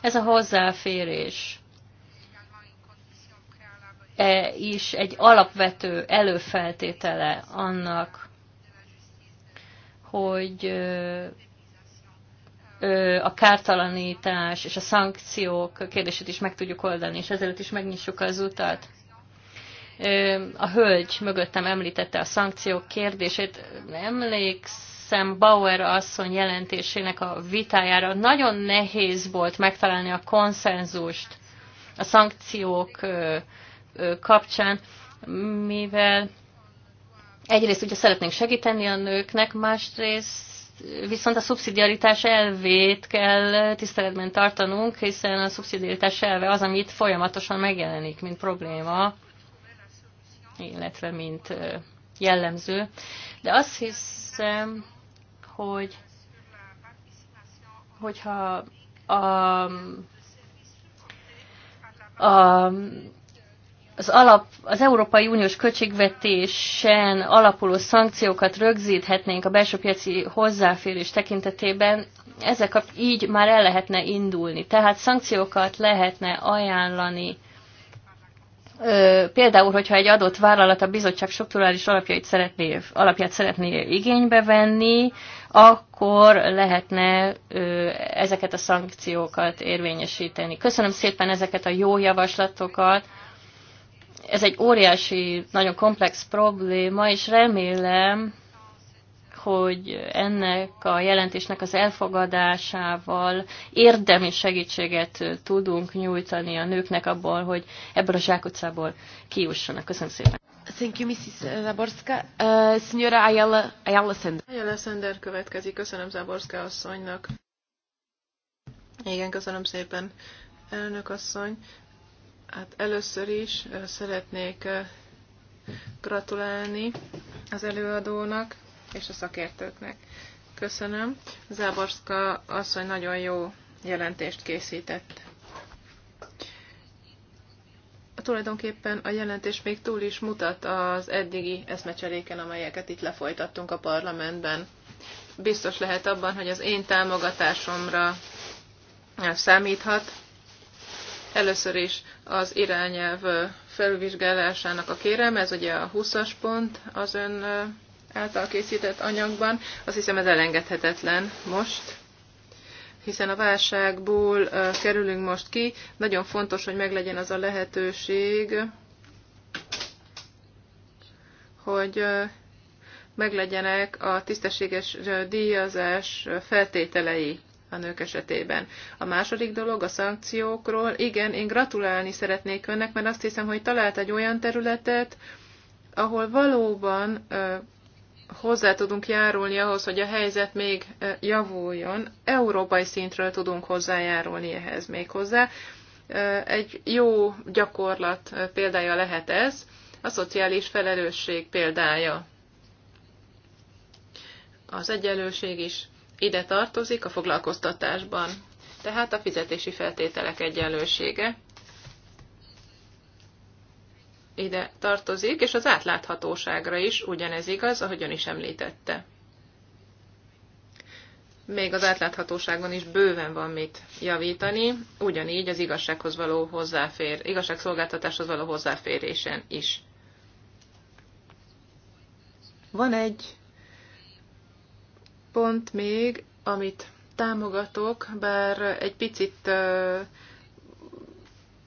Ez a hozzáférés e is egy alapvető előfeltétele annak, hogy a kártalanítás és a szankciók kérdését is meg tudjuk oldani, és ezelőtt is megnyissuk az utat. A hölgy mögöttem említette a szankciók kérdését. Emléksz, emlékszem Bauer asszony jelentésének a vitájára. Nagyon nehéz volt megtalálni a konszenzust a szankciók kapcsán, mivel egyrészt ugye szeretnénk segíteni a nőknek, másrészt viszont a szubszidiaritás elvét kell tiszteletben tartanunk, hiszen a szubszidiaritás elve az, amit folyamatosan megjelenik, mint probléma, illetve mint jellemző. De azt hiszem, hogy hogyha a, a, az, alap, az Európai Uniós költségvetésen alapuló szankciókat rögzíthetnénk a belső piaci hozzáférés tekintetében, ezek így már el lehetne indulni. Tehát szankciókat lehetne ajánlani például, hogyha egy adott vállalat a bizottság strukturális alapjait szeretné, alapját szeretné igénybe venni, akkor lehetne ezeket a szankciókat érvényesíteni. Köszönöm szépen ezeket a jó javaslatokat. Ez egy óriási, nagyon komplex probléma, és remélem, hogy ennek a jelentésnek az elfogadásával érdemi segítséget tudunk nyújtani a nőknek abból, hogy ebből a zsákutcából kijussanak. Köszönöm szépen. Thank you, Mrs. Zaborska. Uh, Signora Ayala, Ayala Sender. Ayala Sender következik. Köszönöm Zaborska asszonynak. Igen, köszönöm szépen, elnök asszony. Hát először is uh, szeretnék uh, gratulálni az előadónak és a szakértőknek. Köszönöm. Záborska asszony nagyon jó jelentést készített. Tulajdonképpen a jelentés még túl is mutat az eddigi eszmecseréken, amelyeket itt lefolytattunk a parlamentben. Biztos lehet abban, hogy az én támogatásomra számíthat. Először is az irányelv felvizsgálásának a kérem, ez ugye a 20-as pont az ön által készített anyagban. Azt hiszem ez elengedhetetlen most hiszen a válságból kerülünk most ki. Nagyon fontos, hogy meglegyen az a lehetőség, hogy meglegyenek a tisztességes díjazás feltételei a nők esetében. A második dolog a szankciókról. Igen, én gratulálni szeretnék önnek, mert azt hiszem, hogy talált egy olyan területet, ahol valóban hozzá tudunk járulni ahhoz, hogy a helyzet még javuljon. Európai szintről tudunk hozzájárulni ehhez még hozzá. Egy jó gyakorlat példája lehet ez, a szociális felelősség példája. Az egyenlőség is ide tartozik a foglalkoztatásban, tehát a fizetési feltételek egyenlősége ide tartozik, és az átláthatóságra is ugyanez igaz, ahogy ön is említette. Még az átláthatóságon is bőven van mit javítani, ugyanígy az igazsághoz való hozzáfér, igazságszolgáltatáshoz való hozzáférésen is. Van egy pont még, amit támogatok, bár egy picit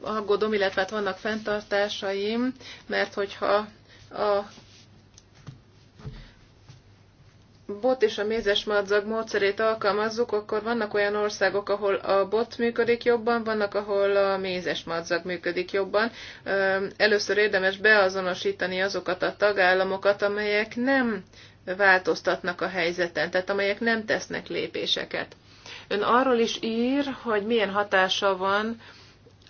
aggódom, illetve hát vannak fenntartásaim, mert hogyha a bot és a mézes madzag módszerét alkalmazzuk, akkor vannak olyan országok, ahol a bot működik jobban, vannak, ahol a mézes madzag működik jobban. Először érdemes beazonosítani azokat a tagállamokat, amelyek nem változtatnak a helyzeten, tehát amelyek nem tesznek lépéseket. Ön arról is ír, hogy milyen hatása van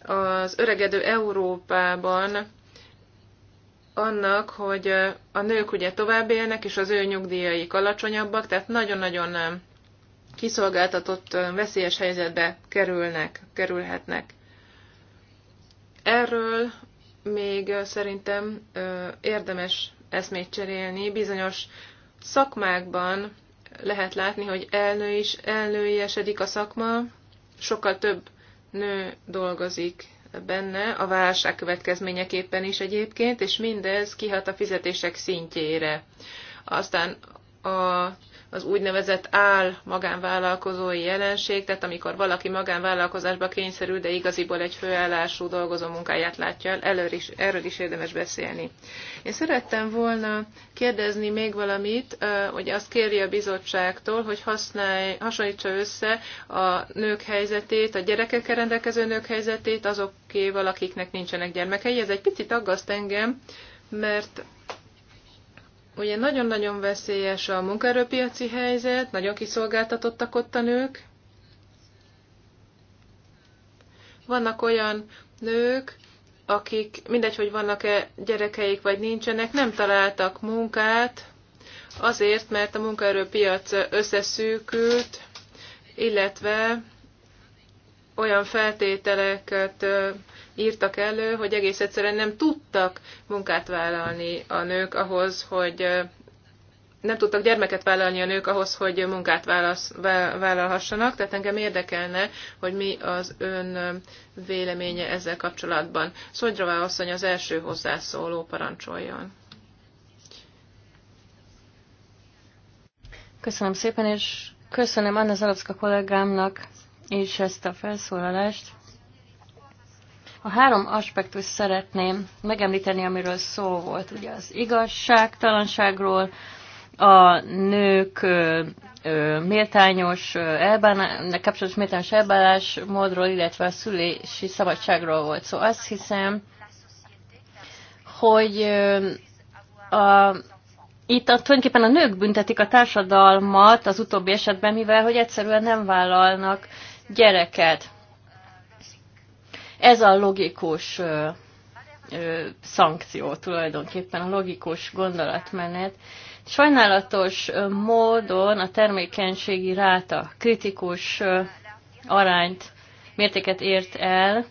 az öregedő Európában annak, hogy a nők ugye tovább élnek, és az ő nyugdíjaik alacsonyabbak, tehát nagyon-nagyon kiszolgáltatott, veszélyes helyzetbe kerülnek, kerülhetnek. Erről még szerintem érdemes eszmét cserélni. Bizonyos szakmákban lehet látni, hogy elnő is, elnői esedik a szakma, sokkal több nő dolgozik benne, a válság következményeképpen is egyébként, és mindez kihat a fizetések szintjére. Aztán a az úgynevezett áll magánvállalkozói jelenség, tehát amikor valaki magánvállalkozásba kényszerül, de igaziból egy főállású dolgozó munkáját látja el, erről is, erről is érdemes beszélni. Én szerettem volna kérdezni még valamit, hogy azt kéri a bizottságtól, hogy használj, hasonlítsa össze a nők helyzetét, a gyerekekkel rendelkező nők helyzetét azokéval, akiknek nincsenek gyermekei. Ez egy picit aggaszt engem, mert ugye nagyon-nagyon veszélyes a munkaerőpiaci helyzet, nagyon kiszolgáltatottak ott a nők. Vannak olyan nők, akik mindegy, hogy vannak-e gyerekeik vagy nincsenek, nem találtak munkát azért, mert a munkaerőpiac összeszűkült, illetve olyan feltételeket írtak elő, hogy egész egyszerűen nem tudtak munkát vállalni a nők ahhoz, hogy nem tudtak gyermeket vállalni a nők ahhoz, hogy munkát válasz, vállalhassanak, tehát engem érdekelne, hogy mi az ön véleménye ezzel kapcsolatban. Szogyrová asszony az első hozzászóló parancsoljon. Köszönöm szépen, és köszönöm Anna Zalocka kollégámnak is ezt a felszólalást. A három aspektus szeretném megemlíteni, amiről szó volt, ugye az igazságtalanságról, a nők ö, ö, méltányos elbánás, kapcsolatos méltányos elbánás módról, illetve a szülési szabadságról volt szó. Szóval azt hiszem, hogy a, itt a, tulajdonképpen a nők büntetik a társadalmat az utóbbi esetben, mivel hogy egyszerűen nem vállalnak gyereket. Ez a logikus ö, ö, szankció tulajdonképpen, a logikus gondolatmenet. Sajnálatos módon a termékenységi ráta kritikus ö, arányt, mértéket ért el,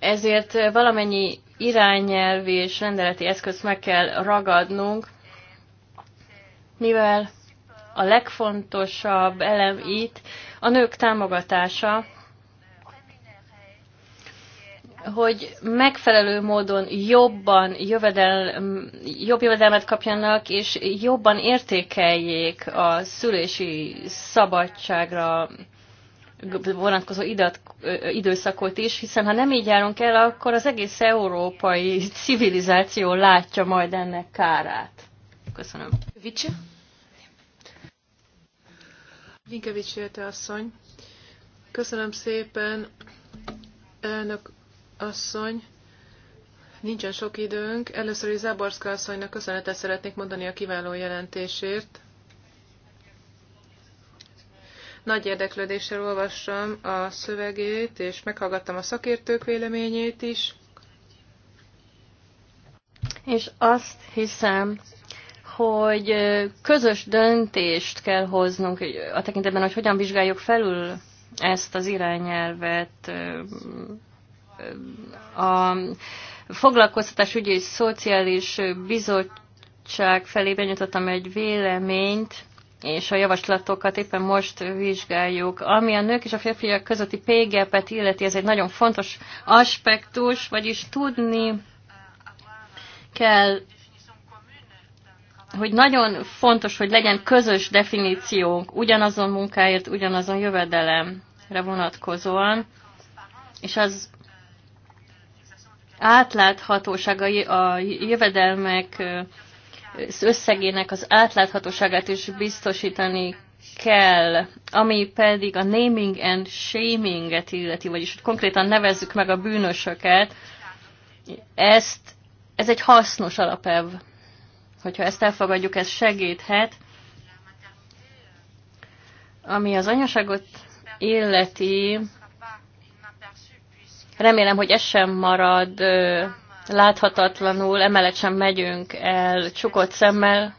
ezért valamennyi irányelv és rendeleti eszközt meg kell ragadnunk, mivel a legfontosabb elem itt a nők támogatása, hogy megfelelő módon jobban jövedel, jobb jövedelmet kapjanak, és jobban értékeljék a szülési szabadságra vonatkozó idat, időszakot is, hiszen ha nem így járunk el, akkor az egész európai civilizáció látja majd ennek kárát. Köszönöm. Vicsi? Vinkevics asszony. Köszönöm szépen, elnök asszony. Nincsen sok időnk. Először is Záborszka asszonynak köszönetet szeretnék mondani a kiváló jelentésért. Nagy érdeklődéssel olvassam a szövegét, és meghallgattam a szakértők véleményét is. És azt hiszem, hogy közös döntést kell hoznunk a tekintetben, hogy hogyan vizsgáljuk felül ezt az irányelvet a ügyi és szociális bizottság felé benyújtottam egy véleményt, és a javaslatokat éppen most vizsgáljuk. Ami a nők és a férfiak közötti pégepet illeti, ez egy nagyon fontos aspektus, vagyis tudni kell, hogy nagyon fontos, hogy legyen közös definíciónk ugyanazon munkáért, ugyanazon jövedelemre vonatkozóan, és az átláthatósága, a jövedelmek összegének az átláthatóságát is biztosítani kell, ami pedig a naming and shaminget illeti, vagyis hogy konkrétan nevezzük meg a bűnösöket, ezt, ez egy hasznos alapelv. Hogyha ezt elfogadjuk, ez segíthet. Ami az anyaságot illeti, Remélem, hogy ez sem marad láthatatlanul, emellett sem megyünk el csukott szemmel,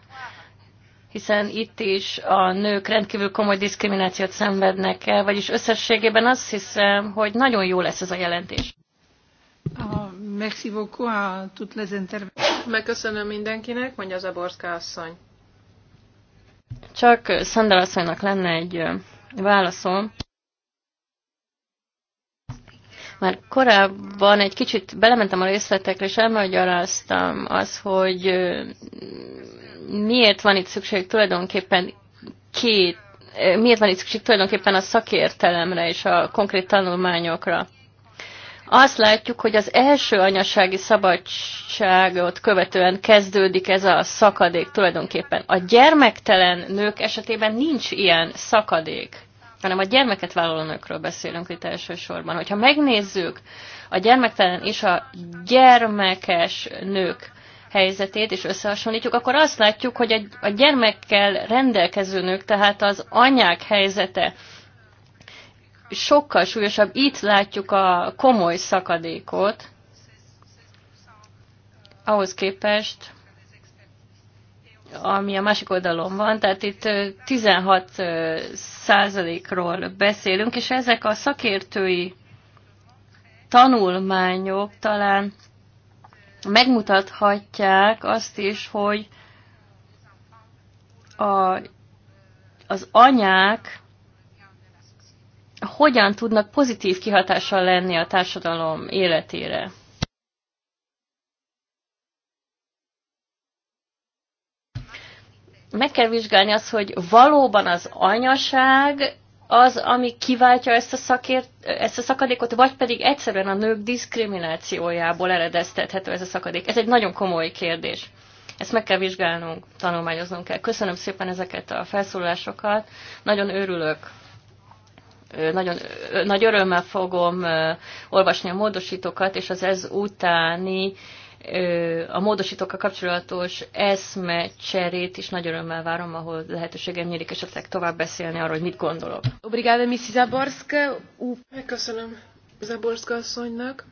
hiszen itt is a nők rendkívül komoly diszkriminációt szenvednek el, vagyis összességében azt hiszem, hogy nagyon jó lesz ez a jelentés. Ah, Megköszönöm mindenkinek, mondja az Aborszka asszony. Csak Szandra asszonynak lenne egy válaszom. Már korábban egy kicsit belementem a részletekre, és elmagyaráztam az, hogy miért van itt szükség tulajdonképpen két, miért van itt szükség tulajdonképpen a szakértelemre és a konkrét tanulmányokra azt látjuk, hogy az első anyasági szabadságot követően kezdődik ez a szakadék tulajdonképpen. A gyermektelen nők esetében nincs ilyen szakadék hanem a gyermeket vállaló nőkről beszélünk itt elsősorban. Hogyha megnézzük a gyermektelen és a gyermekes nők helyzetét, és összehasonlítjuk, akkor azt látjuk, hogy a gyermekkel rendelkező nők, tehát az anyák helyzete sokkal súlyosabb. Itt látjuk a komoly szakadékot ahhoz képest, ami a másik oldalon van, tehát itt 16 százalékról beszélünk, és ezek a szakértői tanulmányok talán megmutathatják azt is, hogy a, az anyák hogyan tudnak pozitív kihatással lenni a társadalom életére. meg kell vizsgálni azt, hogy valóban az anyaság az, ami kiváltja ezt a, szakért, ezt a szakadékot, vagy pedig egyszerűen a nők diszkriminációjából eredeztethető ez a szakadék. Ez egy nagyon komoly kérdés. Ezt meg kell vizsgálnunk, tanulmányoznunk kell. Köszönöm szépen ezeket a felszólásokat. Nagyon örülök. Nagyon nagy örömmel fogom olvasni a módosítókat, és az ez utáni a módosítókkal kapcsolatos eszme cserét is nagy örömmel várom, ahol lehetőségem nyílik esetleg tovább beszélni arról, hogy mit gondolok. Obrigada, Missy Zaborsk. Megköszönöm Zaborsk asszonynak,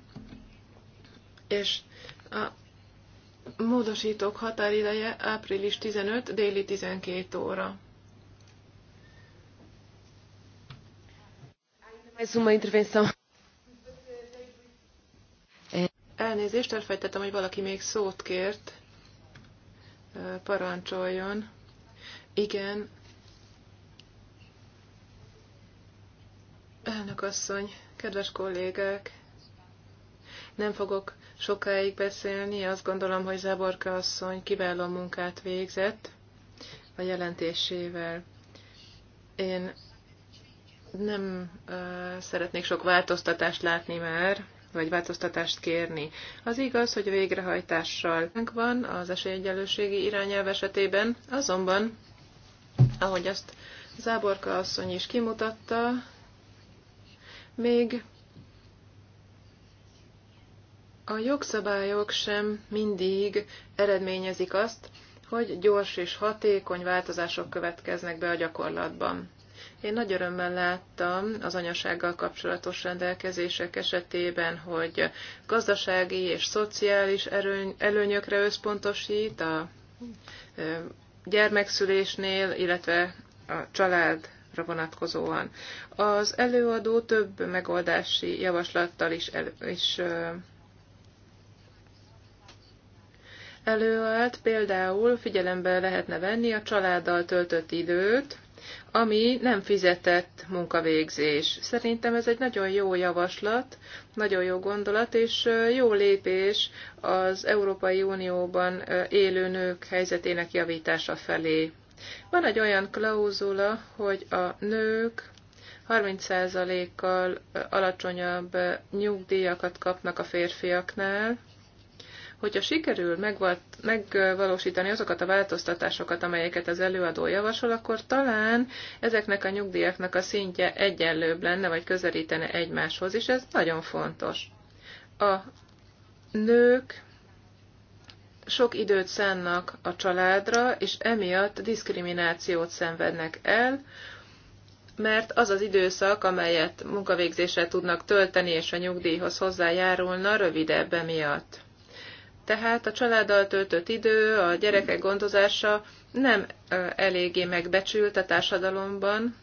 és a módosítók határideje április 15, déli 12 óra. Mais uma intervenção. Elnézést, elfejtettem, hogy valaki még szót kért. Parancsoljon. Igen. Elnök asszony, kedves kollégák, nem fogok sokáig beszélni, azt gondolom, hogy Zaborka asszony kiváló munkát végzett a jelentésével. Én nem uh, szeretnék sok változtatást látni már vagy változtatást kérni. Az igaz, hogy végrehajtással van az esélyegyelőségi irányelv esetében, azonban, ahogy azt Záborka asszony is kimutatta, még a jogszabályok sem mindig eredményezik azt, hogy gyors és hatékony változások következnek be a gyakorlatban. Én nagy örömmel láttam az anyasággal kapcsolatos rendelkezések esetében, hogy gazdasági és szociális előnyökre összpontosít a gyermekszülésnél, illetve a család vonatkozóan. Az előadó több megoldási javaslattal is, elő, is előállt, például figyelembe lehetne venni a családdal töltött időt, ami nem fizetett munkavégzés. Szerintem ez egy nagyon jó javaslat, nagyon jó gondolat, és jó lépés az Európai Unióban élő nők helyzetének javítása felé. Van egy olyan klauzula, hogy a nők 30%-kal alacsonyabb nyugdíjakat kapnak a férfiaknál, Hogyha sikerül megvalósítani azokat a változtatásokat, amelyeket az előadó javasol, akkor talán ezeknek a nyugdíjaknak a szintje egyenlőbb lenne, vagy közelítene egymáshoz, és ez nagyon fontos. A nők sok időt szánnak a családra, és emiatt diszkriminációt szenvednek el, mert az az időszak, amelyet munkavégzésre tudnak tölteni és a nyugdíjhoz hozzájárulna, rövidebb emiatt. Tehát a családdal töltött idő, a gyerekek gondozása nem eléggé megbecsült a társadalomban,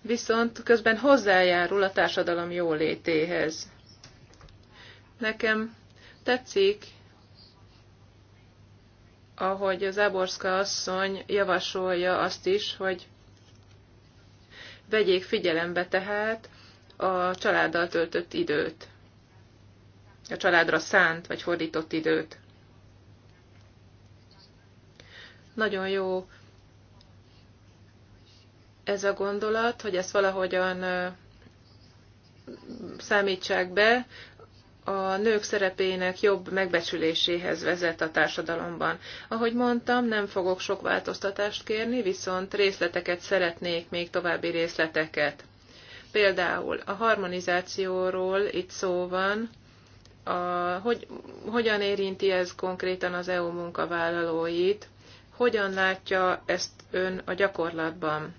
viszont közben hozzájárul a társadalom jólétéhez. Nekem tetszik, ahogy Áborszka asszony javasolja azt is, hogy vegyék figyelembe tehát a családdal töltött időt, a családra szánt vagy fordított időt. Nagyon jó ez a gondolat, hogy ezt valahogyan számítsák be, a nők szerepének jobb megbecsüléséhez vezet a társadalomban. Ahogy mondtam, nem fogok sok változtatást kérni, viszont részleteket szeretnék, még további részleteket. Például a harmonizációról itt szó van, a, hogy, hogyan érinti ez konkrétan az EU munkavállalóit, hogyan látja ezt ön a gyakorlatban?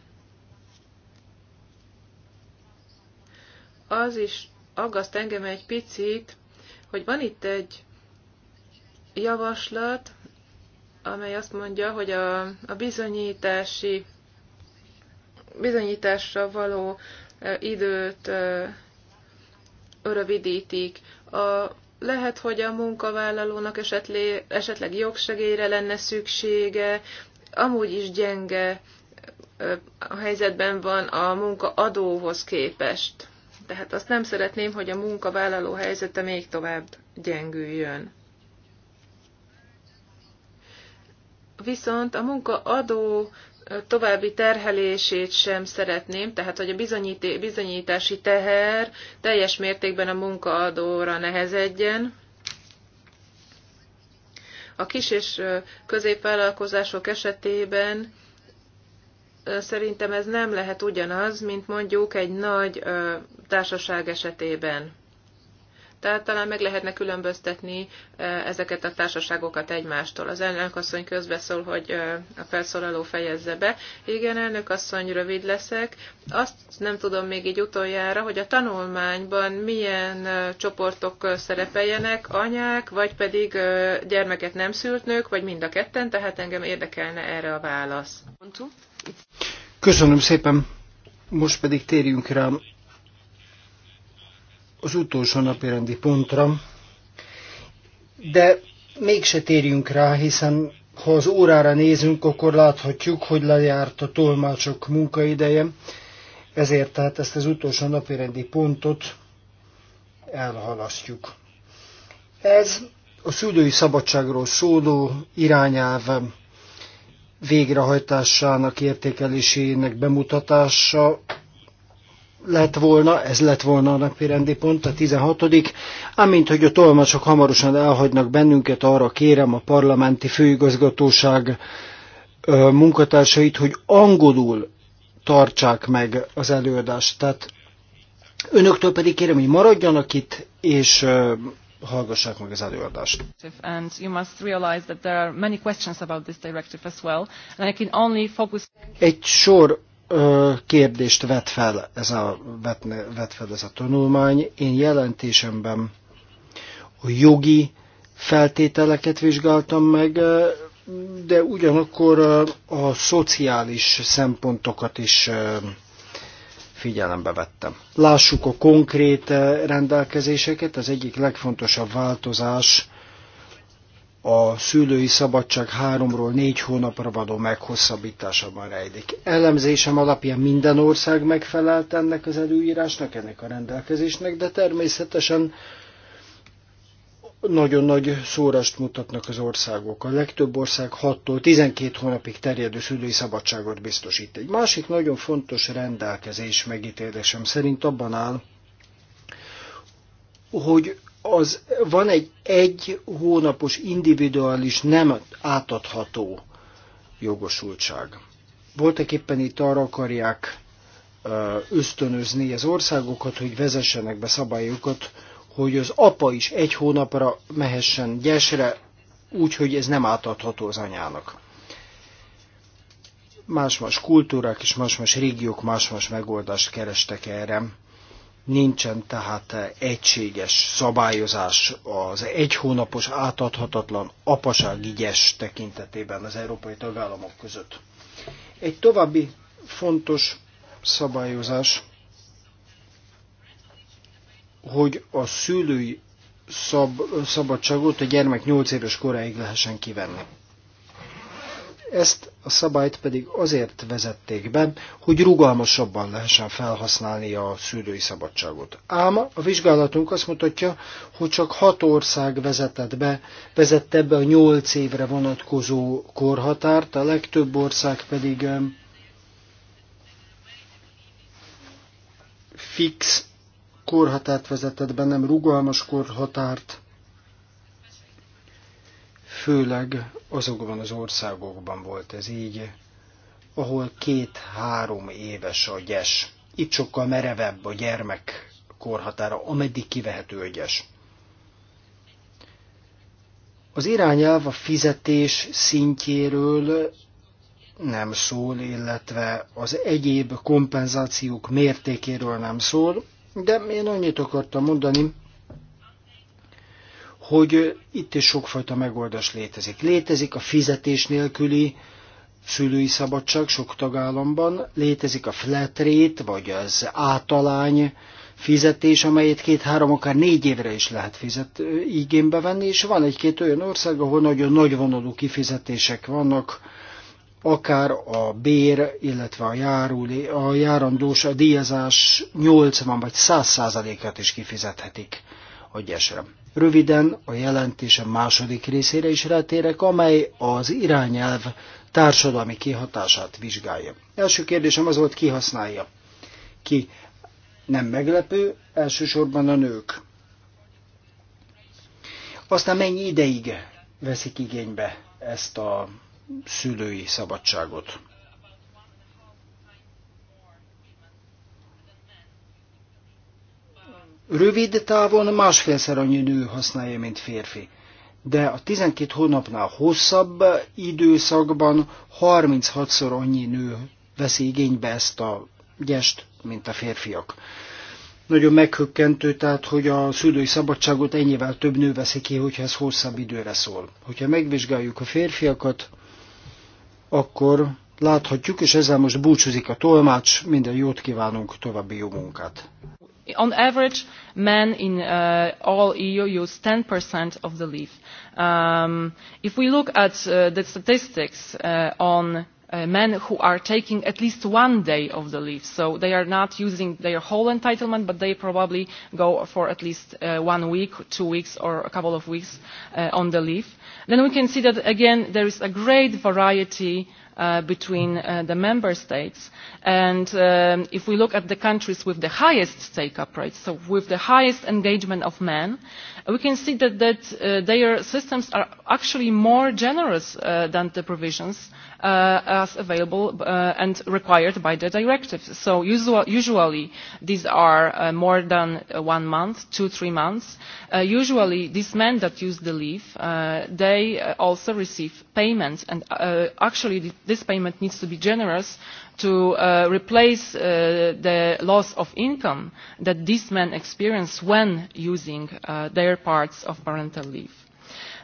Az is aggaszt engem egy picit, hogy van itt egy javaslat, amely azt mondja, hogy a, a bizonyítási bizonyításra való időt rövidítik. A lehet, hogy a munkavállalónak esetleg, esetleg jogsegélyre lenne szüksége, amúgy is gyenge a helyzetben van a munkaadóhoz képest. Tehát azt nem szeretném, hogy a munkavállaló helyzete még tovább gyengüljön. Viszont a munkaadó további terhelését sem szeretném, tehát hogy a bizonyítási teher teljes mértékben a munkaadóra nehezedjen. A kis és középvállalkozások esetében szerintem ez nem lehet ugyanaz, mint mondjuk egy nagy társaság esetében. Tehát talán meg lehetne különböztetni e, ezeket a társaságokat egymástól. Az elnökasszony közbeszól, hogy e, a felszólaló fejezze be. Igen, elnökasszony, rövid leszek. Azt nem tudom még így utoljára, hogy a tanulmányban milyen e, csoportok szerepeljenek, anyák, vagy pedig gyermeket nem szült nők, vagy mind a ketten, tehát engem érdekelne erre a válasz. Köszönöm szépen. Most pedig térjünk rá az utolsó napi rendi pontra, de mégse térjünk rá, hiszen ha az órára nézünk, akkor láthatjuk, hogy lejárt a tolmácsok munkaideje, ezért tehát ezt az utolsó napi rendi pontot elhalasztjuk. Ez a szülői szabadságról szóló irányelv végrehajtásának értékelésének bemutatása lett volna, ez lett volna a napi rendi pont, a 16 ám mint hogy a tolmacsok hamarosan elhagynak bennünket, arra kérem a parlamenti főigazgatóság munkatársait, hogy angolul tartsák meg az előadást. Tehát önöktől pedig kérem, hogy maradjanak itt, és hallgassák meg az előadást. And you must realize that there are many questions about this directive as well, and I can only focus... Egy sor kérdést vet fel ez a, vet, vet fel ez a tanulmány. Én jelentésemben a jogi feltételeket vizsgáltam meg, de ugyanakkor a szociális szempontokat is figyelembe vettem. Lássuk a konkrét rendelkezéseket. Az egyik legfontosabb változás a szülői szabadság háromról négy hónapra való meghosszabbításában rejlik. Elemzésem alapján minden ország megfelelt ennek az előírásnak, ennek a rendelkezésnek, de természetesen nagyon nagy szórast mutatnak az országok. A legtöbb ország 6-tól 12 hónapig terjedő szülői szabadságot biztosít. Egy másik nagyon fontos rendelkezés megítélésem szerint abban áll, hogy az van egy egy hónapos individuális, nem átadható jogosultság. Voltak éppen itt arra akarják ösztönözni az országokat, hogy vezessenek be szabályokat, hogy az apa is egy hónapra mehessen gyesre, úgyhogy ez nem átadható az anyának. Más-más kultúrák és más-más régiók más-más megoldást kerestek erre Nincsen tehát egységes szabályozás az egy hónapos átadhatatlan apaságigyes tekintetében az európai tagállamok között. Egy további fontos szabályozás, hogy a szülői szab, szabadságot a gyermek 8 éves koráig lehessen kivenni. Ezt a szabályt pedig azért vezették be, hogy rugalmasabban lehessen felhasználni a szülői szabadságot. Ám a vizsgálatunk azt mutatja, hogy csak hat ország vezetett be, vezette be a nyolc évre vonatkozó korhatárt, a legtöbb ország pedig fix korhatárt vezetett be, nem rugalmas korhatárt, Főleg azokban az országokban volt ez így, ahol két-három éves a gyes. Itt sokkal merevebb a gyermek korhatára, ameddig kivehető a gyes. Az irányelv a fizetés szintjéről nem szól, illetve az egyéb kompenzációk mértékéről nem szól, de én annyit akartam mondani, hogy itt is sokfajta megoldás létezik. Létezik a fizetés nélküli szülői szabadság sok tagállamban, létezik a flat rate, vagy az átalány fizetés, amelyet két-három, akár négy évre is lehet fizet, igénybe venni, és van egy-két olyan ország, ahol nagyon nagyvonalú kifizetések vannak, akár a bér, illetve a, járulé, a járandós, a díjazás 80 vagy 100 százalékát is kifizethetik agyesre. Röviden a jelentése második részére is rátérek, amely az irányelv társadalmi kihatását vizsgálja. Első kérdésem az volt, ki használja. Ki? Nem meglepő, elsősorban a nők. Aztán mennyi ideig veszik igénybe ezt a szülői szabadságot? Rövid távon másfélszer annyi nő használja, mint férfi. De a 12 hónapnál hosszabb időszakban 36-szor annyi nő veszi igénybe ezt a gyest, mint a férfiak. Nagyon meghökkentő, tehát, hogy a szülői szabadságot ennyivel több nő veszi ki, hogyha ez hosszabb időre szól. Hogyha megvizsgáljuk a férfiakat, akkor láthatjuk, és ezzel most búcsúzik a tolmács, minden jót kívánunk, további jó munkát! on average, men in uh, all EU use 10% of the leave. Um, if we look at uh, the statistics uh, on uh, men who are taking at least one day of the leave, so they are not using their whole entitlement, but they probably go for at least uh, one week, two weeks, or a couple of weeks uh, on the leave, then we can see that, again, there is a great variety uh, between uh, the member states. And um, if we look at the countries with the highest take-up rates, so with the highest engagement of men, uh, we can see that, that uh, their systems are actually more generous uh, than the provisions uh, as available uh, and required by the directive. So usual, usually these are uh, more than uh, one month, two, three months. Uh, usually these men that use the leave, uh, they uh, also receive payment and uh, actually this payment needs to be generous to uh, replace uh, the loss of income that these men experience when using uh, their parts of parental leave.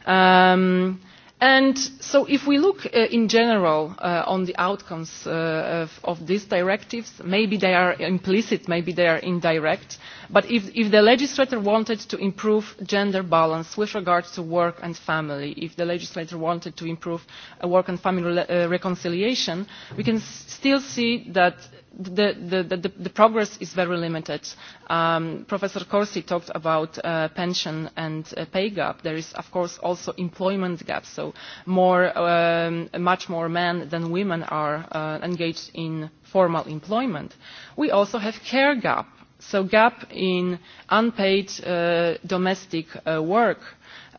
Um, And so if we look uh, in general uh, on the outcomes uh, of, of these directives, maybe they are implicit, maybe they are indirect, but if, if the legislator wanted to improve gender balance with regards to work and family, if the legislator wanted to improve uh, work and family re- uh, reconciliation, we can s- still see that the, the, the, the progress is very limited. Um, Professor Corsi talked about uh, pension and uh, pay gap. There is, of course, also employment gap. So more, um, much more men than women are uh, engaged in formal employment. We also have care gap. So gap in unpaid uh, domestic uh, work.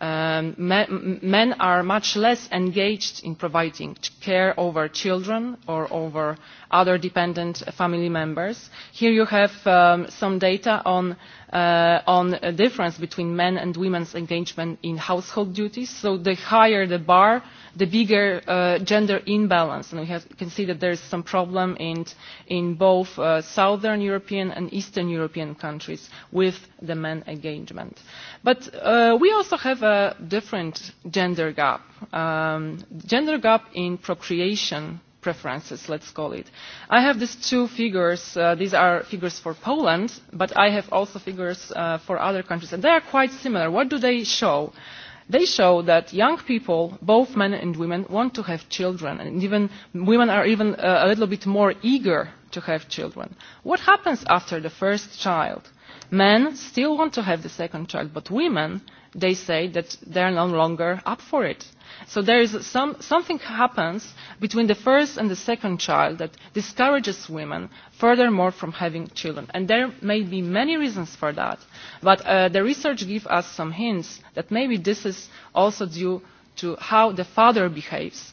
Um, men, men are much less engaged in providing care over children or over other dependent family members. Here you have um, some data on uh, on a difference between men and women's engagement in household duties. So the higher the bar, the bigger uh, gender imbalance. And we have, can see that there is some problem in, in both uh, southern European and eastern European countries with the men engagement. But uh, we also have a different gender gap. Um, gender gap in procreation preferences, let's call it. I have these two figures. Uh, these are figures for Poland, but I have also figures uh, for other countries, and they are quite similar. What do they show? They show that young people, both men and women, want to have children, and even women are even uh, a little bit more eager to have children. What happens after the first child? Men still want to have the second child, but women, they say that they are no longer up for it So there is some, something happens between the first and the second child that discourages women furthermore from having children. And there may be many reasons for that, but uh, the research gives us some hints that maybe this is also due to how the father behaves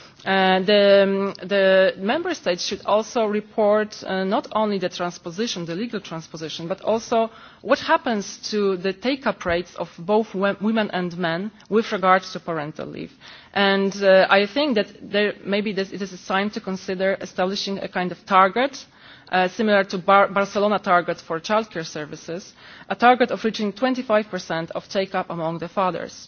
Uh, the, um, the member states should also report uh, not only the transposition the legal transposition but also what happens to the take up rates of both women and men with regards to parental leave and uh, i think that there, maybe this, it is a sign to consider establishing a kind of target Uh, similar to Bar barcelona target for childcare services a target of reaching 25% of take up among the fathers.